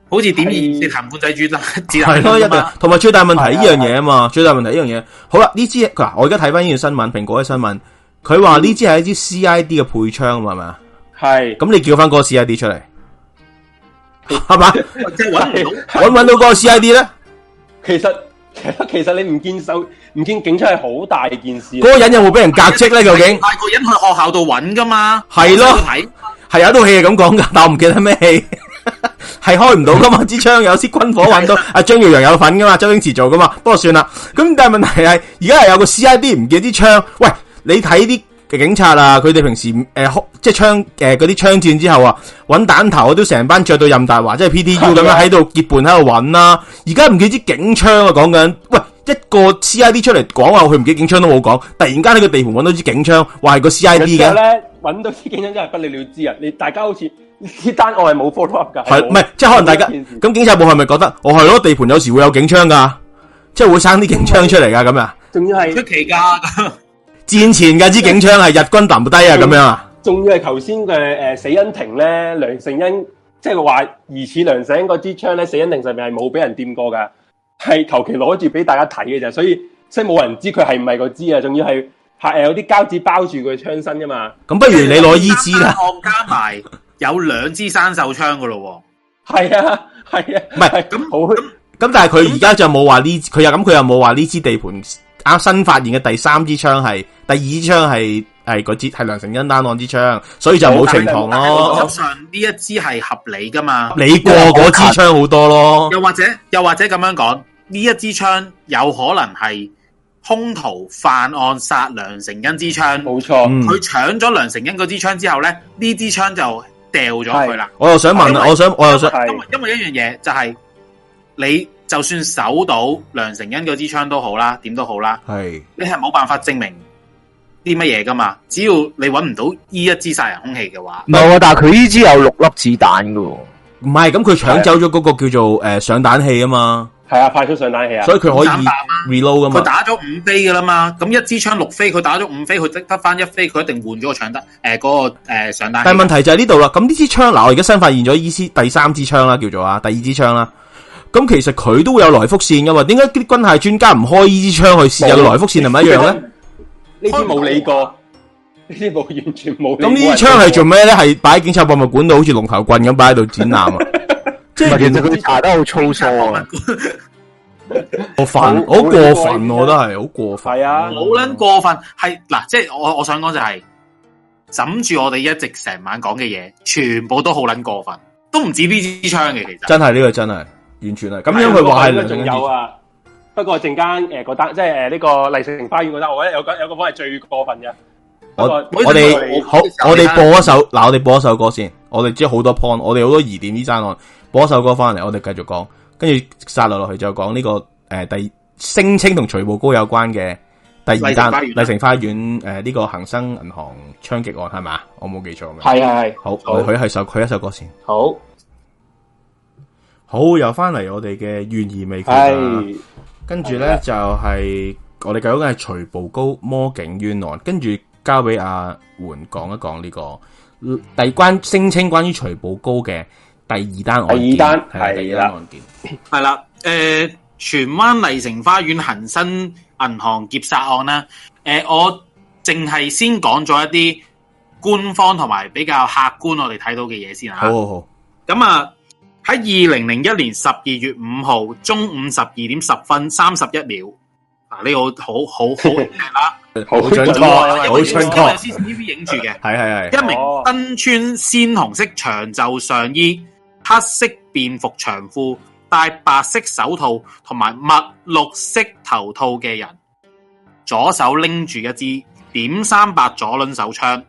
好似點二子彈半仔轉彈，係咯一樣。同埋最大問題呢樣嘢啊嘛，最大問題呢樣嘢。好啦，呢支佢我而家睇翻呢條新聞，蘋果嘅新聞，佢話呢支係一支 C I D 嘅配槍啊嘛，係咪啊？係，咁是你叫翻個個 C I D 出嚟，係嘛 吧？即係搵，搵到個個 C I D 咧？其實其實你唔見手，唔見警出係好大件事。嗰個人有冇俾人格職咧？究竟？但個個人喺學校度搵噶嘛？係咯的，係有一套戲咁講噶，但我唔記得咩戲，係 開唔到噶嘛？支槍 有啲軍火搵到，阿張耀揚有份噶嘛？周星馳做噶嘛？不過算啦，咁但係問題係，而家係有個 C I D 唔見支槍，喂，你睇啲。警察啦、啊，佢哋平時誒、呃、即係槍誒嗰啲槍戰之後啊，揾彈頭、啊、都成班着到任達華，即係 P T U 咁樣喺度的結伴喺度揾啦。而家唔見支警槍啊，講緊、啊、喂一個 C I D 出嚟講啊，佢唔記得警槍都冇講，突然間喺個地盤揾到支警槍，話係個 C I D 嘅。有啲咧揾到支警槍真係不了了之啊！你大家好似呢單案係冇 follow up 噶，係唔係？即係可能大家咁警察部係咪覺得，哦係咯地盤有時會有警槍噶，即係會生啲警槍出嚟噶咁啊？仲是樣要係出奇噶。戰前嘅支警槍係日軍揼低啊，咁樣啊？仲要係頭先嘅誒死因庭咧，梁成恩即係話疑似梁成恩嗰支槍咧，死因庭上面係冇俾人掂過噶，係求其攞住俾大家睇嘅咋。所以即係冇人知佢係唔係個支啊？仲要係係誒有啲膠紙包住佢槍身噶嘛？咁不如你攞呢支啦，加埋有兩支生鏽槍噶咯？係啊，係啊，唔係咁好去咁，但係佢而家就冇話呢，佢那那又咁，佢又冇話呢支地盤。啊！新發現嘅第三支槍係，第二支槍係係嗰支係梁成恩單案支槍，所以就冇情況咯。上呢一支係合理噶嘛？你過嗰支槍好多咯。又或者又或者咁樣講，呢一支槍有可能係凶徒犯案殺梁成恩支槍，冇錯、嗯。佢搶咗梁成恩嗰支槍之後咧，呢支槍就掉咗佢啦。我又想問，為我想我又想，因為因為一樣嘢就係、是、你。就算守到梁成恩嗰支槍都好啦，點都好啦，係是你係冇辦法證明啲乜嘢噶嘛？只要你揾唔到呢一支殺人空氣嘅話，唔係啊，對對但係佢呢支有六粒子彈噶，唔係咁佢搶走咗嗰個叫做誒、呃、上彈器啊嘛，係啊，派出上彈器啊，所以佢可以 reload 噶嘛，佢打咗五飛噶啦嘛，咁一支槍六飛，佢打咗五飛，佢得得翻一飛，佢一定換咗個搶得誒嗰、呃那個誒、呃、上彈器。但係問題就喺呢度啦，咁呢支槍嗱，我而家新發現咗依支第三支槍啦，叫做啊第二支槍啦。咁其實佢都會有來福線噶嘛？點解啲軍械專家唔開呢支槍去試下來福線係咪一樣咧？呢啲冇理過，呢啲冇，完全冇。咁呢支槍係做咩咧？係擺喺警察博物館度，好似龍頭棍咁擺喺度展覽啊！即係其實佢查得好粗糙啊！過分，好過分，我覺得係好過分。啊，好撚過分。係嗱，即係我我想講就係，枕住我哋一直成晚講嘅嘢，全部都好撚過分，都唔止呢支槍嘅，其實真係呢個真係。完全係咁樣，佢話咁樣，仲有啊？不過陣間誒，單即係誒呢個麗城花園嗰單，我覺得有間有間房係最過分嘅。我我哋好，我哋播一首，嗱我哋播一首歌先。我哋知好多 point，我哋好多疑點呢單案。播一首歌翻嚟，我哋繼續講，跟住晒落落去，就講呢個誒第聲稱同徐步高有關嘅第二單麗城花園誒呢個恒生銀行槍擊案係嘛？我冇記錯咪？係係係，好佢係首佢一首歌先，好。好，又翻嚟我哋嘅懸疑未決，跟住呢，的就係、是、我哋講緊係徐步高魔警冤案，跟住交俾阿媛講一講呢、這個第二關聲稱關於徐步高嘅第，第二單，的的第二單係啦，係啦，誒、呃，荃灣麗城花園恒生銀行劫殺案啦。誒、呃，我淨係先講咗一啲官方同埋比較客觀我哋睇到嘅嘢先好、啊、好好，咁啊。喺二零零一年十二月五號中午十二點十分三十一秒，嗱、啊、呢、這個好好好好聽啦，好唱歌，好唱歌，因為 CCTV 影住嘅，係係係一名身穿鮮紅色長袖上衣、哦、黑色便服長褲、戴白色手套同埋墨綠色頭套嘅人，左手拎住一支點三八左輪手槍。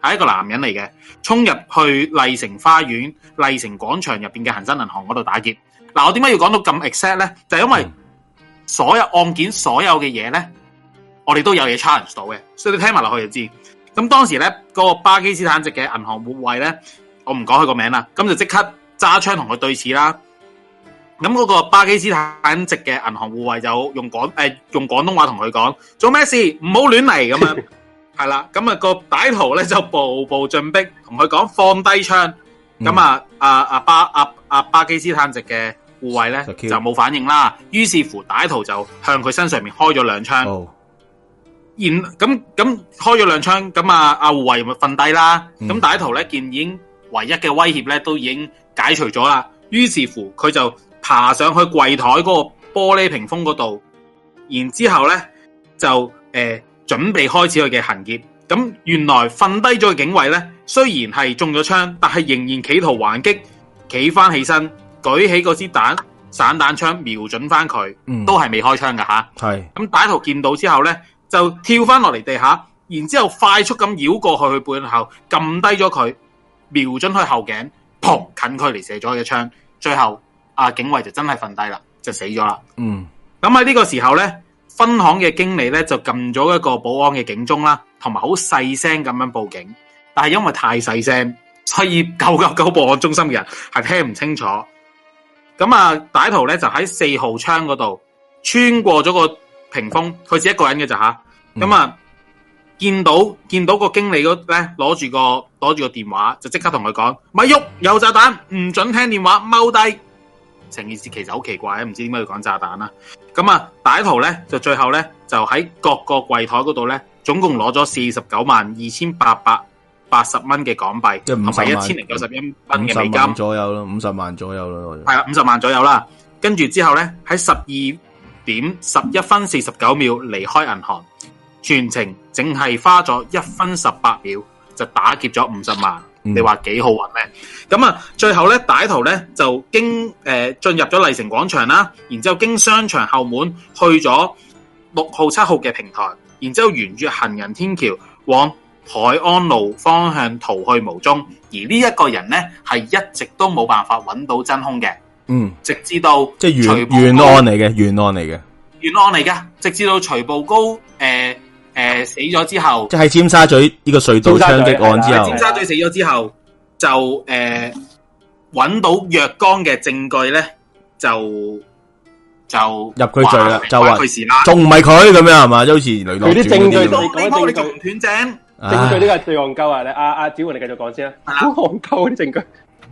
係一個男人嚟嘅，衝入去麗城花園、麗城廣場入邊嘅恆生銀行嗰度打劫。嗱，我點解要講到咁 exact 咧？就係因為所有案件、所有嘅嘢咧，我哋都有嘢 challenge 到嘅，所以你聽埋落去就知。咁當時咧，嗰個巴基斯坦籍嘅銀行護衛咧，我唔講佢個名啦，咁就即刻揸槍同佢對峙啦。咁嗰個巴基斯坦籍嘅銀行護衛就用廣誒用廣東話同佢講：做咩事？唔好亂嚟咁啊！ 係啦，咁啊、那個歹徒咧就步步進逼，同佢講放低槍。咁、嗯、啊，阿、啊、阿巴阿阿、啊、巴基斯坦籍嘅護衛咧就冇反應啦。於是乎，歹徒就向佢身上面開咗兩槍。然咁咁開咗兩槍，咁啊阿護衛咪瞓低啦。咁歹徒咧見已經唯一嘅威脅咧都已經解除咗啦，於是乎佢就爬上去櫃台嗰個玻璃屏風嗰度，然之後咧就誒。呃準備開始佢嘅行劫，咁原來瞓低咗嘅警衛呢，雖然係中咗槍，但係仍然企圖還擊，企翻起身，舉起嗰支彈散彈槍瞄準翻佢，嗯、都係未開槍噶吓。係咁歹徒見到之後呢，就跳翻落嚟地下，然之後快速咁繞過去佢背後，撳低咗佢，瞄準佢後頸，砰，近距離射咗嘅槍，最後阿警衛就真係瞓低啦，就死咗啦。嗯，咁喺呢個時候呢。分行嘅經理咧就撳咗一個保安嘅警鐘啦，同埋好細聲咁樣報警，但係因為太細聲，所以九九九保安中心嘅人係聽唔清楚。咁啊，歹徒咧就喺四號窗嗰度穿過咗個屏風，佢自己一個人嘅咋吓。咁啊、嗯、見到見到個經理嗰咧攞住個攞住個電話就即刻同佢講，咪喐，有炸彈，唔准聽電話，踎低。成件事其實好奇怪啊，唔知點解要講炸彈啦。咁啊，歹徒咧就最後咧就喺各個櫃台嗰度咧，總共攞咗四十九萬二千八百八十蚊嘅港幣，即係五十萬一千零九十一蚊嘅美金左右啦，五十萬左右啦五十萬左右啦，係啊。跟住之後咧，喺十二點十一分四十九秒離開銀行，全程淨係花咗一分十八秒就打劫咗五十萬。你話幾好揾咩？咁啊，最後咧歹徒咧就經誒進、呃、入咗麗城廣場啦，然之後經商場後門去咗六號、七號嘅平台，然之後沿住行人天橋往海安路方向逃去無蹤，而呢一個人咧係一直都冇辦法揾到真凶嘅。嗯，直至到即係懸懸案嚟嘅懸案嚟嘅懸案嚟嘅，直至到徐步高誒。呃誒，死咗之後，即係尖沙咀呢個隧道槍擊案之後，尖沙咀死咗之後，就誒揾到若干嘅證據咧，就就入佢罪啦，就話佢是啦，仲唔係佢咁樣係嘛？即係好似雷同。佢啲證據都，呢套斷證，證據呢個係最戇鳩啊！你阿阿子文，你繼續講先啦。好戇鳩啲證據。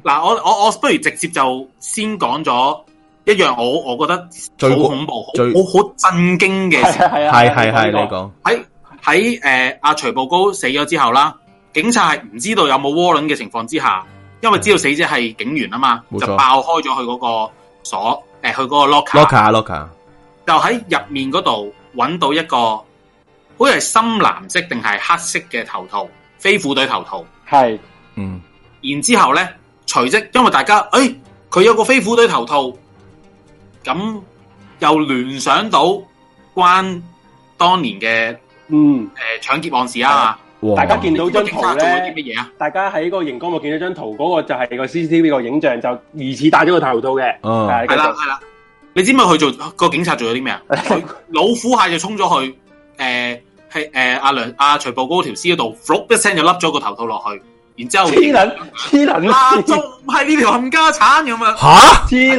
嗱，我我我不如直接就先講咗一樣，我我覺得最恐怖、最好好震驚嘅，係係係你講喺。喺誒阿徐步高死咗之後啦，警察係唔知道有冇窩輪嘅情況之下，因為知道死者係警員啊嘛，錯就爆開咗佢嗰個鎖，誒佢嗰個 locker，locker，locker，就喺入面嗰度揾到一個好似係深藍色定係黑色嘅頭套，飛虎隊頭套，係是，嗯，然之後咧，隨即因為大家誒佢、哎、有個飛虎隊頭套，咁又聯想到關當年嘅。嗯，誒，搶劫案事啊，大家見到張圖咧啲乜嘢啊，大家喺嗰個熒光幕見到張圖，嗰個就係個 CCTV 個影像，就疑似戴咗個頭套嘅，係啦係啦。你知唔知佢做個警察做咗啲咩啊？老虎蟹就衝咗去，誒係誒阿梁阿徐步高條屍嗰度，碌一聲就甩咗個頭套落去，然之後黐卵黐卵，仲係呢條冚家剷咁樣？吓黐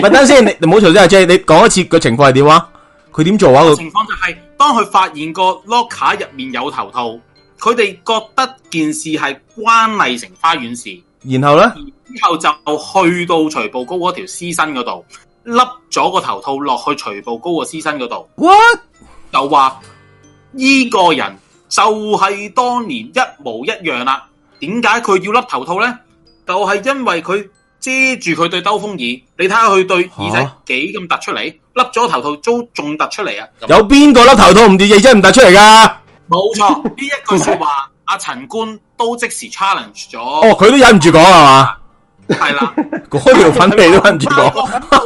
卵等先，你唔好嘈先即 J，你講一次個情況係點啊？佢點做啊？個情況就係、是、當佢發現個 lock 卡、er、入面有頭套，佢哋覺得件事係關麗城花園事。然後呢，然後就去到徐步高嗰條屍身嗰度，笠咗個頭套落去徐步高個屍身嗰度。what 就話呢、這個人就係當年一模一樣啦。點解佢要笠頭套呢？就係、是、因為佢遮住佢對兜風耳。你睇下佢對耳仔幾咁突出嚟。啊笠咗頭套都仲突出嚟啊！有邊個笠頭套唔跌耳仔唔突出嚟噶？冇錯，呢一句說話阿陳官都即時 challenge 咗。哦，佢都忍唔住講係嘛？係啦，開尿 吧粉味都忍唔住講。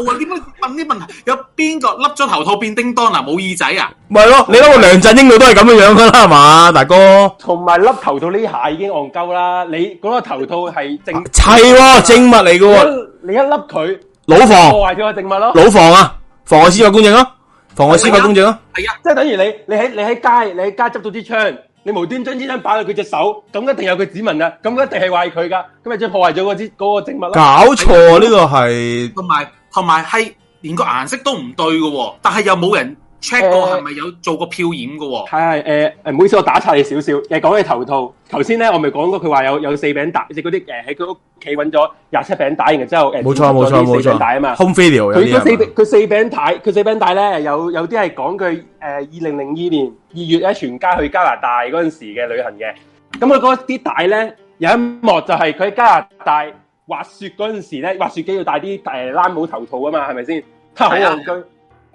我點解問啲問題？有邊個笠咗頭套變叮當啊？冇耳仔啊？咪咯，你諗個梁振英佢都係咁嘅樣噶啦，係嘛？大哥，同埋笠頭套呢下已經戇鳩啦。你嗰、那個頭套係淨係淨物嚟嘅，你一笠佢老房破壞咗個淨物咯，老房啊！妨礙司法公正咯，妨礙司法公正咯，係啊，即係等於你，你喺你喺街，你喺街執到支槍，你無端端之間將支槍擺到佢隻手，咁一定有佢指紋啊，咁一定係壞佢㗎，咁咪即係破壞咗嗰支嗰個證物咯。搞錯呢個係，同埋同埋係，連個顏色都唔對㗎喎，但係又冇人。check 過係咪有做過票演嘅？係係誒誒，唔好意思，我打岔你少少。誒，講起頭套，頭先咧我咪講過，佢話有有四餅帶，即係嗰啲誒喺佢屋企揾咗廿七餅帶，然之後誒，冇錯冇錯冇錯，帶啊嘛。Home video，佢嗰四餅，佢四餅帶，佢四餅帶咧有有啲係講佢誒，二零零二年二月咧全家去加拿大嗰陣時嘅旅行嘅。咁佢嗰啲帶咧有一幕就係佢喺加拿大滑雪嗰陣時咧，滑雪機要帶啲誒，冷帽頭套啊嘛，係咪先？好憨居，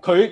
佢。啊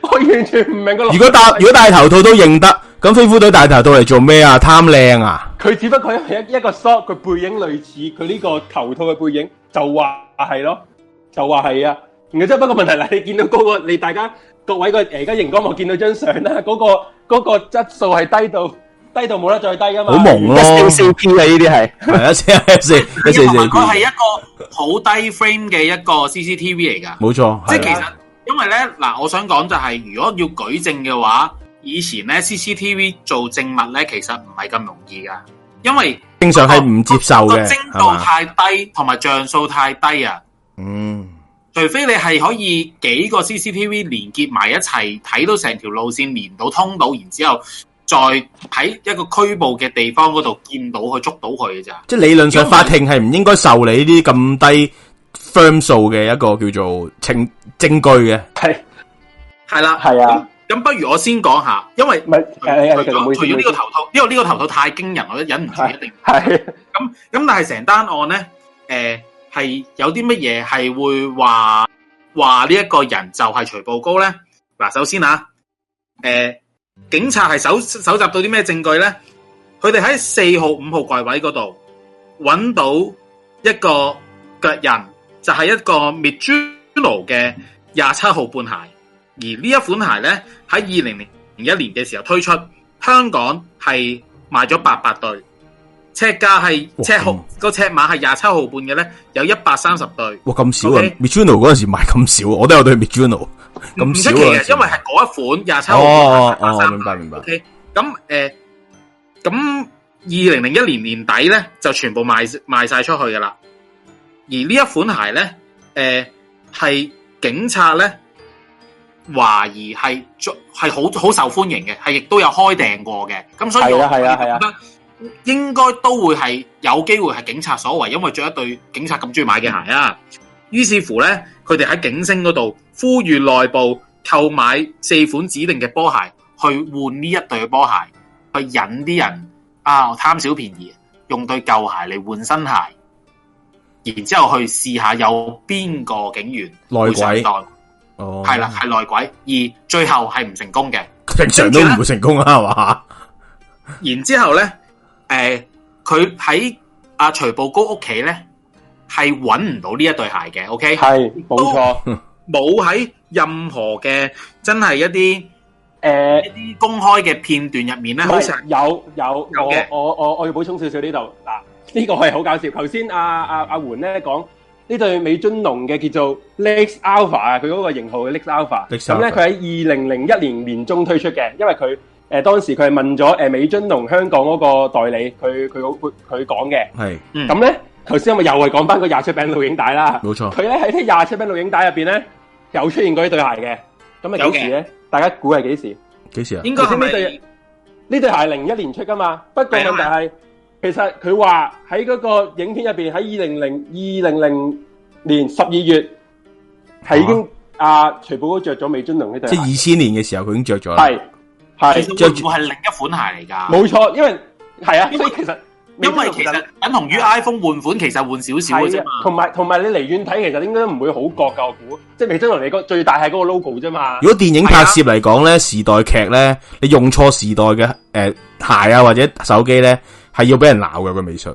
我完全唔明個。老如果戴如果戴頭套都認得，咁飛虎隊戴頭套嚟做咩啊？貪靚啊？佢只不過係一一個 shot 佢背影類似佢呢個頭套嘅背影，就話係咯，就話係啊。然之後不過問題啦，你見到嗰、那個你大家各位個誒，而家熒光幕見到張相啦，嗰、那個質、那個質素係低到低到冇得再低噶嘛。好蒙咯，C C T V 啊，呢啲係，係、嗯、啊，C C C C。佢係 一,一,一個好低 frame 嘅一個 C C T V 嚟噶，冇錯，即係其實。因為咧嗱，我想講就係、是，如果要舉證嘅話，以前咧 CCTV 做證物咧，其實唔係咁容易噶，因為正，那個，常係唔接受嘅，精度太低同埋吧像素太低啊。嗯，除非你係可以幾個 CCTV 連結埋一齊，睇到成條路線連到通到，然之後再喺一個拘捕嘅地方嗰度見到佢捉到佢嘅咋。即係為理論上法庭係唔應該受理呢啲咁低。分數嘅一個叫做證證據嘅係係啦，係啊。咁不如我先講下，因為唔係係。如果呢個頭套，因為呢個頭套太驚人，我都忍唔住一定係咁咁。但係成單案咧，誒係有啲乜嘢係會話話呢一個人就係徐步高咧嗱。首先啊，誒，警察係搜搜集到啲咩證據咧？佢哋喺四號五號櫃位嗰度揾到一個腳印。就係一個 Mizuno 嘅廿七號半鞋，而呢一款鞋咧，喺二零零一年嘅時候推出，香港係賣咗八百對，尺價係尺哇號哇個尺碼係廿七號半嘅咧，有一百三十對。哇，咁少啊 Okay? Mizuno 嗰陣時賣咁少，我都有對 Mizuno 咁唔出奇嘅咁少啊！因為係嗰一款廿七號半嘅、哦。哦 800, 哦，明白 Okay? 明白。咁誒、okay?，咁二零零一年年底咧，就全部賣賣晒出去噶啦。而呢一款鞋呢，誒、呃、係警察呢懷疑係著好好受歡迎嘅，係亦都有開訂過嘅。咁所以我覺得應該都會係有機會係警察所為，因為着一對警察咁中意買嘅鞋啊。於是乎呢，佢哋喺警聲嗰度呼籲內部購買四款指定嘅波鞋去換呢一對嘅波鞋，去引啲人啊貪小便宜，用對舊鞋嚟換新鞋。然之後去試下有邊個警員內鬼哦，係啦，係內鬼，而最後係唔成功嘅，平常都唔會成功啊，係嘛？然之後咧，誒，佢喺阿徐步高屋企咧，係揾唔到呢一對鞋嘅，OK，係冇錯，冇喺任何嘅真係一啲誒一啲公開嘅片段入面咧，有有，我我我我要補充少少呢度嗱。呢個係好搞笑，頭先阿阿阿煥咧講呢對美津濃嘅叫做 Lex Alpha 啊，佢嗰個型號嘅 Lex Alpha，咁咧佢喺二零零一年年中推出嘅，因為佢誒當時佢係問咗誒美津濃香港嗰個代理，佢佢佢佢講嘅係，咁咧頭先我咪又係講翻個廿七餅錄影帶啦，冇錯，佢咧喺啲廿七餅錄影帶入邊咧有出現過呢對鞋嘅，咁啊幾時咧？大家估係幾時？幾時啊？應該係呢對呢對鞋零一年出噶嘛，不過問題係。其實佢話喺嗰個影片入邊，喺二零零二零零年十二月係已經阿、啊啊、徐步高着咗美津濃呢對，即係二千年嘅時候佢已經着咗啦。係係，其實呢係另一款鞋嚟噶，冇錯，因為係啊。所以其實因為,因為其實等同於 iPhone 換款，其實換少少嘅啫。同埋同埋，還有還有你離遠睇其實應該唔會好覺舊款、嗯，即係美津濃。你個最大係嗰個 logo 啫嘛。如果電影拍攝嚟講咧，啊、時代劇咧，你用錯時代嘅誒、呃、鞋啊，或者手機咧。係要俾人鬧嘅個美術，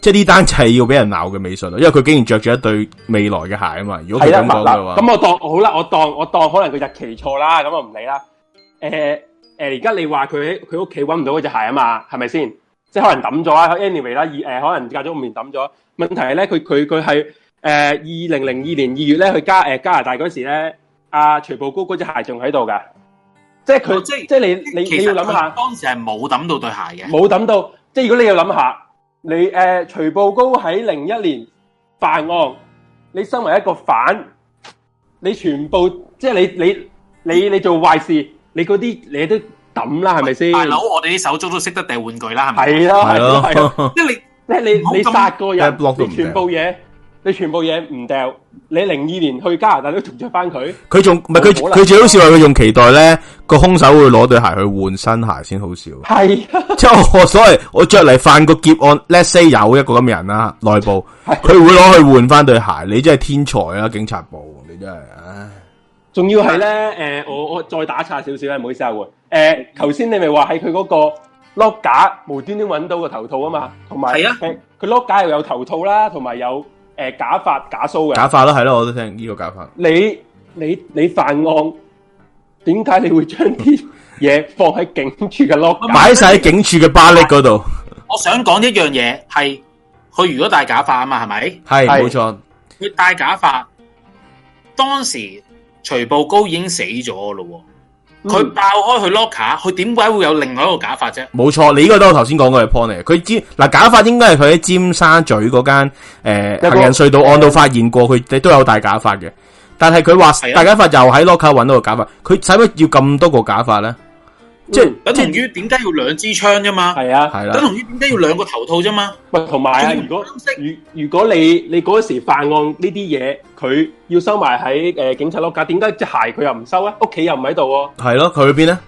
即係呢單係要俾人鬧嘅美術。因為佢竟然着住一對未來嘅鞋啊嘛！如果佢咁講，咁我當好啦，我當我當，我當可能佢日期錯啦，咁我唔理啦。誒、呃、誒，而、呃、家你話佢佢屋企搵唔到嗰隻鞋啊嘛？係咪先？即係可能抌咗啦 a n y w a y 啦，誒、anyway, 呃、可能隔咗五年抌咗。問題係咧，佢佢佢係誒二零零二年二月咧，去加誒加拿大嗰時咧，阿、啊、徐步高嗰隻鞋仲喺度噶，即係佢、哦、即係即係你你實你要諗下，當時係冇抌到對鞋嘅，冇抌到。即係如果你要諗下，你誒、呃、徐步高喺零一年犯案，你身為一個犯，你全部即係你你你你做壞事，你嗰啲你都抌啦，係咪先？大佬，我哋啲手足都識得掟玩具啦，係咪？係咯係咯，係係即係你即係你你殺個人，你全部嘢。你全部嘢唔掉，你零二年去加拿大都重着翻佢。佢仲唔係佢，佢最好笑係佢仲期待咧個凶手會攞對鞋去換新鞋，先好笑。係即係我所謂我着嚟犯個劫案，let's say 有一個咁嘅人啦，內部佢會攞去換翻對鞋。你真係天才啊，警察部你真係啊。仲要係咧誒，我我再打岔少少咧，唔好意思啊，誒，頭先你咪話喺佢嗰個 lock 架無端端揾到個頭套啊嘛，同埋係啊，佢 lock 架又有頭套啦，同埋有。誒，假髮假鬚嘅，假髮咯，係咯，我都聽呢、這個假髮。你你你犯案，點解你會將啲嘢放喺警署嘅 locker 擺晒喺警署嘅巴力嗰度？我想講一樣嘢，係佢如果戴假髮啊嘛，係咪？係冇錯。佢戴是錯假髮，當時徐步高已經死咗咯。佢、嗯、爆開佢 locker，佢點解會有另外一個假髮啫？冇錯，你呢個都係頭先講嘅 point 嚟。佢知，嗱、啊、假髮應該係佢喺尖沙咀嗰間誒行人隧道案度發現過，佢亦都有戴假髮嘅。但係佢話大假髮又喺 locker 搵到個假髮，佢使乜要咁多個假髮咧？即係等同於點解要兩支槍啫嘛，係啊係啦，等同於點解要兩個頭套啫嘛。喂，同埋如果如如果你你嗰時犯案呢啲嘢，佢要收埋喺誒警察 locker，點解隻鞋佢又唔收咧？屋企又唔喺度喎。係咯，佢去邊咧？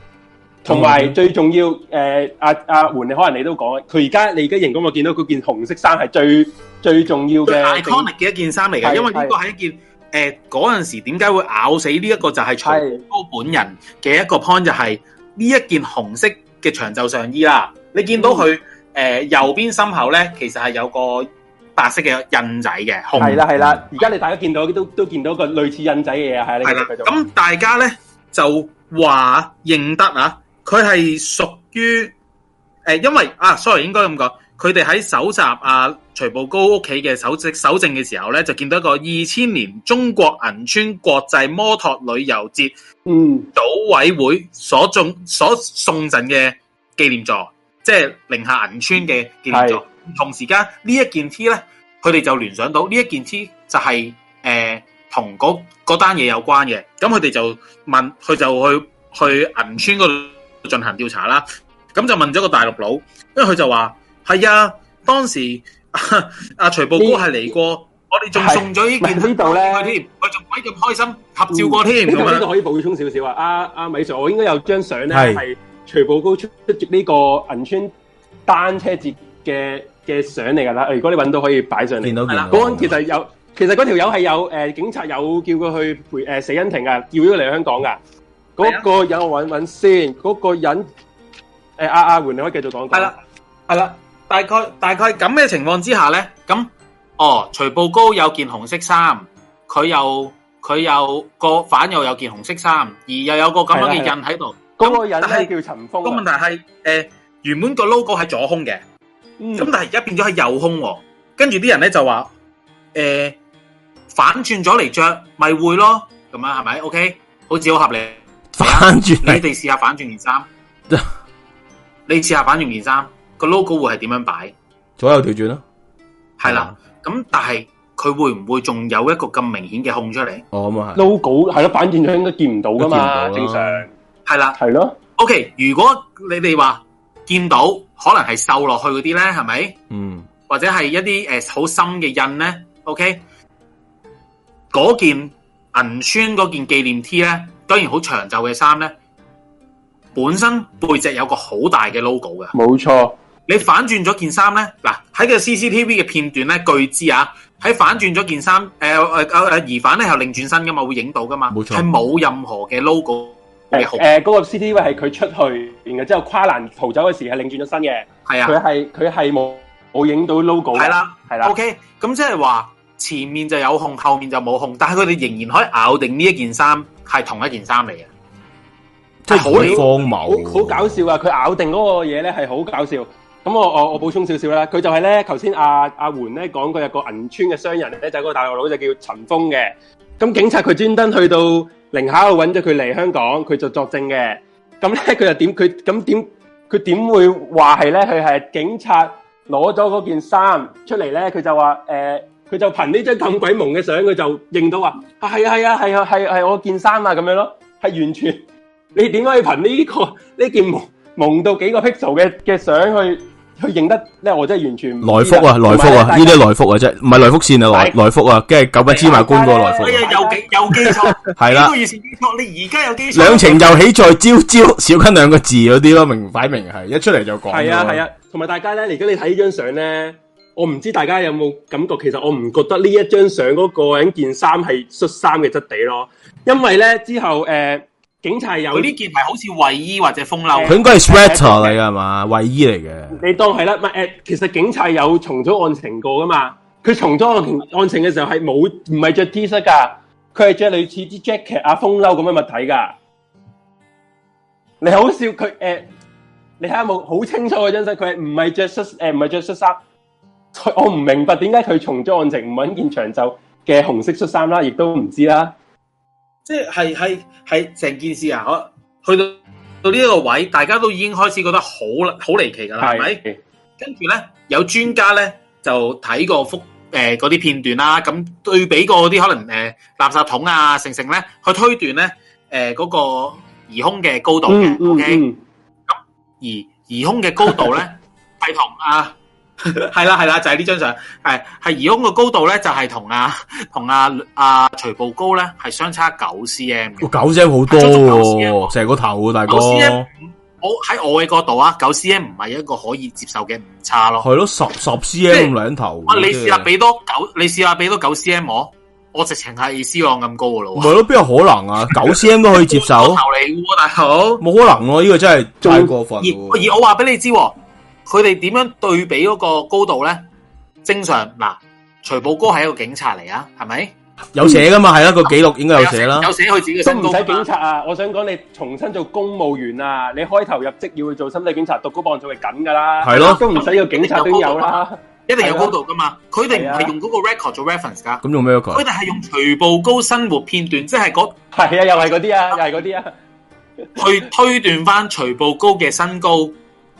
同埋最重要誒，阿阿煥，你可能你都講，佢而家你而家認講，我見到佢件紅色衫係最最重要嘅 iconic 嘅一件衫嚟嘅，因為呢個係一件誒嗰陣時點解會咬死呢一個就係徐步高本人嘅一個 point 就係。呢一件紅色嘅長袖上衣啦，你見到佢誒、呃、右邊心口咧，其實係有個白色嘅印仔嘅，紅，係啦係啦。而家你大家見到都都見到個類似印仔嘅嘢啊，係啦。咁大家咧就話認得啊，佢係屬於誒、呃，因為啊，sorry，應該咁講。佢哋喺搜集阿、啊、徐步高屋企嘅搜證嘅時候咧，就見到一個二千年中國銀川國際摩托旅遊節，嗯，組委會所送所送贈嘅紀念座，即係寧夏銀川嘅紀念座。是同時間呢一件 T 咧，佢哋就聯想到呢一件 T 就係誒同嗰、嗰單嘢有關嘅。咁佢哋就問佢就去去銀川嗰度進行調查啦。咁就問咗個大陸佬，因為佢就話。係啊，當時阿徐步高係嚟過，我哋仲送咗呢件呢度咧，佢仲鬼咁開心合照過添，呢度可以補充少少啊！阿阿米 Sir，我應該有張相咧係徐步高出呢個銀川單車節嘅嘅相嚟噶啦，如果你揾到可以擺上嚟。見到見到。嗰個其實有，其實嗰條友係有誒警察有叫佢去陪誒死因庭噶，叫咗佢嚟香港噶。嗰個人我揾揾先，嗰個人誒阿阿煥你可以繼續講講。係啦，係啦。大概大概咁嘅情況之下咧，咁哦，徐步高有件紅色衫，佢又佢又個反又有件紅色衫，而又有個咁樣嘅印喺度。嗰的、嗯、個人咧是叫陳峰、啊。個問題係誒、呃，原本個 logo 係左胸嘅，咁、嗯、但係而家變咗係右胸、哦。跟住啲人咧就話誒、呃，反轉咗嚟着咪會咯，咁樣係咪？OK，好似好合理。反轉轉，你哋試下反轉件衫。 你試下反轉件衫。個 logo 會係點樣擺？左右調轉咯，係啦。咁但係佢會唔會仲有一個咁明顯嘅控出嚟？哦咁啊，係 logo 係咯，反面就應該見唔到噶嘛，正常係啦，係咯。的 OK，如果你哋話見到可能係瘦落去嗰啲咧，係咪？嗯，或者係一啲誒好深嘅印咧。OK，嗰件銀穿嗰件紀念 T 咧，當然好長袖嘅衫咧，本身背脊有個好大嘅 logo 嘅，冇錯。你反轉咗件衫咧，嗱、啊、喺個 CCTV 嘅片段咧，據知啊，喺反轉咗件衫，誒誒誒，疑犯咧係擰轉身噶嘛，會影到噶嘛，冇錯，係冇任何嘅 logo 的。誒誒、呃，呃嗰個 CCTV 係佢出去，然後之後跨欄逃走嘅時係擰轉咗身嘅，係啊，佢係佢係冇冇影到 logo。係啦、啊，係啦、啊。OK，咁即係話前面就有控，後面就冇控，但係佢哋仍然可以咬定呢一件衫係同一件衫嚟嘅，即係好荒謬，好搞笑啊！佢咬定嗰個嘢咧係好搞笑。咁我我我補充少少啦，佢就係咧，頭先阿阿馮咧講過有個銀川嘅商人咧，就係個個大陸佬就叫陳峰嘅。咁警察佢專登去到寧夏度揾咗佢嚟香港，佢就作證嘅。咁咧佢又點？佢咁點？佢點會話係咧？佢係警察攞咗嗰件衫出嚟咧，佢就話誒，佢、呃、就憑呢張咁鬼蒙嘅相，佢就認到話係啊係啊係啊係係、啊啊啊、我件衫啊咁樣咯，係完全你點解要憑呢、呢個呢、呢個、件矇？蒙到幾個 pixel 嘅嘅相去去認得咧，我真係完全。來福啊，來福啊，呢啲來福啊啫，唔係來福線啊，來來福啊，即係九百芝麻官個來福。哎呀，又記又記錯，都以前記錯，你而家又記。兩情又喜在朝朝，小坤兩個字嗰啲咯，明擺明係一出嚟就講。係啊係啊，同埋大家咧，如果你睇呢張相咧，我唔知大家有冇感覺，其實我唔覺得呢一張相嗰個人件衫係恤衫嘅質地咯，因為咧之後誒。警察有呢件係好似衛衣或者風褸，佢、呃、應該係 sweater 嚟噶嘛？衛、呃呃、衣嚟嘅。你當係啦，唔、呃、誒，其實警察有重組案情過噶嘛？佢重組案情案情嘅時候係冇唔係着 T 恤噶，佢係着類似啲 Jacket 啊風褸咁嘅物體噶。你好笑佢誒、呃，你睇下冇好清楚嘅真實，佢唔係着恤誒，唔係着恤衫。我唔明白點解佢重組案情唔揾件長袖嘅紅色恤衫啦，亦都唔知啦。即係係係成件事啊！我去到到呢一個位，大家都已經開始覺得好啦，好離奇噶啦，係咪的？跟住咧，有專家咧就睇過覆誒嗰啲片段啦、啊，咁對比過啲可能誒、呃、垃圾桶啊，成成咧去推斷咧誒嗰個疑兇嘅高度嘅，OK？咁而疑兇嘅高度咧係 同啊。係啦係啦，就係呢張相，係係怡空嘅高度咧，就係同阿同阿阿徐步高咧，係相差九 C M 九 CM 好多喎、啊，成、啊、個頭喎、啊，大哥。Cm, 我喺我嘅角度啊，九 C M 唔係一個可以接受嘅誤差咯。係咯，十十 C M 兩頭。啊，你試下俾多九，你試下俾多九 C M 我，我直情係思朗咁高嘅、啊、咯。唔係咯，邊有可能啊？九 C M 都可以接受， 頭嚟嘅大佬。冇可能咯、啊，呢、呢個真係太過分而。而我話俾你知、啊。佢哋點樣對比嗰個高度咧？正常嗱，徐步高係一個警察嚟啊，係咪？有寫噶嘛？係啊個記錄應該有寫啦。有寫佢自己嘅身高。都唔使警察啊！我想講你重新做公務員啊！你開頭入職要去做心理檢查，讀高磅就係咁噶啦。係咯，都唔使個警察都有啦。一定有高度噶嘛？佢哋唔係用嗰個 record 做 reference 噶。咁用咩 record？佢哋係用徐步高生活片段，即係嗰係啊，又係嗰啲啊，又係嗰啲啊，去推斷翻徐步高嘅身高。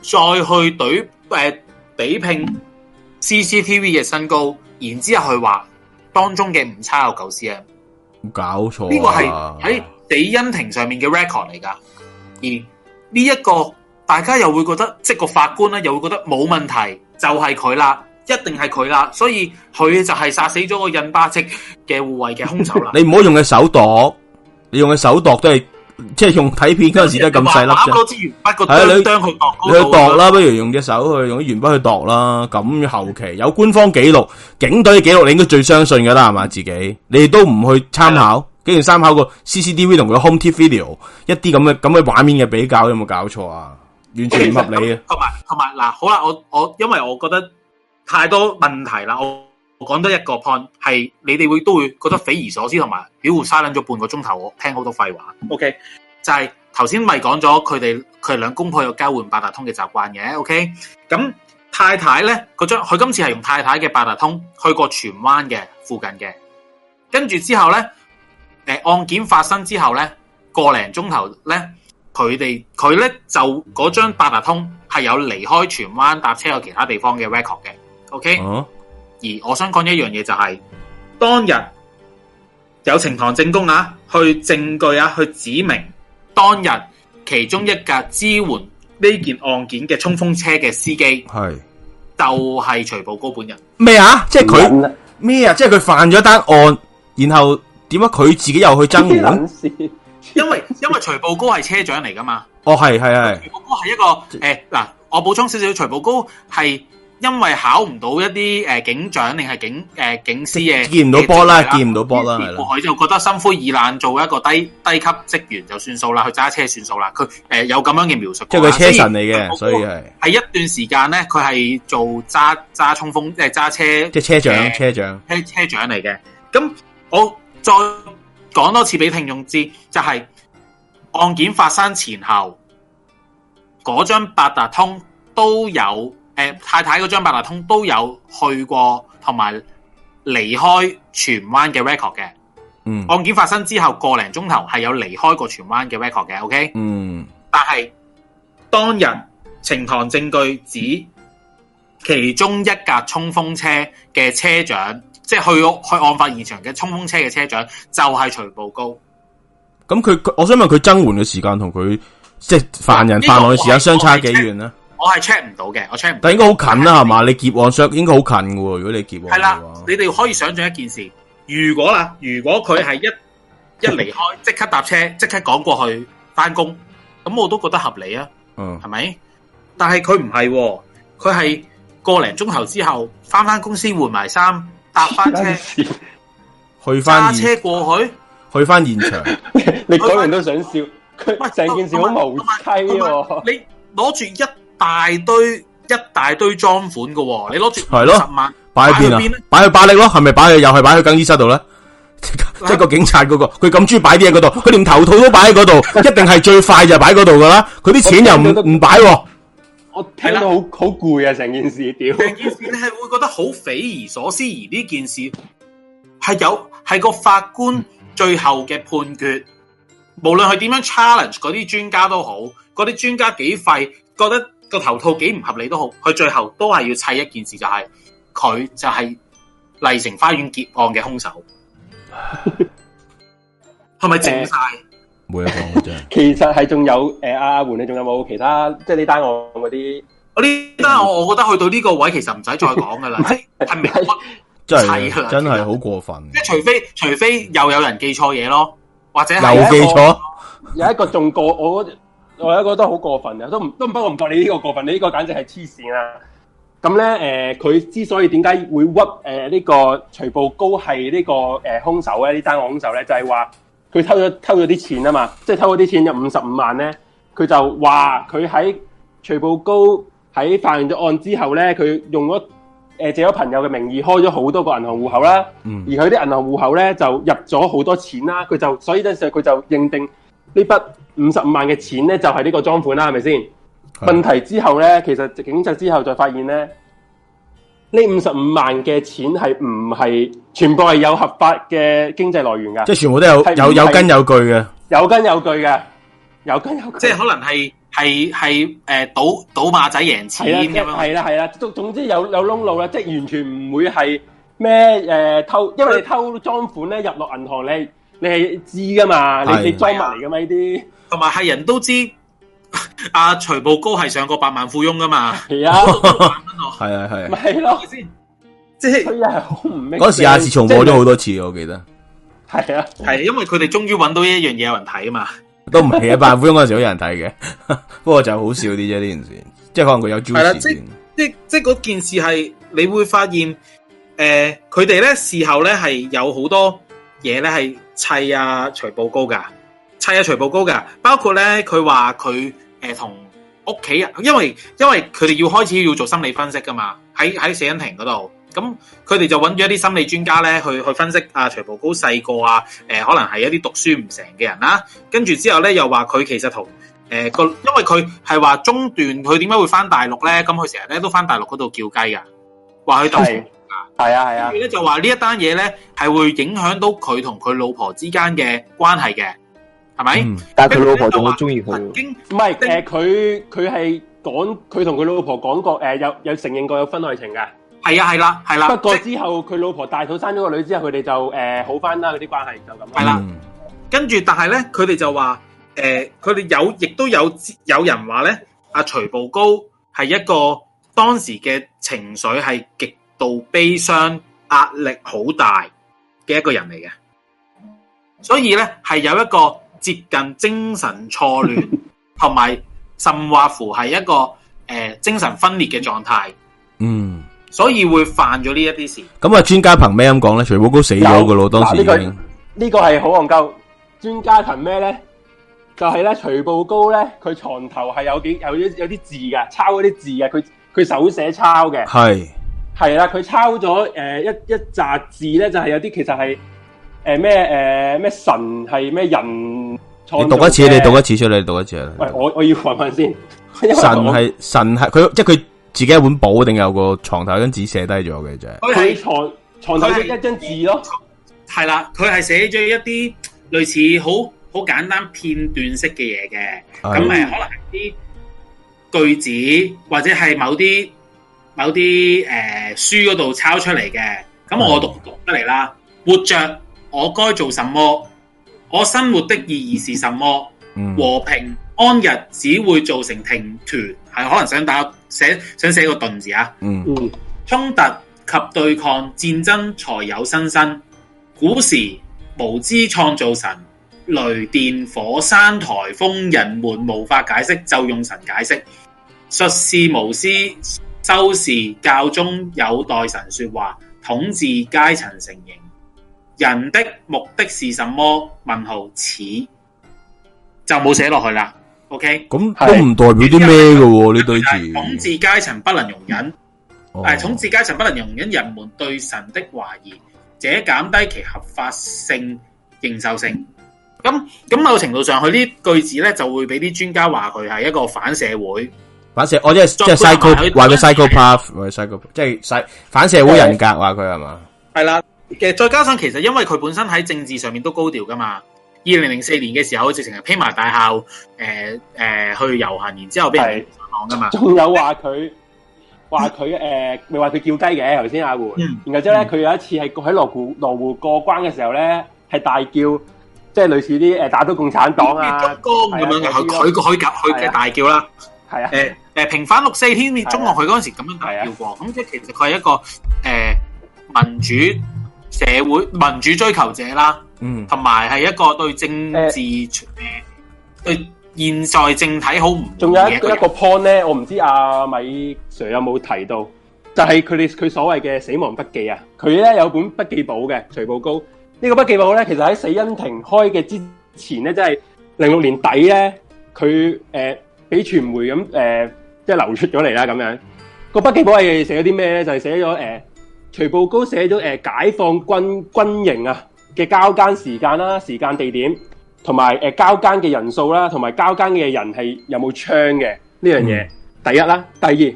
再去對誒、呃、比拼 CCTV 嘅身高，然之後佢話當中嘅誤差有九 cm，搞錯呢、啊、個係喺地恩庭上面嘅 record 嚟噶。而呢一個大家又會覺得，即係個法官咧又會覺得冇問題，就係佢啦，一定係佢啦，所以佢就係殺死咗個印巴籍嘅護衛嘅凶手啦。 你唔好用嘅手度，你用嘅手度都係。即係用睇片嗰陣時咧，咁細粒啫，係啊，你去度啦，那個，不如用隻手去用啲鉛筆去度啦。咁後期有官方記錄，警隊嘅記錄你應該最相信噶啦，係嘛自己，你都唔去參考，的竟然參考個 C C D V 同佢 home TV video 一啲咁嘅咁嘅畫面嘅比較，有冇搞錯啊？完全唔合理啊！同埋同埋嗱，好啦，我我因為我覺得太多問題啦，我講多一個 point 係，是你哋會都會覺得匪夷所思，同埋表胡嘥捻咗半個鐘頭，我聽好多廢話。OK，就係頭先咪講咗佢哋，佢兩公婆有交換八達通嘅習慣嘅。OK，咁太太咧，佢張佢今次係用太太嘅八達通去過荃灣嘅附近嘅，跟住之後咧，誒案件發生之後咧，個零鐘頭咧，佢哋佢咧就嗰張八達通係有離開荃灣搭車去其他地方嘅 record 嘅。OK。Uh-huh. 而我想講一樣嘢，就係、是、當日有呈堂證供啊，去證據啊，去指明當日其中一架支援呢件案件嘅衝鋒車嘅司機係是就係徐步高本人。咩啊？即係佢咩啊？即係佢犯咗單案，然後點解佢自己又去增援 因為因為徐步高係車長嚟噶嘛？哦係係啊，徐步高係一個誒嗱，我補充少少，徐步高係。因為考唔到一啲誒、呃、警長定係警誒、呃、警司嘅，見唔到波啦，呃、見唔到波啦。佢就覺得心灰意冷，做一個低低級職員就算數啦，去揸車算數啦。佢誒、呃、有咁樣嘅描述。即係佢車神嚟嘅，所以係係一段時間咧，佢係做揸揸衝鋒即係揸車，即係車長，車長，車車長嚟嘅。咁我再講多次俾聽眾知，就係案件發生前後，嗰張八達通都有。誒，太太嗰張八達通都有去過，同埋離開荃灣嘅 record 嘅。嗯，案件發生之後個零鐘頭係有離開過荃灣嘅 record 嘅。O K。嗯，但係當日呈堂證據指其中一架衝鋒車嘅車長，即係去去案發現場嘅衝鋒車嘅車長就係徐步高。咁佢，我想問佢增援嘅時間同佢即係犯人犯案嘅時間相差幾遠呢？我係 check 唔到嘅，我 check 唔到但係應該好近啦，係嘛？你結劫案商應該好近嘅，如果你劫案係啦，你哋可以想象一件事：如果啦，如果佢係一一離開，即刻搭車，即刻趕過去翻工，咁我都覺得合理啊。嗯，係咪？但係佢唔係，佢係個零鐘頭之後翻翻公司換埋衫，搭翻車去翻車過去，去翻現場。你講完都想笑，佢成件事好無稽。你攞住一。大堆一大堆贓款嘅、哦，你攞住係咯，十萬擺喺邊啊？擺去巴力咯，係咪擺去又係擺去更衣室度咧？即的 個警察嗰、那個，佢咁鍾意擺啲嘢嗰度，佢連頭套都擺喺嗰度， 一定係最快就擺喺嗰度噶啦。佢啲錢又唔唔擺。我睇到好好攰啊成件事屌。的 整件事你係會覺得好匪夷所思，而呢件事係有係個法官最後嘅判決。嗯、無論係點樣 challenge 嗰啲專家都好，嗰啲專家幾廢覺得。個頭套幾唔合理都好，佢最後都係要砌一件事，就係、是、佢就係麗城花園劫案嘅凶手，係咪整晒？冇、呃、一講 其實係仲有誒，阿、呃、胡你仲有冇其他即係呢單案嗰啲？我呢單案，我我覺得去到呢個位，其實唔使再講噶啦，係咪？ 真係他真係好過分。即係除非除非又有人記錯嘢咯，或者又記錯，有一個仲過我、那個。我覺得都好過分啊！都唔都唔不過唔覺得你呢個過分，你呢個簡直係黐線啦！咁咧誒，佢、呃、之所以點解會屈誒呢個徐步高係、呢個呃、呢個誒兇手咧？呢單案兇手咧，就係話佢偷咗偷咗啲錢啊嘛！即係偷咗啲錢有五十五萬咧，佢就話佢喺徐步高喺犯完咗案之後咧，佢用咗誒、呃、借咗朋友嘅名義開咗好多個銀行戶口啦。嗯、而佢啲銀行戶口咧就入咗好多錢啦。佢就所以嗰陣時佢就認定。這筆呢筆五十五萬嘅錢咧，就係、是、呢個贓款啦，係咪先？是的 問題之後咧，其實警察之後再發現咧，呢五十五萬嘅錢係唔係全部係有合法嘅經濟來源噶？即係全部都有是是有有根有據嘅，有根有據嘅，有根有據即係可能係係係誒賭賭馬仔贏錢咁樣的，係啦係啦，總之有有窿路啦，即係完全唔會係咩誒偷，因為你偷贓款咧入落銀行你。你係知噶嘛？你哋裝埋嚟噶嘛？呢啲同埋係人都知，阿徐步高係上過百萬富翁噶嘛？係啊，係啊，係咪係咯？先即係佢又係好唔明嗰時，亞視重播咗好多次，我記得係啊，係因為佢哋終於搵到一樣嘢，有人睇啊嘛，都唔係啊，百萬富翁嗰時有人睇嘅，不過就好笑啲啫，呢件事即係可能佢有追錢，即即嗰件事係你會發現誒，佢哋咧事後咧係有好多嘢咧係。砌啊，啊徐步高噶，砌啊徐步高噶，包括咧佢話佢誒同屋企人，因為因為佢哋要開始要做心理分析噶嘛，喺喺攝影庭嗰度，咁佢哋就揾咗一啲心理專家咧去去分析啊徐步高細個啊，誒、呃、可能係一啲讀書唔成嘅人啦、啊，跟住之後咧又話佢其實同、那、誒個、呃，因為佢係話中段，佢點解會返大陸咧，咁佢成日咧都返大陸嗰度叫雞噶，話佢、嗯。係啊係啊，跟住咧就話呢一單嘢，咧係會影響到佢同佢老婆之間嘅關係嘅，係咪？但係佢老婆仲好中意佢，經，唔係誒，佢佢係講佢同佢老婆講過誒，有有承認過有婚外情㗎，係啊係啦係啦。啊啊啊、不過之後佢老婆大肚生咗個女之後，佢哋就誒好返啦，嗰、呃、啲關係就咁。係啦、啊，嗯、跟住但係咧，佢哋就話誒，佢、呃、哋有亦都有有人話咧，阿徐步高係一個當時嘅情緒係極。度悲傷壓力好大嘅一個人嚟嘅，所以咧係有一個接近精神錯亂，同埋 甚或乎係一個誒、呃、精神分裂嘅狀態。嗯，所以會犯咗、嗯、呢一啲事。咁啊，專家憑咩咁講咧？徐步高死咗噶咯，有當時專家呢個呢個係好戇鳩。專家憑咩咧？就係、是、咧，徐步高咧，佢床頭係有幾有有啲字㗎，抄嗰啲字㗎。佢佢手寫抄嘅，係。係啦，佢抄咗誒、呃、一一紮字咧，就係、是、有啲其實係誒咩誒咩神係咩人創？你讀一次，你讀一次出嚟，你讀一次啦。次喂，我我要問問先。神係神係佢即係佢自己一本簿，定有個床頭張紙寫低咗嘅啫？佢牀床頭係一張字咯。係啦，佢係寫咗一啲類似好好簡單片段式嘅嘢嘅，咁誒的、呃、可能係啲句子或者係某啲。有啲誒書嗰度抄出嚟嘅，咁我讀唔、嗯、得嚟啦？活着，我該做什麼？我生活的意義是什麼？嗯、和平安日只會造成停團，係可能想打寫想寫個頓字啊。嗯，嗯，衝突及對抗戰爭才有新生。古時無知創造神，雷電火山颱風，人們無法解釋，就用神解釋。術士無私。」修士教宗有代神說話，統治階層承認人的目的是什麼？問號，似就冇寫落去啦。O K，咁都唔代表啲咩嘅？你對住統治階層不能容忍，但、哦、統治階層不能容忍人們對神的懷疑，這減低其合法性、認受性。咁咁某程度上，佢呢句子咧就會俾啲專家話佢係一個反社會。反社，我即係即係 psycho 話佢 psychopath，即係反社會人格話佢係嘛？係啦，其實再加上其實因為佢本身喺政治上面都高調噶嘛。二零零四年嘅時候，直情係披麻戴孝，誒誒去遊行，然之後俾人上網噶嘛。仲有話佢話佢誒，咪話佢叫雞嘅頭先阿胡，然後之後咧，佢有一次係喺羅湖羅湖過關嘅時候咧，係大叫，即係類似啲誒打倒共產黨啊，咁樣嘅，佢佢個海格佢嘅大叫啦。係啊，誒誒，平反六四天，中學佢嗰陣時咁樣提過，咁即係其實佢係一個誒、呃、民主社會民主追求者啦，嗯，同埋係一個對政治誒、呃、對現在政體好唔，仲有一個 point 咧，我唔知阿、啊、米 Sir 有冇提到，就係佢哋佢所謂嘅死亡筆記啊，佢咧有本筆記簿嘅，徐步高。呢、這個筆記簿咧，其實喺死因庭開嘅之前咧，即係零六年底咧，佢誒。呃俾傳媒咁誒、呃，即係流出咗嚟啦咁樣。個筆記簿係寫咗啲咩咧？就係、是、寫咗誒、呃，徐步高寫咗誒、呃，解放軍軍營啊嘅交更時間啦、啊、時間地點，同埋誒交更嘅人數啦、啊，同埋交更嘅人係有冇槍嘅呢樣嘢。嗯、第一啦、啊，第二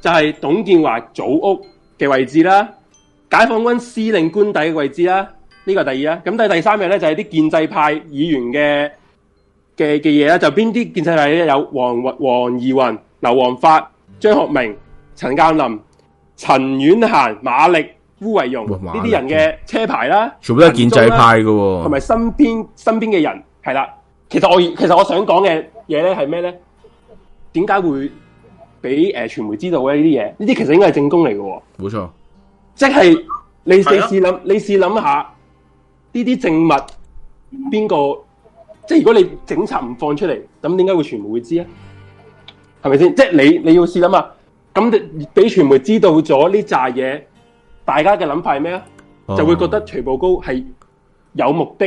就係、是、董建華祖屋嘅位置啦、啊，解放軍司令官邸嘅位置啦、啊，呢、這個第二啦、啊。咁第第三樣咧就係、是、啲建制派議員嘅。嘅嘅嘢咧，就邊啲建制派咧？有黃黃宜雲、劉皇發、張學明、陳鑒林、陳婉嫻、馬力、鄔維榮呢啲人嘅車牌啦，全部都係建制派嘅，同埋中身邊身邊嘅人係啦。其實我其實我想講嘅嘢咧係咩咧？點解會俾誒傳媒知道咧？呢啲嘢呢啲其實應該係證供嚟嘅，冇錯錯。即係你你試諗，你試諗了下呢啲證物邊個？即係如果你警察唔放出嚟，咁點解會傳媒會知啊？係咪先？即係你你要試諗啊嘛。咁你俾傳媒知道咗呢扎嘢，就是，大家嘅諗法係咩啊？就會覺得徐步高係有目的。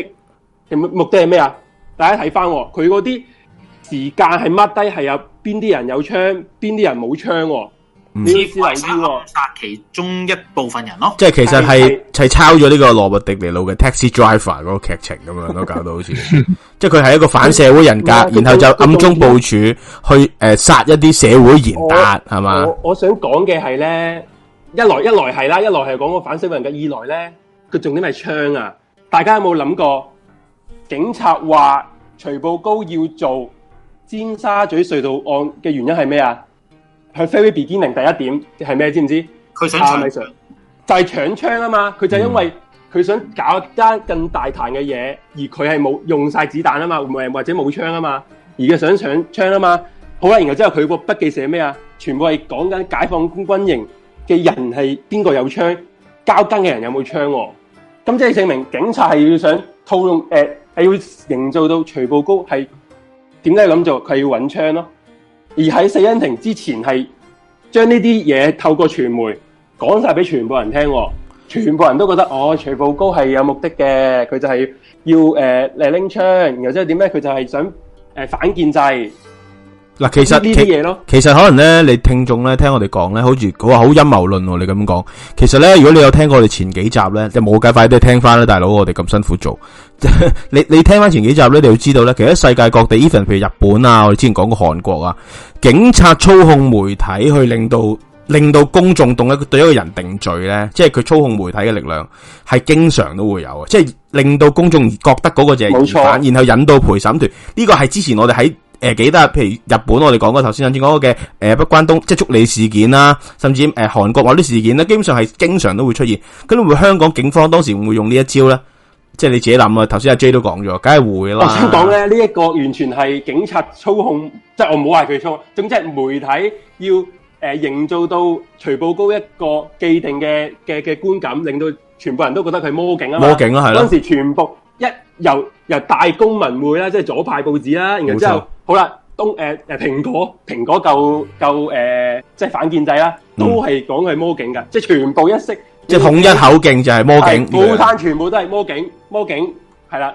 目的係咩啊？大家睇翻喎，佢嗰啲時間係乜？低係有邊啲人有槍，邊啲人冇槍喎、哦。唔知故意殺其中一部分人咯，即係其實係係抄咗呢個羅伯迪尼路嘅 Taxi Driver 嗰個劇情咁樣咯，都搞到好似， 即係佢係一個反社會人格，啊、然後就暗中部署去誒殺、呃、一啲社會賢達，係嘛？我是嗎我想講嘅係咧，一來一來係啦，一來係講個反社會人格，二來咧，佢重點係槍啊！大家有冇諗過警察話徐步高要做尖沙咀隧道案嘅原因係咩啊？喺《Very Beginning》第一點係咩？知唔知？佢想搶槍，啊、Sir, 就係搶槍啊嘛！佢就係因為佢想搞一間更大彈嘅嘢，而佢係冇用晒子彈啊嘛，或或者冇槍啊嘛，而佢想搶槍啊嘛。好啦、啊，然後之後佢個筆記寫咩啊？全部係講緊解放軍營嘅人係邊個有槍，交更嘅人有冇槍、啊。咁即係證明警察係要想套用，誒、呃、係要營造到徐步高係點解諗做佢要揾槍咯。而在死因庭之前，是將呢啲嘢透過傳媒講晒俾全部人聽，全部人都覺得哦，徐步高是有目的的，他就是要誒拎槍，然後之後點咧，佢、就是、就是想、呃、反建制。嗱，其實呢啲嘢咯，其實可能咧，你聽眾咧聽我哋講咧，好似佢話好陰謀論喎，你咁講。其實咧，如果你有聽過我哋前幾集咧，就冇計快啲聽翻啦，大佬，我哋咁辛苦做。 你你聽翻前幾集咧，你就知道咧，其實喺世界各地，even 譬如日本啊，我哋之前講過韓國啊，警察操控媒體去令到令到公眾動一對一個人定罪咧，即係佢操控媒體嘅力量係經常都會有，即係令到公眾覺得嗰個就係疑犯，錯然後引導陪審團。呢個係之前我哋喺。誒，記得、呃？譬如日本，我哋講過頭先，頭先講過嘅，誒，北關東即係足利事件啦、啊，甚至誒韓、呃、國話啲事件咧，基本上係經常都會出現，咁會唔會香港警方當時會用呢一招咧？即係你自己諗啊，頭先阿 J 都講咗，梗係會啦。我先講咧，呢、這、一個完全係警察操控，就是、操控即係我唔好話佢操，總之係媒體要誒營、呃、造到徐步高一個既定嘅嘅嘅觀感，令到全部人都覺得佢魔警啊嘛。魔警啊，係。嗰當時全部一由由大公文匯啦，即係左派報紙啦，然後之後好啦，東誒誒蘋果蘋果夠夠誒，即係反建制啦，都係講佢係魔警噶，即係全部一式，即係統一口徑就係魔警，報攤全部都係魔警，魔警係啦。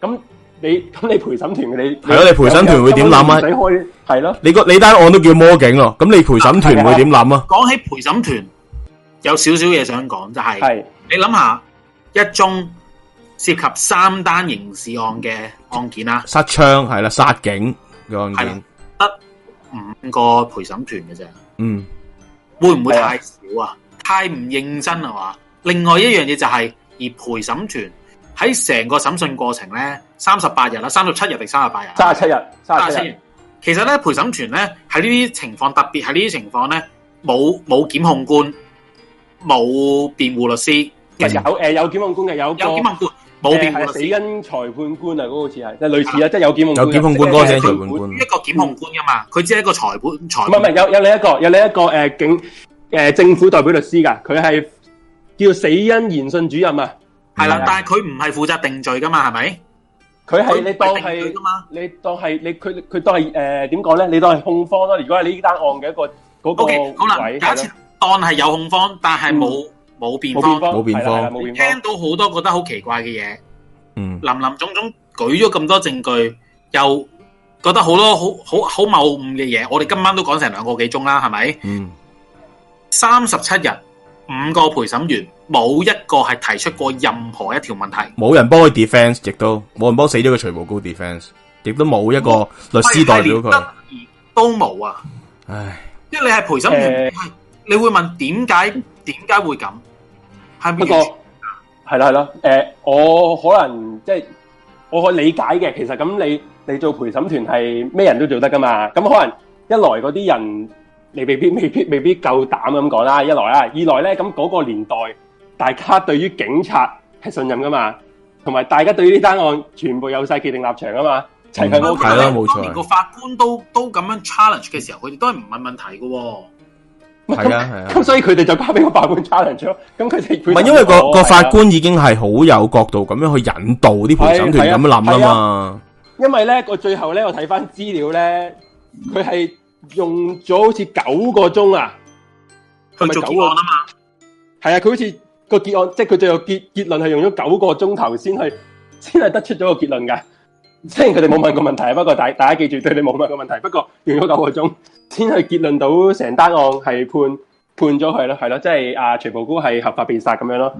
咁你咁你陪審團你係咯，你陪審團會點諗啊？唔使開係咯，你個你單案都叫魔警咯。咁你陪審團會點諗啊？講起陪審團，有少少嘢想講就係，你諗下一宗。涉及三單刑事案嘅案件啦，殺槍係啦，殺警嘅案件得五個陪審團嘅啫，嗯，會唔會太少啊？太唔認真係嘛？另外一樣嘢就係，而陪審團喺成個審訊過程咧，三十八日啦，三十七日定三十八日？三十七日，三十七日。其實咧，陪審團咧喺呢啲情況，特別喺呢啲情況咧，冇冇檢控官，冇辯護律師，其實有誒有檢控官嘅，有，有檢控官。冇變死因裁判官啊，嗰，那個似係即係類似啊，的即係有檢控。有檢控官多啲、呃，裁判官。一個檢控官噶嘛，佢只係一個裁判。唔係唔係，有有另一個，有另一個誒、呃、警誒、呃、政府代表律師噶，佢係叫死因研訊主任啊。係啦的，是的但係佢唔係負責定罪噶嘛，係咪？佢係你當係你當係你佢佢當係誒點講咧？你當係、呃、控方咯、啊。如果係呢單案嘅一個嗰、那個鬼，okay, 可能假設當係有控方，是的但係冇。嗯冇辯方，冇辯方，聽到好多覺得好奇怪嘅嘢，嗯，林林總總舉咗咁多證據，又覺得好多好好好謬誤嘅嘢。我哋今晚都講成兩個幾鐘啦，係咪？嗯，三十七日，五個陪審員，冇一個係提出過任何一條問題，冇人幫佢 defence，亦都冇人幫死咗個徐步高 defence，亦都冇一個律師代表佢，都冇啊！唉，因為你係陪審員，你會問點解？點解會咁？不過係啦係啦，誒、呃，我可能即係我可以理解嘅。其實咁，你你做陪審團係咩人都做得噶嘛咁可能一來嗰啲人你未必未必未必夠膽咁講啦，一來啊，二來咧咁嗰個年代，大家對於警察係信任噶嘛，同埋大家對於呢單案全部有晒決定立場噶嘛，齊佢冇解啦，冇錯、啊。當年連個法官都都咁樣 challenge 嘅時候，佢哋都係唔問問題噶、哦。係啊，咁那所以佢哋就交俾個法官 challenge 咗咁佢哋唔係，因為個個法官已經係好有角度咁樣去引導啲陪審團咁樣諗啊嘛。因為咧個最後咧我睇翻資料咧，佢係用咗好似九個鐘啊，係咪九個，係啊，佢好似個結案，即係佢最後結結論係用咗九個鐘頭先去，先係得出咗個結論噶。雖然佢哋冇問過問題，不過大大家記住，對你冇問過問題。不過用咗九個鐘，先係結論到成單案係判判咗佢咯，係咯，即係阿徐步高係合法被殺咁樣咯。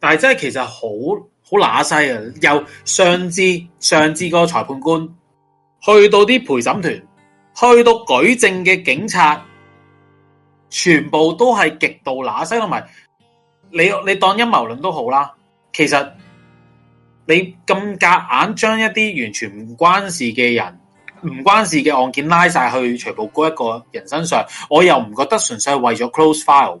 但係真係其實好好乸西啊！由上至上至個裁判官，去到啲陪審團，去到舉證嘅警察，全部都係極度乸西，同埋你你當陰謀論都好啦，其實。你咁夾硬將一啲完全唔關事嘅人，唔關事嘅案件拉晒去徐步高一個人身上，我又唔覺得純粹係為咗 close file 嘅，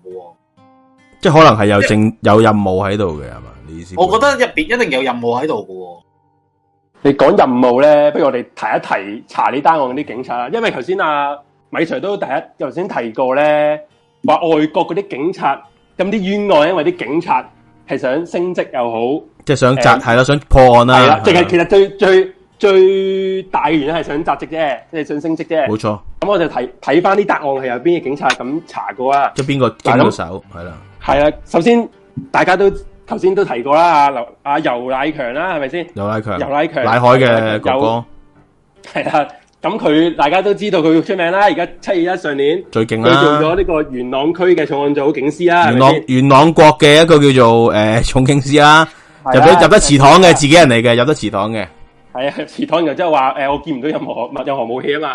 即係可能係有政有任務喺度嘅係嘛？你意思？我覺得入邊一定有任務喺度嘅。你講任務咧，不如我哋提一提查呢單案啲警察，因為頭先阿米 sir 都第一頭先提過咧，話外國嗰啲警察咁啲冤案，因為啲警察係想升職又好。即係想扎係啦，想破案啦，係啦，仲係其實最最最大嘅原因係想扎職啫，即係想升職啫。冇錯，咁我就睇睇翻啲答案係由邊個警察咁查過啊？即係邊個執到手係啦？係啦，首先大家都頭先都提過啦，阿劉阿游乃強啦，係咪先？游乃強，游乃強，乃海嘅哥哥。係啦，咁佢大家都知道佢出名啦。而家七二一上年最勁啦，佢做咗呢個元朗區嘅重案組警司啦。元朗元朗國嘅一個叫做誒重警司啦。入，入得入得祠堂嘅，自己人嚟嘅，入得祠堂嘅。係啊，祠堂就即係話，誒、呃，我見唔到任何任何武器啊嘛。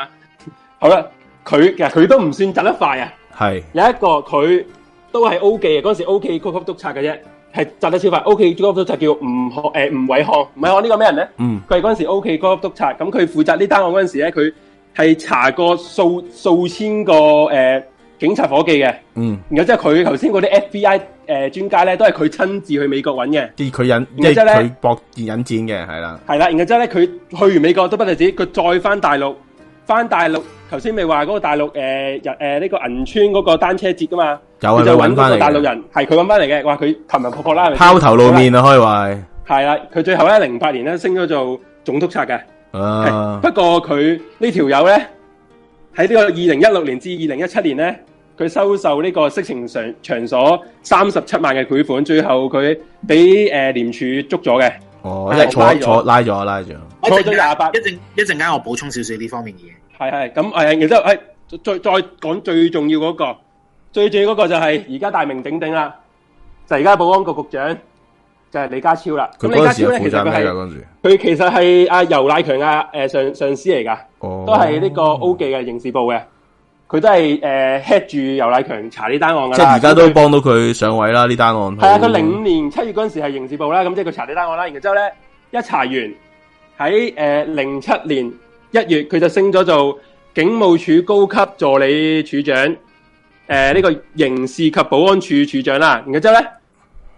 好啦，佢其實佢都唔算扎得快啊。係是。有一個佢都係 O 記啊，嗰時 O 記高級督察嘅啫，係扎得超快。O 記高級督察叫吳浩，誒、呃，吳偉漢，唔係我呢個咩人咧？嗯。佢係嗰時 O 記高級督察，咁佢負責呢單案嗰陣時咧，佢係查過數數千個誒、呃、警察伙計嘅。嗯。然後即係佢頭先嗰啲 FBI。誒，專家咧都係佢親自去美國揾嘅，啲佢忍引，即係佢搏引戰嘅，係啦，係啦，然後之後咧，佢去完美國都不止自己，佢再翻大陸，翻大陸，頭先咪話嗰個大陸，誒、呃，誒、呃、呢、這個銀川嗰個單車節噶嘛，是是找他就揾翻大陸人，係佢揾翻嚟嘅，話佢尋日破破拉，拋頭露面啊，的開胃壞，係啦，佢最後咧零八年咧升咗做總督察嘅，啊，不過佢呢條友咧喺呢個二零一六年至二零一七年咧。佢收受呢個色情場所三十七萬嘅賄款，最後佢俾誒廉署捉咗嘅。哦，即係是坐拉了坐拉咗，拉咗。廿八到，一陣一陣間，我補充少少呢方面嘅嘢。係係，咁係，其、嗯、實再再講最重要嗰個，最重要嗰個就係而家大名鼎鼎啦，就而家保安局局長就係李家超啦。佢嗰陣時負責咩啊？佢其實係阿後尤乃強阿上上司嚟噶，oh. 都係呢個 O 記嘅刑事部嘅。佢都係誒 hit 住尤乃強查呢單案㗎啦，即係而家都幫到佢上位啦呢單案。係啊的，佢零五年七月嗰陣時係刑事部啦，咁即係佢查呢單案啦。然之後咧一查完，喺誒零七年一月佢就升咗做警務處高級助理處長，誒、呃、呢、呢個刑事及保安處處長啦。然之後咧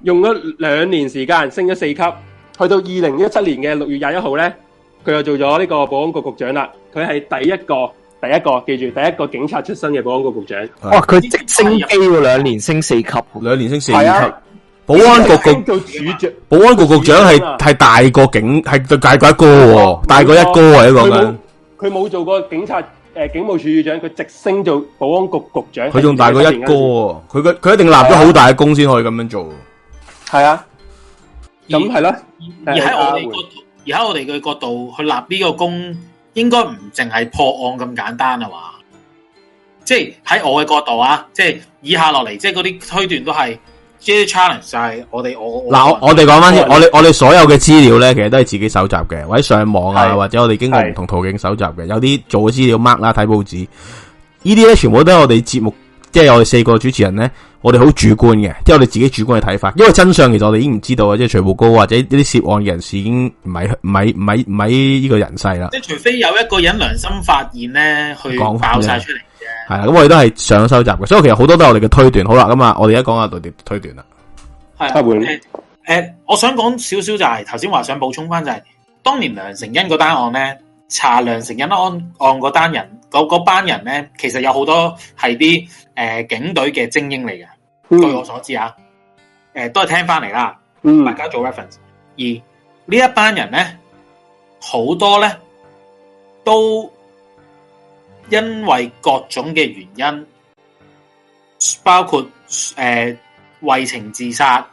用咗兩年時間升咗四級，去到二零一七年嘅六月廿一號咧，佢就做咗呢個保安局局長啦。佢係第一個。第一個記住，第一個警察出身嘅保安局局長。哇，佢直升機喎，兩年升四級，兩年升四級。保安局局長，保安局局長係係大過警，係大過一哥，大過一哥啊！一個咁佢冇做過警察，誒，警務處處長，佢直升做保安局局長。佢仲大過一哥，佢嘅佢一定立咗好大嘅功先可以咁樣做。係啊，咁係啦。而喺我哋而喺我哋嘅角度去立呢個功。應該唔淨係破案咁簡單啊嘛！即係喺我嘅角度啊，即係以下落嚟，即係嗰啲推斷都係即係 challenge 就係我哋我嗱我哋講翻先，我哋我哋們所有嘅資料咧，其實都係自己搜集嘅，或者上網啊，是或者我哋經過唔同途徑搜集嘅，是有啲做嘅資料 mark 啦，睇報紙，呢啲咧全部都係我哋節目，即係我哋四個主持人咧。我哋好主觀嘅，即係我哋自己主觀嘅睇法。因為真相其實我哋已經唔知道啊，即係徐步高或者呢啲涉案人士已經唔喺唔喺唔喺唔喺呢個人世啦。即係除非有一個人良心發現咧，去爆晒出嚟嘅係啦，咁我哋都係想收集嘅，所以其實好多都係我哋嘅推斷。好啦，咁啊的吧、呃，我哋而家講下度碟推斷啦。係誒我想講少少就係頭先話想補充翻就係、是、當年梁成恩嗰單案咧，查梁成恩案案嗰單人。嗰班人咧，其實有好多係啲誒警隊嘅精英嚟嘅。Mm. 據我所知啊，誒、呃、都係聽翻嚟啦。Mm. 大家做 reference，而呢一班人咧，好多咧都因為各種嘅原因，包括誒、呃、為情自殺、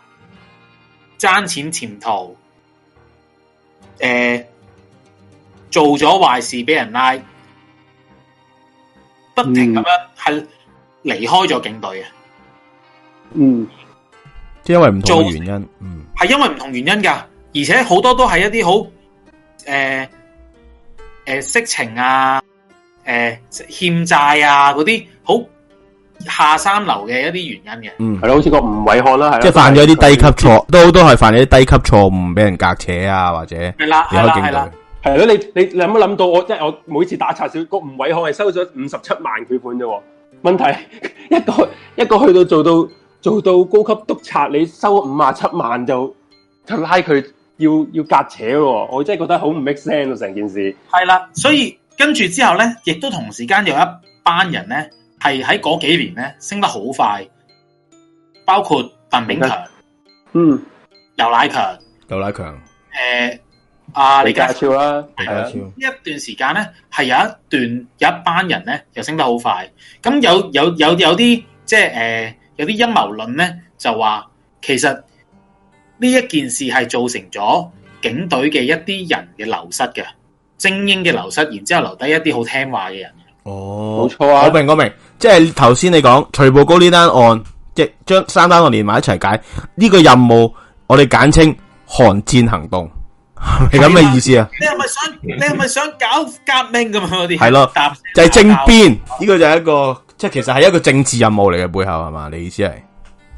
爭錢潛逃、誒、呃、做咗壞事俾人拉。不停咁樣係離開咗警隊嘅，嗯，即係因為唔同的原因，嗯，係因為唔同原因噶，而且好多都係一啲好誒誒色情啊，誒、欸、欠債啊嗰啲好下三流嘅一啲原因嘅，嗯，係咯，好似個吳偉漢啦，係咯，即係犯咗啲低級錯，是的都都係犯咗啲低級錯誤，俾人隔扯啊，或者離開警隊。係咯，你你諗都諗到我，我即係我每次打擦小、那個唔委係收咗五十七萬款啫。問題一個一個去到做到做到高級督察，你收五十七萬就就拉佢要要夾扯。我真係覺得好唔 make sense 咯，成件事。係啦，所以跟住之後咧，亦都同時間有一班人咧，係喺嗰幾年咧升得好快，包括鄧炳強、嗯、游乃強、游乃強、誒、呃。啊，李家超啦，李家超呢一段時間咧，係有一段有一班人咧，又升得好快。咁有有有有啲即係誒，有啲陰謀論咧，就話，是呃、其實呢一件事係造成咗警隊嘅一啲人嘅流失嘅精英嘅流失，然之後留低一啲好聽話嘅人。哦，冇錯啊，我明我明，即係頭先你講徐步高呢單案，案，即係將三單案，案連埋一齊解呢、這個任務，我哋簡稱寒戰行動。係咁嘅意思是啊！你係咪想你係咪想搞革命咁 啊？嗰啲係咯，就係、是、政變，呢 個就係一個即係、就是、其實係一個政治任務嚟嘅背後係嘛？你意思係？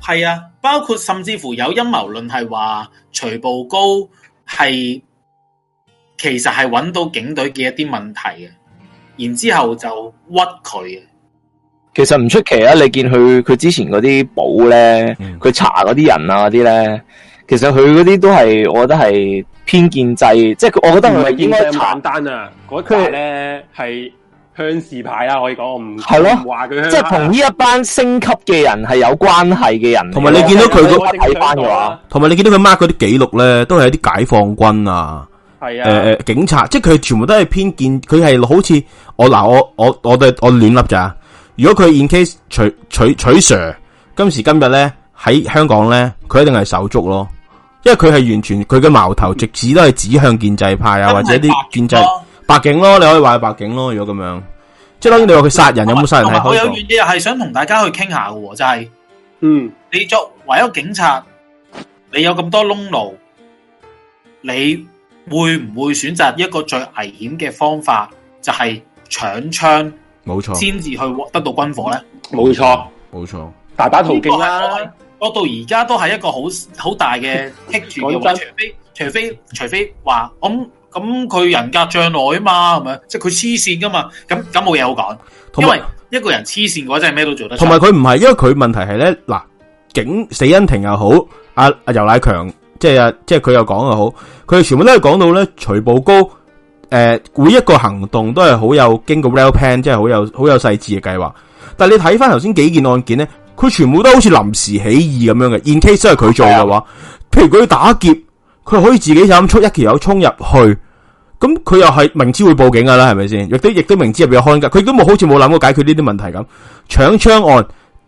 係啊，包括甚至乎有陰謀論係話徐步高係其實係揾到警隊嘅一啲問題嘅，然之後就屈佢啊。其實唔出奇啊！你見佢佢之前嗰啲簿咧，佢查嗰啲人啊嗰啲咧。其實佢嗰啲都係，我覺得係偏建制，即、就、係、是、我覺得唔係應該咁簡單啊。嗰排咧係鄉事派啊，可以講我唔係咯，話佢即係同呢一班升級嘅人係有關係嘅人。同埋你見到佢睇翻嘅話，同埋你見到佢 mark 嗰啲記錄咧，都係一啲解放軍啊，係是啊、呃，誒誒警察，即係佢全部都係偏建，佢係好似我嗱我我我我亂笠咋。我我我我如果佢 in case 取取取 Sir，今時今日咧喺香港咧，佢一定係手足咯。因為佢係完全佢嘅矛頭，直指都係指向建制派啊，或者啲建制白警咯、啊啊，你可以話係白警咯、啊。如果咁樣，即係當然你話佢殺人有冇殺人？佢有樣嘢係想同大家去傾下嘅，就係、是、嗯，你作為一個警察，你有咁多窿路，你會唔會選擇一個最危險嘅方法，就係搶槍？冇錯，先至去獲得到軍火咧。冇錯，冇錯，大把途徑啦、啊。我到而家都係一個好好大嘅踢住嘅，除非除非除非話咁咁佢人格障礙啊嘛，咁樣即係佢黐線噶嘛咁咁冇嘢好講。因為一個人黐線嘅話，真係咩都做得。同埋佢唔係，因為佢問題係咧，嗱警死因庭又好，阿、啊、阿尤乃強即係、啊、即係佢又講又好，佢全部都係講到咧，徐步高誒、呃，每一個行動都係好有經過 well plan 即係好有好有細緻嘅計劃。但係你睇翻頭先幾件案件咧。佢全部都好似臨時起意咁樣嘅，in case 都係佢做嘅話，譬如佢打劫，佢可以自己就咁出一條友衝入去，咁佢又係明知會報警噶啦，係咪先？亦都亦都明知入邊有看家，佢都冇好似冇諗過解決呢啲問題咁搶槍案，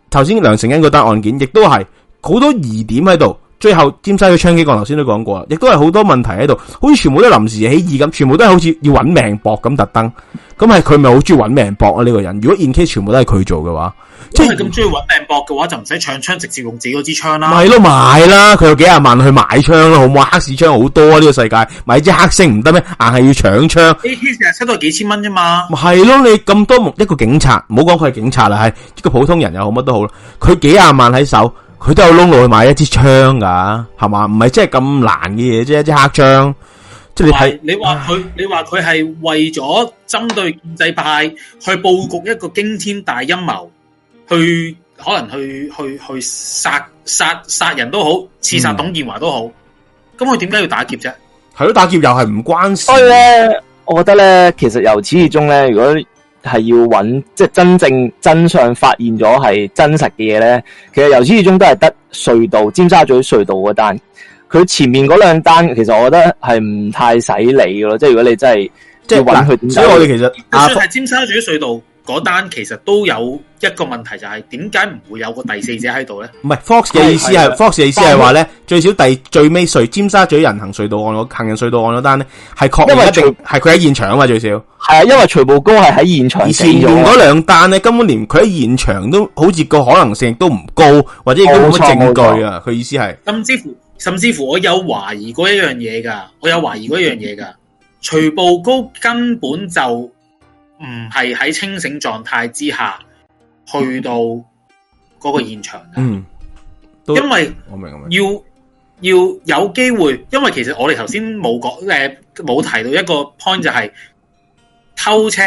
頭先梁成恩嗰單案件亦都係好多疑點喺度。最後，尖沙咀嘅槍擊案頭先都講過啦，亦都係好多問題喺度，好似全部都臨時起意咁，全部都係好似要揾命搏咁特登。咁係佢咪好中意揾命搏啊？呢、這個人如果 in case 全部都係佢做嘅話，即係咁中意揾命搏嘅話，就唔使搶槍，直接用自己支槍啦。咪咯買啦，佢有幾廿萬去買槍咯，好冇黑市槍好多啊！呢、這個世界買支黑星唔得咩？硬係要搶槍。in K 成日收到幾千蚊啫嘛。咪係咯，你咁多目一個警察，唔好講佢係警察啦，係一個普通人又好乜都好啦，佢幾廿萬喺手。佢都有窿落去買一支槍噶，係嘛？唔係真係咁難嘅嘢啫，一支黑槍。即係你係你話佢，唉你話佢係為咗針對建制派去布局一個驚天大陰謀，去可能去去去殺殺殺人，都好刺殺董建華都好。咁佢點解要打劫啫？係咯，打劫又係唔關事。所以咧，我覺得咧，其實由始至終咧，如果。係要搵即係真正真相，發現咗係真實嘅嘢咧。其實由始至終都係得隧道，尖沙咀隧道嗰單。佢前面嗰兩單，其實我覺得係唔太使理嘅咯。即係如果你真係即係搵佢，所以樣我哋其實係、啊、尖沙咀隧道。嗰單其實都有一個問題，就係點解唔會有個第四者喺度咧？唔係 Fox 嘅意思係，Fox 嘅意思係話咧，是最少第最尾誰尖沙咀人行隧道案嗰行人隧道案嗰單咧，係確認一定係佢喺現場啊嘛？最少係啊，因為徐步高係喺現場。以前用嗰兩單咧，根本連佢喺現場都好似個可能性都唔高，或者亦冇乜證據啊。佢意思係甚至乎甚至乎，至乎我有懷疑過一樣嘢噶，我有懷疑過一樣嘢噶，徐步高根本就。唔係喺清醒狀態之下去到嗰個現場嗯，因為我明，我明要，要要有機會，因為其實我哋頭先冇講，誒冇提到一個 point 就係、是、偷車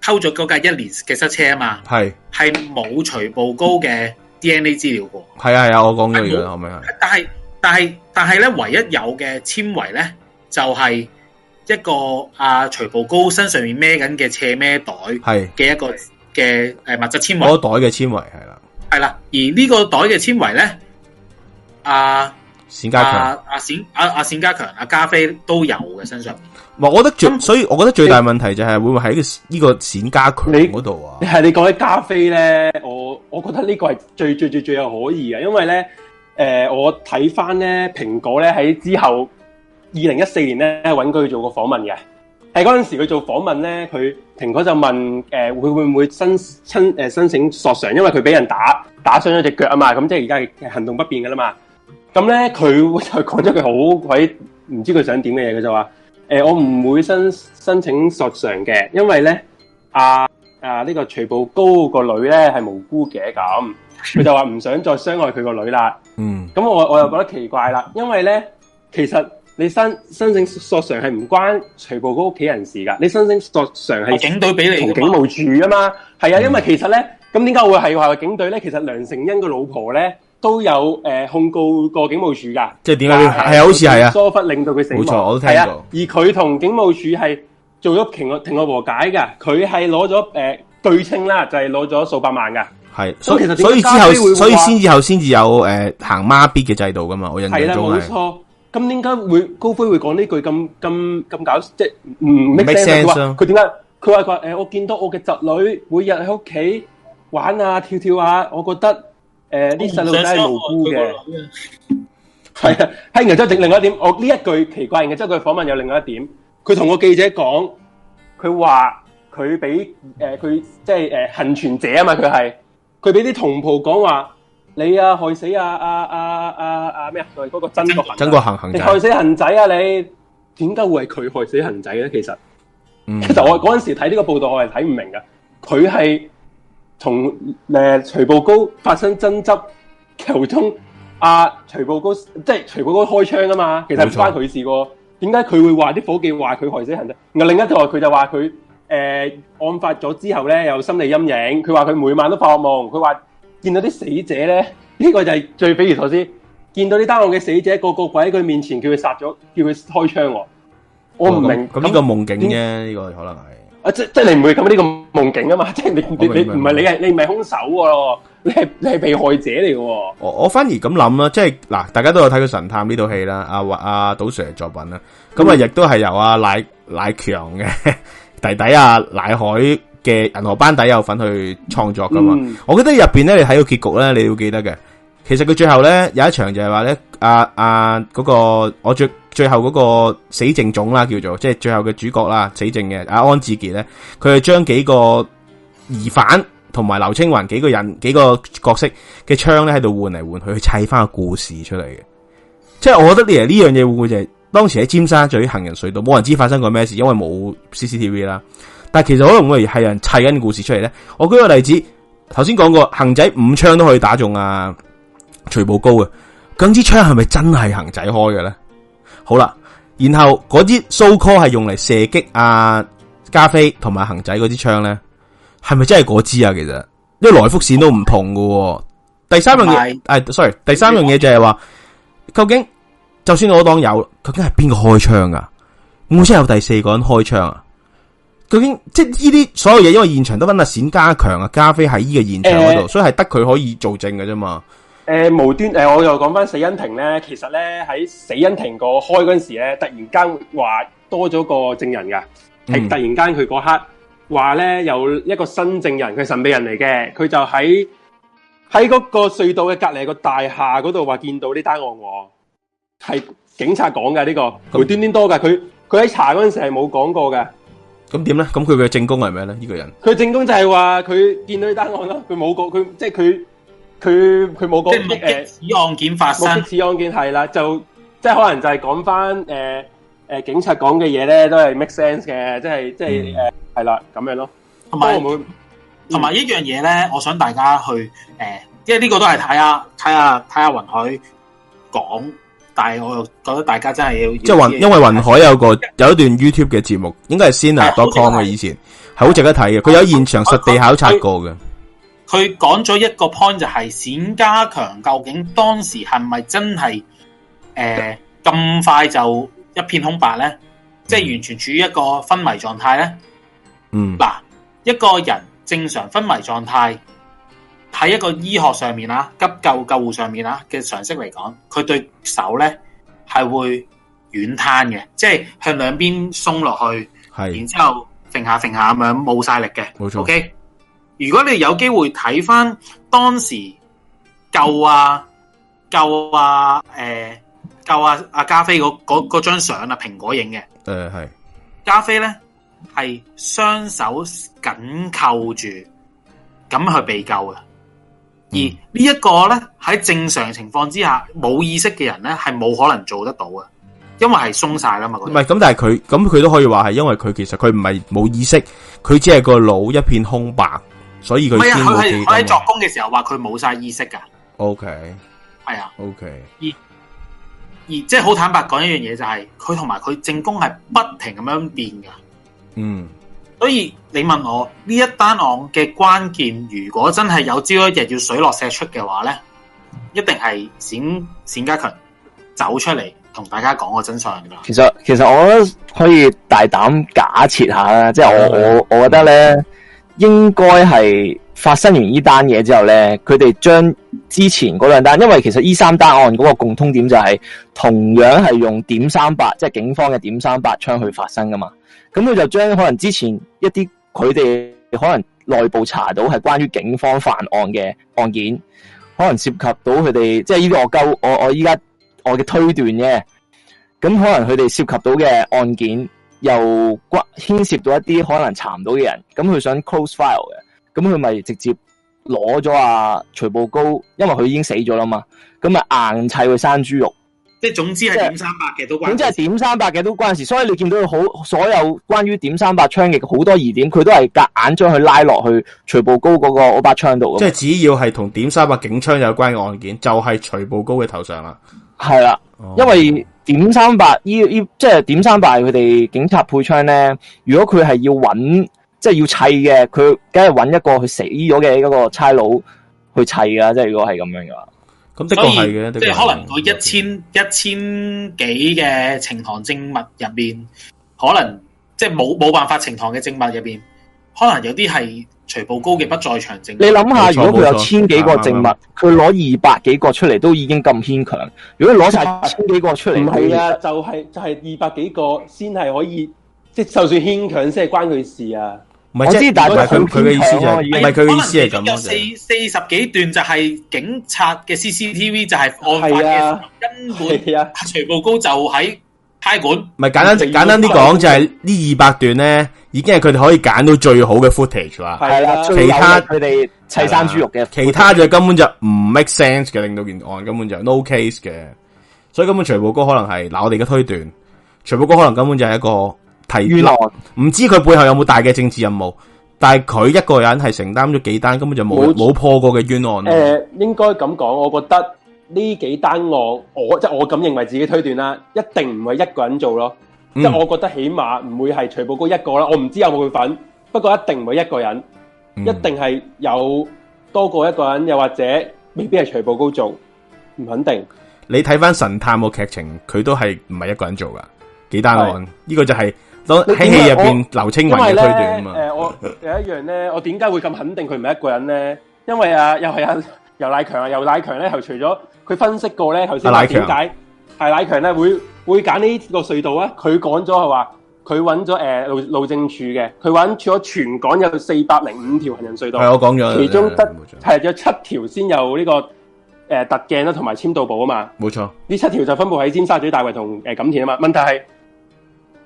偷咗嗰架一年嘅塞車啊嘛，係係冇徐步高嘅 DNA 資料嘅，係啊係啊，我講緊，嘅，我明但係但係但係咧，唯一有嘅纖維咧就係、是。一個阿、啊、徐步高身上面孭緊嘅斜孭袋，係嘅一個嘅誒，是物質纖維嗰個袋嘅纖維係啦，係啦，而呢個袋嘅纖維咧，阿、啊、冼家強、阿冼、啊、阿阿冼家強、阿加菲都有嘅身上。我我覺得最，所以我覺得最大問題就係會唔會喺個呢個冼家強嗰度啊？係你講起加菲咧，我我覺得呢個係最，最最最最可疑啊！因為咧，誒、呃，我睇翻咧蘋果咧喺之後。二零一四年咧，揾佢做個訪問嘅。喺嗰陣時，佢做訪問咧，佢蘋果就問：誒、呃、會會唔會申申誒申請索償？因為佢俾人打打傷咗隻腳啊嘛，咁即係而家行動不便㗎啦嘛。咁咧，佢就講咗佢好鬼唔知佢想點嘅嘢，佢就話：誒、呃、我唔會申申請索償嘅，因為咧，阿阿呢個徐步高個女咧係無辜嘅，咁佢就話唔想再傷害佢個女啦。嗯，咁我我又覺得奇怪啦，因為咧其實。你申申請索償係唔關徐步高屋企人事噶，你申請索償係警隊俾你同警務處啊嘛，係啊，因為其實咧，咁點解會係話警隊咧？其實梁成恩個老婆咧都有誒控告過警務處噶，即係點解係啊？好似係啊，疏忽令到佢死亡，冇錯，我都聽過。而佢同警務處係做咗庭外和解㗎。佢係攞咗誒對稱啦，就係攞咗數百萬噶。係所以其所以之後，所以先以後先至有誒行孖咇嘅制度噶嘛，我印象中係。咁點解會高飛會講呢句，咁咁咁搞，即係唔 make sense 佢點解？佢話，話誒，我見到我嘅侄女每日喺屋企玩啊、跳跳啊，我覺得誒啲細路仔都係無辜嘅。係啊，聽完是的 之後，另外一點，我呢一句奇怪嘅，即係佢訪問有另外一點，佢同個記者講，佢話佢俾誒佢即係誒幸存者啊嘛，佢係佢俾啲同袍講話。你啊害死啊啊啊啊啊咩啊？係、啊、嗰、啊那個曾國曾國恒恒仔，你害死恒仔啊！你點解會係佢害死恒仔咧？其實、嗯、其實我嗰陣時睇呢個報道，我係睇唔明嘅。佢係從誒徐步高發生爭執途中阿徐步高即係徐步高開槍啊嘛，其實唔關佢事個。點解佢會話啲伙計話佢害死恒仔？另一度佢就話佢誒案發咗之後咧，有心理陰影。佢話佢每晚都發噩夢。佢話。見到啲死者咧，呢、這個就係最比如頭先，見到啲單案嘅死者個個跪喺佢面前叫佢殺，叫佢殺咗，叫佢開槍、啊。我我唔明白、哦、這個夢境呢個夢境啫，呢樣個可能係啊，即即係你唔會咁呢個夢境啊嘛，即係你明你唔係明你係你唔係凶手喎，你係你係被害者嚟嘅、啊。我我反而咁諗啦，即係嗱，大家都有睇過神探呢套戲啦，阿阿杜 Sir 作品啦，咁啊亦都係由阿乃乃強嘅弟弟啊，乃海。嘅銀河班底有份去創作噶嘛？嗯、我記得入邊咧，你睇個結局咧，你要記得嘅。其實佢最後咧有一場就係話咧，啊，啊，嗰、嗰個我最最後嗰個死靜種啦，叫做即係最後嘅主角啦，死剩嘅阿安志杰咧，佢係將幾個疑犯同埋劉青雲幾個人幾個角色嘅槍咧喺度換嚟換去，去砌翻個故事出嚟嘅。即係我覺得呢樣嘢會唔會就係、是、當時喺尖沙咀行人隧道冇人知發生過咩事，因為冇 CCTV 啦。但係其實可能會係有人砌緊故事出嚟咧。我舉個例子，頭先講過，行仔五槍都可以打中啊，徐步高嘅，嗰支槍係咪真係行仔開嘅咧？好啦，然後嗰支 so call 係用嚟射擊啊，加菲同埋行仔嗰支槍咧，係咪真係嗰支啊？其實呢，因為來福線都唔同嘅，啊。第三樣嘢，誒是、哎，sorry，第三樣嘢就係話，究竟就算我當有，究竟係邊個開槍噶？我先有第四個人開槍啊？究竟即係呢啲所有嘢，因為現場都揾阿冼家強啊、加菲喺呢個現場嗰度，呃、所以係得佢可以做證嘅啫嘛。誒，無端誒、呃，我又講翻死因庭咧，其實咧喺死因庭個開嗰陣時咧，突然間話多咗個證人嘅，係、嗯、突然間佢嗰刻話咧，有一個新證人，佢神秘人嚟嘅，佢就喺喺嗰個隧道嘅隔籬個大廈嗰度話見到呢單案件我係警察講嘅呢個，無端端多㗎。佢佢喺查嗰陣時係冇講過嘅。咁點咧？咁佢嘅證供係咩咧？呢個人佢證供就係話佢見到呢單案啦，佢冇個佢即係佢佢佢冇個即係目擊此案件發生，呃、目擊此案件係啦，就即係可能就係講翻誒誒警察講嘅嘢咧，都係 make sense 嘅，即係即係誒係啦，咁、嗯呃、樣咯。同埋同埋一樣嘢咧，我想大家去誒，即係呢個都係睇下睇下睇下雲海講。但係，我又覺得大家真係要知道，即係雲，因為雲海有個有一段 YouTube 嘅節目，應該係 Cinema.com 嘅以前，係好值得睇嘅。佢我有現場實地考察過嘅。佢講咗一個 point 就係、是、冼家強究竟當時係咪真係誒咁快就一片空白呢？即、就、係、是、完全處於一個昏迷狀態呢？嗯，嗱，一個人正常昏迷狀態。喺一個醫學上面啦，急救救護上面啊嘅常識嚟講，佢對手咧係會軟癱嘅，即係向兩邊鬆落去，係是然之後停下停下咁樣冇晒力嘅。冇錯，OK。如果你有機會睇返當時救啊救啊誒、呃、救啊阿加菲嗰嗰張相啊，蘋果影嘅誒係加菲咧係雙手緊扣住，咁去被救嘅。而這呢一個咧喺正常情況之下冇意識嘅人咧係冇可能做得到嘅，因為係鬆晒啦嘛。唔係咁，但係佢咁佢都可以話係，因為佢其實佢唔係冇意識，佢只係個腦一片空白，所以佢先會記得。佢喺作供嘅時候話佢冇晒意識噶。O K，係啊。O Okay . K，而而即係好坦白講一樣嘢就係佢同埋佢證供係不停咁樣變噶。嗯。所以你問我呢一單案嘅關鍵，如果真係有朝一日要水落石出嘅話呢，一定係冼冼家強走出嚟同大家講個真相噶。其實其實我覺得可以大膽假設下啦，即係我我我覺得呢應該係。發生完呢單嘢之後呢佢哋將之前嗰兩單，因為其實呢三單案嗰個共通點就係同樣係用點三八，即係警方嘅點三八槍去發生噶嘛。咁佢就將可能之前一啲佢哋可能內部查到係關於警方犯案嘅案件，可能涉及到佢哋，即係呢個我夠我我依家我嘅推斷啫。咁可能佢哋涉及到嘅案件又，又牽涉到一啲可能查唔到嘅人，咁佢想 close file 嘅。咁佢咪直接攞咗阿徐步高，因為佢已經死咗啦嘛，咁咪硬砌佢生豬肉，即係是總之係點三八嘅都，總之係點三八嘅都關事，所以你見到佢好所有關於點三八槍嘅好多疑點，佢都係夾硬將佢拉落去徐步高嗰個嗰把槍度，即係只要係同點三八警槍有關嘅案件，就係、是、徐步高嘅頭上啦。係啦，因為點三八呢、哦、即係點三八佢哋警察配槍咧，如果佢係要揾。即係要砌嘅，佢梗係揾一個佢死咗嘅嗰個差佬去砌噶。即係如果係咁樣嘅話，咁的確係嘅。即係可能佢一千、嗯、一千幾嘅呈堂證物入邊，可能即係冇冇辦法呈堂嘅證物入邊，可能有啲係徐步高嘅不在場證物。你諗下，錯如果佢有千幾個證物，佢攞錯二百幾個出嚟都已經咁牽強。對如果攞晒千幾個出嚟，唔係啊，就係、是、就係、是、二百幾個先係可以，即、就、係、是、就算牽強先係關佢事啊。唔係即係，佢佢嘅意思就係，可能其中有四四十幾段就係警察嘅 CCTV 就係案發嘅根本啊！徐步高就喺差館。唔係簡單，簡單啲講就係呢二百段咧，已經係佢哋可以揀到最好嘅 footage 啦。係啦，其他佢哋砌生豬肉嘅，其他就根本就唔 make sense 嘅，令到件案根本就 no case 嘅。所以根本徐步高可能係嗱我哋嘅推斷，徐步高可能根本就係一個。提冤案岸，唔知佢背後有冇大嘅政治任務，但係佢一個人係承擔咗幾單，根本就冇冇破過嘅冤案。誒、呃，應該咁講，我覺得呢幾單案，我即係、就是、我咁認為自己推斷啦，一定唔係一個人做咯。即係、嗯、我覺得起碼唔會係徐步高一個啦，我唔知有冇佢份，不過一定唔係一個人，嗯、一定係有多過一個人，又或者未必係徐步高做，唔肯定。你睇翻神探嘅劇情，佢都係唔係一個人做噶，幾單案，呢是個就係、是。喺戲入邊，劉青雲嘅推斷啊嘛。誒、呃，我第一樣咧，我點解會咁肯定佢唔係一個人咧？因為啊，又係啊，游乃強啊，游乃強咧。除咗佢分析過咧，頭先話點解係乃強咧會會揀呢個隧道啊？佢講咗係話，佢揾咗誒路路政署嘅，佢揾咗全港有四百零五條行人隧道。係我講咗，其中得係有，錯有七條先有呢、這個誒特鏡啦，同埋簽到簿啊嘛。冇錯錯，呢七條就分布喺尖沙咀大、大圍同誒錦田啊嘛。問題係。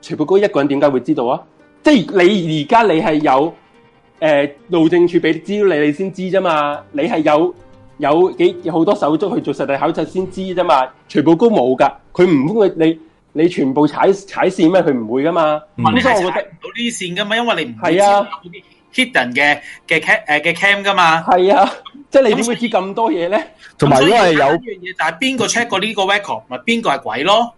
徐步高一個人點解會知道啊？即係你而家你係有誒路政處俾資料你知，你先知啫嘛。你係有有幾好多手足去做實地考察先知啫嘛。徐步高冇噶，佢唔會你你全部踩踩線咩？佢唔會噶嘛。哦，呢個我睇唔到呢線噶嘛，因為你唔係啊。hidden 嘅嘅 cam 嘅 cam 噶嘛。係啊，即係你點會知咁多嘢咧？同埋因為有呢樣嘢但係邊個 check 過呢個 record？咪邊個係鬼咯？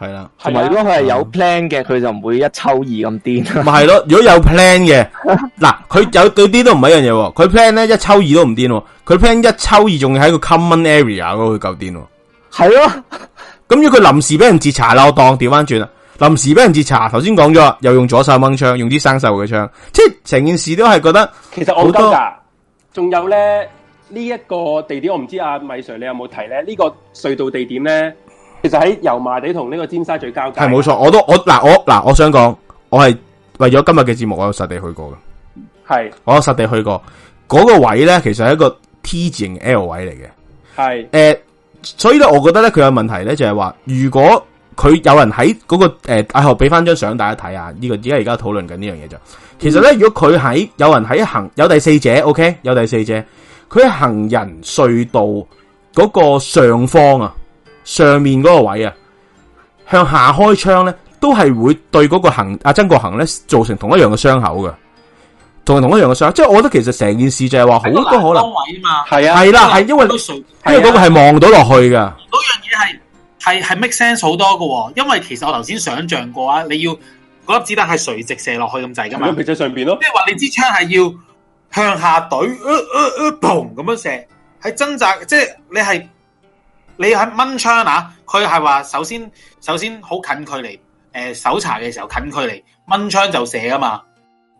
係啦，係咪？啊、有如果佢係有 plan 嘅，佢、啊、就唔會一抽二咁癲。咪係咯，如果有 plan 嘅，嗱佢 有對啲都唔係一樣嘢。佢 plan 咧一抽二都唔癲，佢 plan 一抽二仲、啊、要喺個 common area 嗰度夠癲。係咯，咁如果佢臨時俾人截查撈檔，調翻轉啦，臨時俾人截查，頭先講咗，又用左手掹槍，用啲生鏽嘅槍，即係成件事都係覺得。其實我都噶，仲有咧呢一，這個地點，我唔知阿、啊、米 sir 你有冇提咧？呢、這個隧道地點咧。其實喺油麻地同呢個尖沙咀交界係冇錯，我都我嗱我嗱我，我想講，我係為咗今日嘅節目，我有實地去過嘅。係是我有實地去過嗰、那個位咧，其實係一個 T 字形 L 位嚟嘅。係誒是、呃，所以咧，我覺得咧，佢有問題咧，就係、是、話如果佢有人喺嗰、那個誒，阿學俾翻張相大家睇下，呢、這個而家而家討論緊呢樣嘢就，其實咧，嗯、如果佢喺有人喺行有第四者，OK，有第四者，佢喺行人隧道嗰個上方啊。上面嗰個位啊，向下開槍咧，都係會對嗰個行阿曾國恒咧造成同一樣嘅傷口嘅，同同一樣嘅傷口，即係我覺得其實成件事就係話好多可能多位啊嘛，係啊，係啦、啊，係、啊、因為因為嗰個係望到落去噶，嗰、啊、樣嘢係係係 make sense 好多嘅、哦，因為其實我頭先想象過啊，你要嗰粒子彈係垂直射落去咁滯噶嘛，喺上邊咯，即係話你支槍係要向下懟，呃呃呃，砰咁樣射，係掙扎，即係你係。你喺掹槍啊？佢係話首先首先好近距離誒、呃、搜查嘅時候，近距離掹槍就射噶嘛？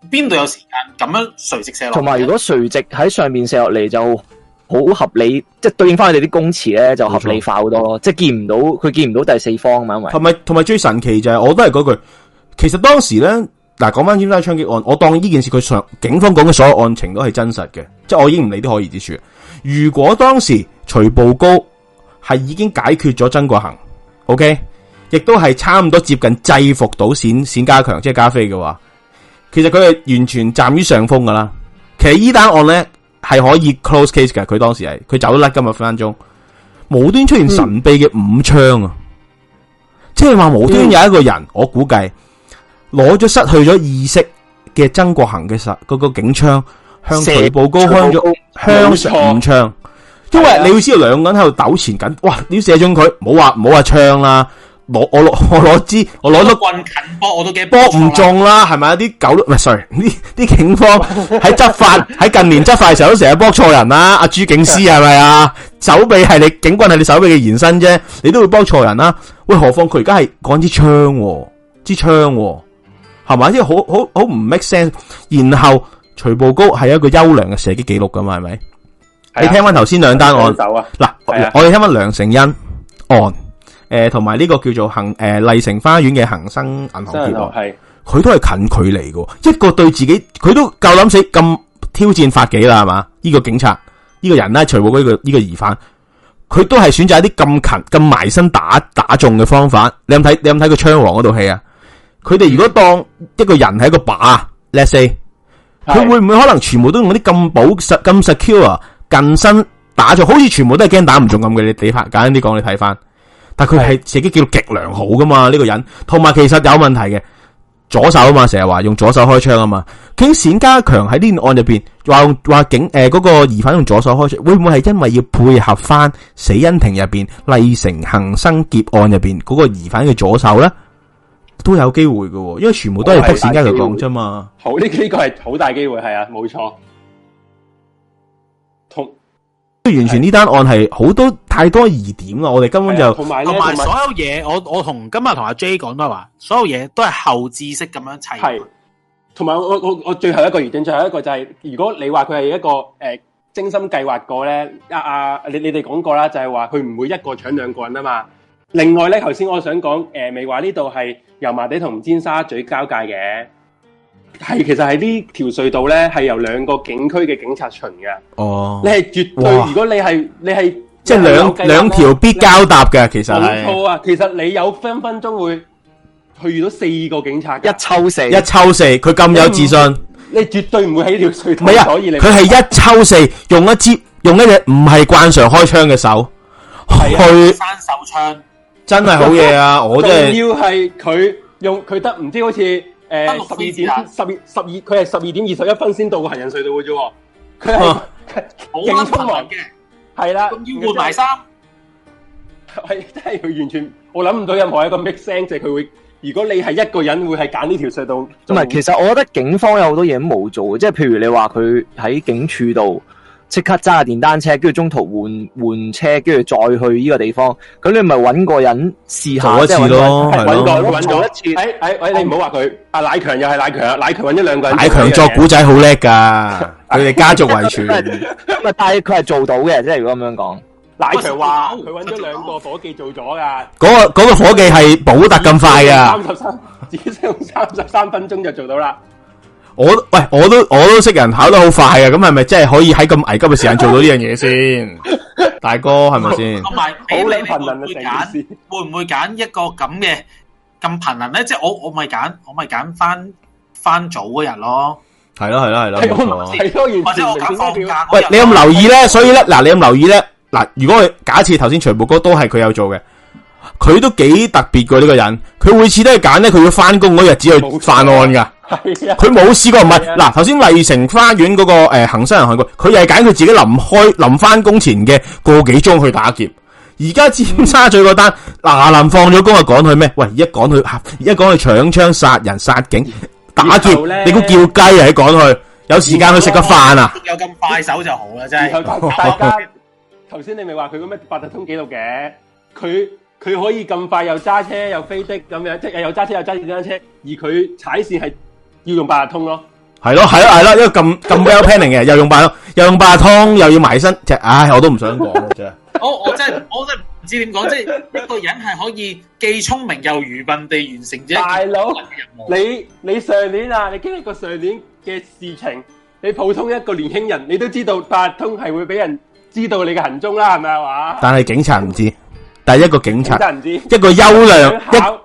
邊度有時間咁樣垂直射落？同埋，如果垂直喺上面射落嚟，就好合理，嗯、即係對應翻你哋啲公詞咧，就合理化好多咯。錯即係見唔到佢見唔到第四方嘛，因為同埋同埋最神奇就係、是、我都係嗰句，其實當時咧嗱講翻尖沙咀槍擊案，我當呢件事佢上警方講嘅所有案情都係真實嘅，即係我已經唔理啲可疑之處。如果當時徐步高。係已經解決咗曾國恆，OK？亦都係差唔多接近制服到冼冼家強，即係加菲嘅話，其實佢係完全站於上風噶啦。其實依單案咧係可以 close case 嘅，佢當時係佢走甩今日分分鐘，無端出現神秘嘅五槍啊！即係話無端有一個人，嗯、我估計攞咗失去咗意識嘅曾國恆嘅實嗰個警槍向徐步高開咗，向上五槍。嗯嗯嗯嗯因為你要知道兩個人喺度糾纏緊，哇！你要射中佢，唔好話唔好話槍啦，攞我攞我攞支，我攞咗棍近波，我都幾波唔中啦，係咪啊？啲狗都唔係，sorry？啲、哎、啲警方喺執法喺 近年執法嘅時候都成日幫錯人啦。阿、啊、朱警司係咪啊？是是 手臂係你警棍係你手臂嘅延伸啫，你都會幫錯人啦。喂，何況佢而家係講支槍、啊，支槍係咪？即係好好好唔 make sense。然後徐步高係一個優良嘅射擊記錄㗎嘛，係咪？你聽翻頭先兩單案嗱，我哋聽翻梁成恩案，誒、呃，同埋呢個叫做恒誒麗城花園嘅恒生銀行劫案，係佢都係近距離嘅一個對自己，佢都夠膽死咁挑戰法紀啦，係嘛？呢、這個警察呢、這個人咧，除咗呢個呢、這個疑犯，佢都係選擇一啲咁近咁埋身打打中嘅方法。你有睇你有睇過槍王嗰套戲啊？佢哋、嗯、如果當一個人係一個靶，Let's say< 是>，佢會唔會可能全部都用啲咁保實咁 secure？近身打咗好似全部都係驚打唔中咁嘅。你睇返簡單啲講，你睇翻。但佢係自己叫極良好噶嘛？呢、呢個人，同埋其實有問題嘅左手啊嘛，成日話用左手開槍啊嘛。家強、冼家強喺呢案入邊，話話警誒嗰個疑犯用左手開槍，會唔會係因為要配合翻死因庭入邊麗城恒生劫案入邊嗰個疑犯嘅左手咧？都有機會喎，因為全部都係逼冼家強講啫嘛。好，呢幾個係好大機會，係啊，冇錯。完全呢單、啊、案係好多太多疑點啦，我哋根本就同埋所有嘢有，我我同今日同阿 J 講都係話，所有嘢都係後知識咁樣砌係，同埋我我我最後一個疑點，最後一個就係、是、如果你話佢係一個誒、呃、精心計劃過咧，啊你你哋講過啦，就係話佢唔會一個搶兩個人啊嘛。另外咧，頭先我想講誒，未話呢度係油麻地同尖沙咀交界嘅。係，其實係呢條隧道咧，係由兩個警區嘅警察巡嘅。哦，你係絕對，如果你係你係，即係兩兩條必交搭嘅，其實係錯啊。其實你有分分鐘會去到四個警察，一抽四，一抽四，佢咁有自信，你絕對唔會喺條隧道，所以你佢係一抽四，用一支用一隻唔係慣常開槍嘅手，係去單手槍，真係好嘢啊！我真係要係佢用佢得唔知好似。誒，十二、呃、點十二，十二，佢係十二點二十一分先到個行人隧道嘅啫，佢係勁匆忙嘅，係啦、啊，仲要換埋衫，係真係佢完全，我諗唔到任何一個 make sense，即係佢會，如果你係一個人會係揀呢條隧道，唔係，其實我覺得警方有好多嘢都冇做嘅，即係譬如你話佢喺警署度。即刻揸下電單車，跟住中途換換車，跟住再去呢個地方。咁你咪搵個人試下，一次搵代咯，搵到一次。誒誒誒，你唔好話佢阿奶強又係奶強，奶強搵咗兩個人。奶強作古仔好叻噶，佢哋家族遺傳。咁啊，但係佢係做到嘅，即係如果咁樣講，奶強話佢搵咗兩個伙計做咗噶。嗰個個伙計係保特咁快啊！三十三，只需三十三分鐘就做到啦。我喂，我都我都識人，考得好快啊！咁係咪真係可以喺咁危急嘅時間做到呢樣嘢先？大哥係咪先？同埋好你份人，會揀會唔會揀一個咁嘅咁貧民咧？即係我我咪揀我咪揀翻翻早嗰日咯，係咯係咯係咯，係咯完全唔同。喂，你有冇留意咧？所以咧嗱，你有冇留意咧嗱？如果佢假設頭先徐步高都係佢有做嘅。佢都幾特別噶呢個人，佢每次都係揀咧，佢要翻工嗰日只去犯案噶。係佢冇試過唔係嗱。頭先麗城花園嗰、那個誒、呃、行山人行過，佢又係揀佢自己臨開臨翻工前嘅個幾鐘去打劫。而家尖沙咀嗰單嗱，臨、嗯、放咗工啊，趕去咩？喂，一趕去吓，一趕去搶槍殺人殺警打劫，你估叫雞啊？你趕去有時間去食個飯啊？有咁快手就好啦，真係。大家頭先 你咪話佢個咩八達通記錄嘅，佢。佢可以咁快又揸車又飛的咁樣，即係又揸車又揸自行車，而佢踩線係要用八達通咯，係咯係咯係咯，因為咁咁 well planning 嘅，又用八又用八達通，又要埋身，即係唉，我都唔想講。我我真係我真係唔知點講，即係一個人係可以既聰明又愚笨地完成啫。大佬，你你上年啊，你經歷過上年嘅事情，你普通一個年輕人，你都知道八達通係會俾人知道你嘅行蹤啦，係咪啊？但係警察唔知。第一個警察，警察一個優良，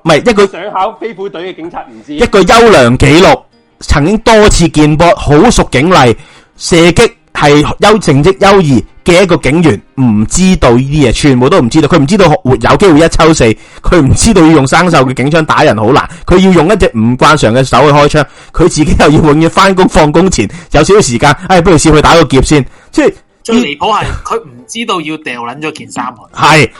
唔係想考一個想考飛虎隊嘅警察唔知，一個優良紀錄，曾經多次見過，好熟警例，射擊係優成績優異嘅一個警員，唔知道呢啲嘢，全部都唔知道，佢唔知道有機會一抽四，佢唔知道要用生銹嘅警槍打人好難，佢要用一隻唔慣常嘅手去開槍，佢自己又要永遠返工放工前有少少時間，哎，不如試去打個劫先，即係。最離譜係佢唔知道要掉捻咗件衫去，係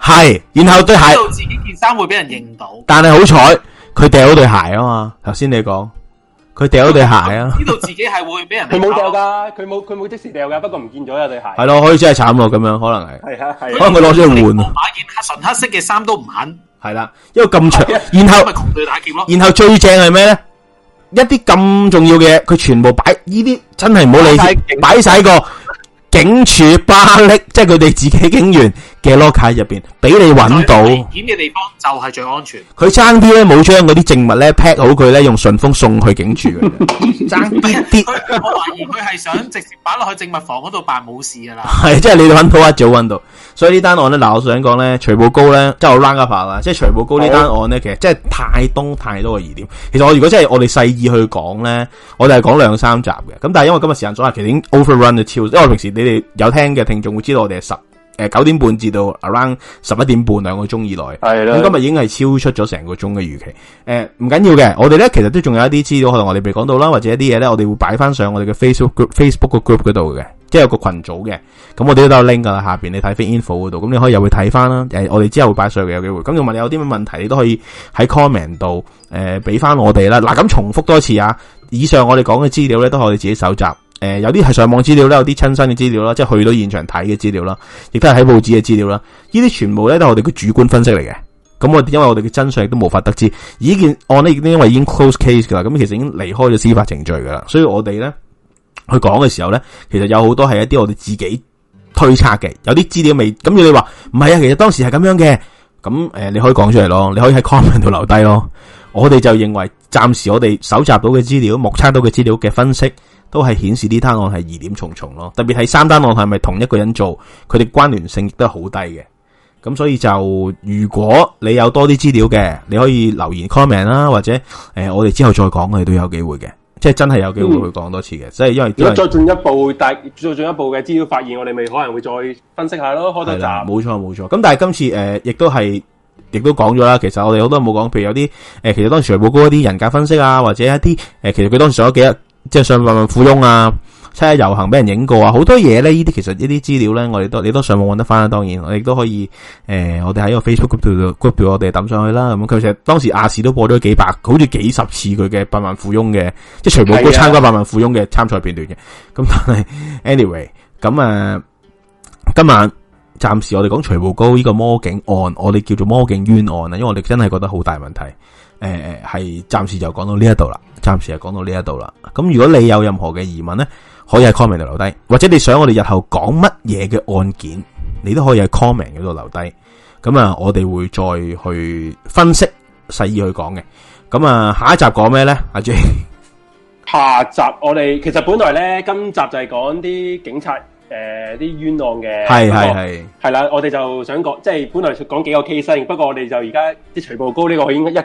係然後對鞋，知道自己件衫會俾人認到，但係好彩佢掉咗對鞋啊嘛。頭先你講佢掉咗對鞋啊，知道自己係會俾人，佢冇掉噶，佢冇佢冇即時掉噶，不過唔見咗有對鞋，係咯，可以真係慘咁樣，可能係係啊係，可能佢攞出去換啊，買件純黑色嘅衫都唔肯，係啦，因為咁長，然後同佢打劫咯，然後最正係咩咧？一啲咁重要嘅，佢全部擺呢啲真係唔好理，擺晒個。警署巴力，即係佢哋自己警員嘅 locker 入邊，俾你揾到。危險嘅地方就係最安全。佢爭啲咧，冇將嗰啲證物咧劈好佢咧，用順豐送去警署嘅。爭啲啲，我懷疑佢係想直接擺落去證物房嗰度辦冇事噶啦。係，即係你揾到一早揾到。所以呢單案咧，嗱，我想講咧，徐步高咧真係 run 卡帕啦，即係徐步高呢單案咧，好其實真係太多太多嘅疑點。其實我如果真係我哋細意去講咧，我哋係講兩三集嘅。咁但係因為今日時間所限，其實已經 overrun 咗超，因為平時你哋有聽嘅聽眾會知道我哋係十。誒，九點、呃、半至到 around 十一點半兩個鐘以內，係啦的。咁今日已經係超出咗成個鐘嘅預期。誒、呃，唔緊要嘅，我哋咧其實都仲有一啲資料，可能我哋未講到啦，或者一啲嘢咧，我哋會擺翻上我哋嘅 Facebook Facebook group 嗰度嘅，即係有個群組嘅。咁我哋都有 link 噶啦，下邊你睇 info 嗰度，咁你可以又會睇翻啦。誒，我哋之後會擺上嘅有機會。咁就果問你有啲咩問題，你都可以喺 comment 度誒俾翻我哋啦。嗱、啊，咁重複多次啊，以上我哋講嘅資料咧，都可以自己搜集。誒、呃，有啲係上網資料啦，有啲親身嘅資料啦，即係去到現場睇嘅資料啦，亦都係喺報紙嘅資料啦。呢啲全部咧都係我哋嘅主觀分析嚟嘅。咁我因為我哋嘅真相亦都無法得知。而呢件案咧已經因為已經 close case 噶啦，咁其實已經離開咗司法程序噶啦，所以我哋咧去講嘅時候咧，其實有好多係一啲我哋自己推測嘅。有啲資料未咁，如果你話唔係啊，其實當時係咁樣嘅。咁誒，你可以講出嚟咯，你可以喺 comment 度留低咯。我哋就認為暫時我哋搜集到嘅資料、目測到嘅資料嘅分析。都係顯示啲單案係疑點重重咯，特別係三單案係咪同一個人做，佢哋關聯性亦都好低嘅。咁所以就，如果你有多啲資料嘅，你可以留言 comment 啦、啊，或者、呃、我哋之後再講，我哋都有機會嘅，即係真係有機會會講多次嘅。嗯、即係因為如果再進一步，大再進一步嘅資料發現，我哋咪可能會再分析下咯。開特集，冇錯冇錯。咁但係今次亦都係，亦都講咗啦。其實我哋好多冇講，譬如有啲、呃、其實當時財報高一啲人格分析啊，或者一啲、呃、其實佢當時做幾日。即係上百萬富翁啊，七日遊行俾人影過啊，好多嘢咧，呢啲其實呢啲資料咧，我哋都你都上網搵得翻啦。當然，我亦都可以，誒、呃，我哋喺個 Facebook group 度，group 我哋抌上去啦。咁佢成當時亞視都播咗幾百，好似幾十次佢嘅百萬富翁嘅，即係徐步高參加百萬富翁嘅參賽片段嘅。咁的但係，anyway，咁啊，今晚暫時我哋講徐步高呢個魔警案，我哋叫做魔警冤案啊，因為我哋真係覺得好大問題。誒誒，係暫、呃、時就講到呢一度啦，暫時就講到呢一度啦。咁如果你有任何嘅疑問咧，可以喺 comment 度留低，或者你想我哋日後講乜嘢嘅案件，你都可以喺 comment 嗰度留低。咁啊，我哋會再去分析細意去講嘅。咁啊，下一集講咩咧？阿 J，下集我哋其實本來咧，今集就係講啲警察誒，啲、呃、冤案嘅，係係係係啦。我哋就想講，即係本來講幾個 case，不過我哋就而家啲徐步高呢個，佢應該一。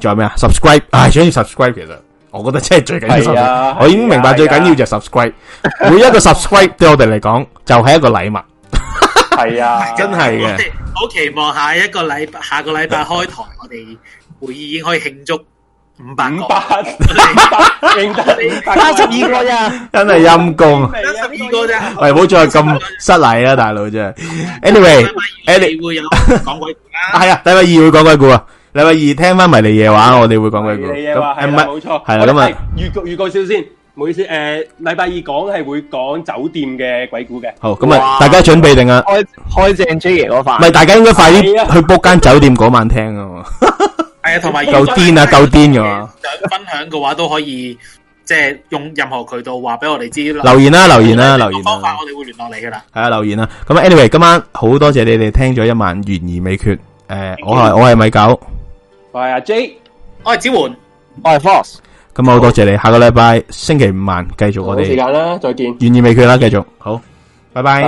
仲有咩啊？subscribe，係最緊要 subscribe，其實我覺得真係最緊要 subscribe。我已經明白最緊要就 subscribe，每一個 subscribe 對我哋嚟講就係一個禮物。係啊，真係嘅。好期望下一個禮拜下個禮拜開台，我哋會議已經可以慶祝五百五百五百，三百三十二個人，真係陰功，十二個咋？喂，唔好再咁失禮啦，大佬真係。Anyway，第二會又講鬼故啦，係啊，第二會講鬼故啊。禮拜二聽翻迷你夜話，我哋會講鬼故嚟嘢話係唔係冇錯，係啦咁啊，預告預告笑先，唔好意思誒，禮拜二講係會講酒店嘅鬼故嘅，好咁啊，大家準備定啊，開開正 Jay 嗰晚，唔係大家應該快啲去 book 間酒店嗰晚聽啊，係啊，同埋夠癲啊，夠癲噶，想分享嘅話都可以即係用任何渠道話俾我哋知，留言啦，留言啦，留言方法我哋會聯絡你噶啦，係啊，留言啦，咁 Anyway 今晚好多謝你哋聽咗一晚懸疑未決，誒，我係我係米九。我係阿 J，ay, 我係子煥，我係 Force 咁我多謝你，好下個禮拜星期五晚繼續我哋時間啦，再見。懸疑未決啦，繼續好，拜拜。